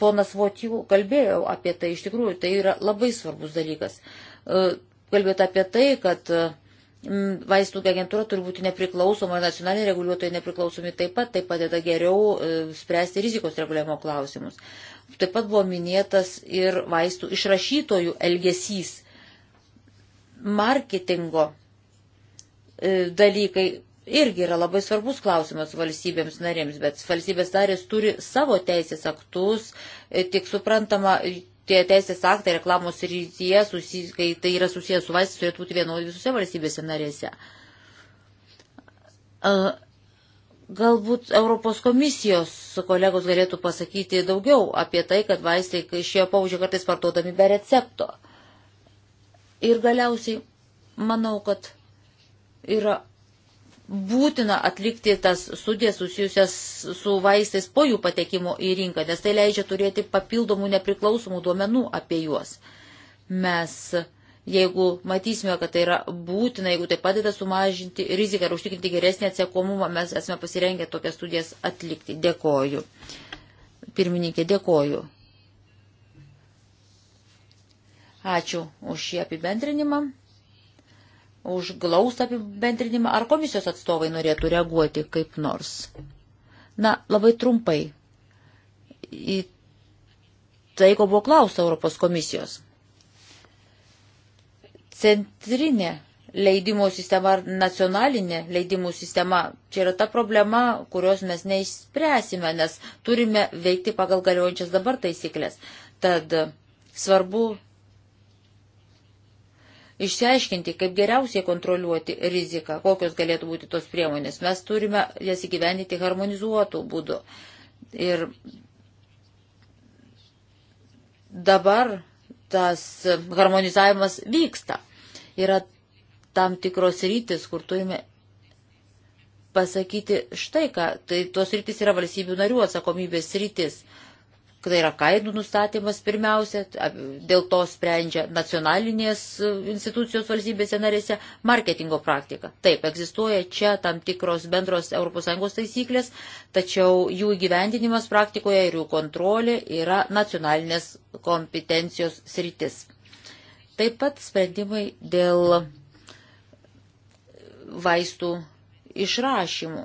Speaker 3: ponas Votijų kalbėjo apie tai, iš tikrųjų tai yra labai svarbus dalykas. E, kalbėt apie tai, kad e, vaistų agentūra turi būti nepriklausoma, nacionaliniai reguliuotojai nepriklausomi taip pat, tai padeda geriau spręsti rizikos reguliavimo klausimus. Taip pat buvo minėtas ir vaistų išrašytojų elgesys, marketingo e, dalykai. Irgi yra labai svarbus klausimas valstybėms narėms, bet valstybės narės turi savo teisės aktus, e, tik suprantama, tie teisės aktai reklamos rytyje, kai tai yra susijęs su vaistais, turėtų būti vienodi visose valstybėse narėse. E, Galbūt Europos komisijos kolegos galėtų pasakyti daugiau apie tai, kad vaistai šio paužio kartais parduodami be recepto. Ir galiausiai manau, kad yra būtina atlikti tas studijas susijusias su vaistais po jų patekimo į rinką, nes tai leidžia turėti papildomų nepriklausomų duomenų apie juos. Mes Jeigu matysime, kad tai yra būtina, jeigu tai padeda sumažinti riziką ir užtikrinti geresnį atsiekomumą, mes esame pasirengę tokias studijas atlikti. Dėkoju. Pirmininkė, dėkoju. Ačiū už šį apibendrinimą, už glaustą apibendrinimą. Ar komisijos atstovai norėtų reaguoti kaip nors? Na, labai trumpai. Į tai, ko buvo klausta Europos komisijos centrinė leidimų sistema ar nacionalinė leidimų sistema. Čia yra ta problema, kurios mes neišspręsime, nes turime veikti pagal galiojančias dabar taisyklės. Tad svarbu išsiaiškinti, kaip geriausiai kontroliuoti riziką, kokios galėtų būti tos priemonės. Mes turime jas įgyvendyti harmonizuotų būdų. Ir dabar tas harmonizavimas vyksta yra tam tikros rytis, kur turime pasakyti štai ką. Tai tos rytis yra valstybių narių atsakomybės rytis. Tai yra kainų nustatymas pirmiausia, dėl to sprendžia nacionalinės e, institucijos valstybėse narėse marketingo praktika. Taip, egzistuoja čia tam tikros bendros ES taisyklės, tačiau jų įgyvendinimas praktikoje ir jų kontrolė yra nacionalinės kompetencijos sritis. Taip pat sprendimai dėl vaistų išrašymų.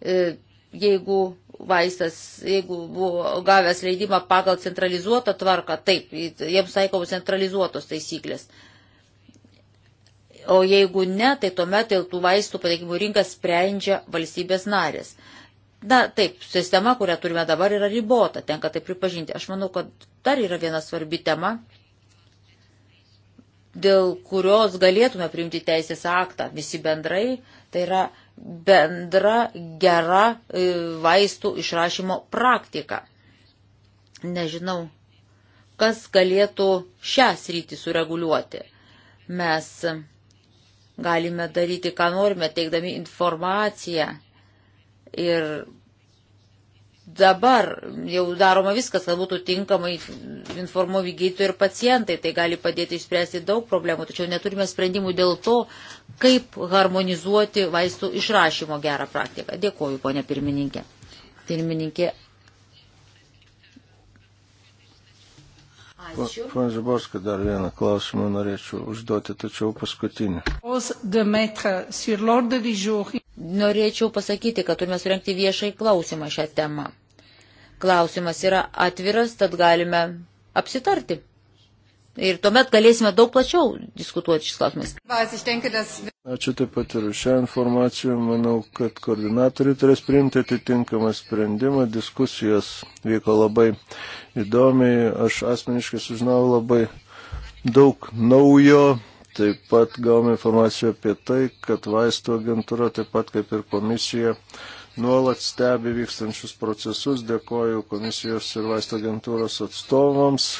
Speaker 3: E, jeigu vaistas, jeigu buvo gavęs leidimą pagal centralizuotą tvarką, taip, jiems taikomos centralizuotos taisyklės. O jeigu ne, tai tuomet dėl tų vaistų patekimų rinkas sprendžia valstybės narės. Na, taip, sistema, kurią turime dabar, yra ribota, tenka tai pripažinti. Aš manau, kad dar yra viena svarbi tema dėl kurios galėtume priimti teisės aktą visi bendrai, tai yra bendra gera e, vaistų išrašymo praktika. Nežinau, kas galėtų šią sritį sureguliuoti. Mes galime daryti, ką norime, teikdami informaciją ir dabar jau daroma viskas, kad būtų tinkamai informuomi gydytojai ir pacientai. Tai gali padėti išspręsti daug problemų, tačiau neturime sprendimų dėl to, kaip harmonizuoti vaistų išrašymo gerą praktiką. Dėkuoju, ponė pirmininkė. Pirmininkė. Ačiū.
Speaker 2: Pane Žiborska, dar vieną klausimą norėčiau užduoti, tačiau paskutinį.
Speaker 3: Norėčiau pasakyti, kad turime surenkti viešai klausimą šią temą. Klausimas yra atviras, tad galime apsitarti. Ir tuomet galėsime daug plačiau diskutuoti šis klausimas.
Speaker 2: Ačiū taip pat ir šią informaciją. Manau, kad koordinatoriai turės priimti atitinkamą sprendimą. Diskusijos vyko labai įdomiai. Aš asmeniškai sužinojau labai daug naujo. Taip pat gavome informaciją apie tai, kad vaisto agentūra, taip pat kaip ir komisija, nuolat stebi vykstančius procesus. Dėkoju komisijos ir vaisto agentūros atstovams.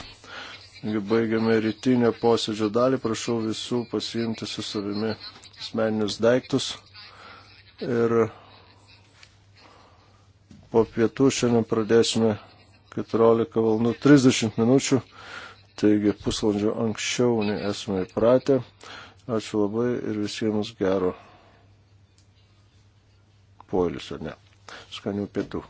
Speaker 2: Baigiame rytinę posėdžio dalį. Prašau visų pasiimti su savimi asmeninius daiktus. Ir po pietų šiandien pradėsime 14 val. 30 minučių. Taigi pusvalandžio anksčiau nei esame įpratę. Ačiū labai ir visiems gero poilsio, ne, skanių pietų.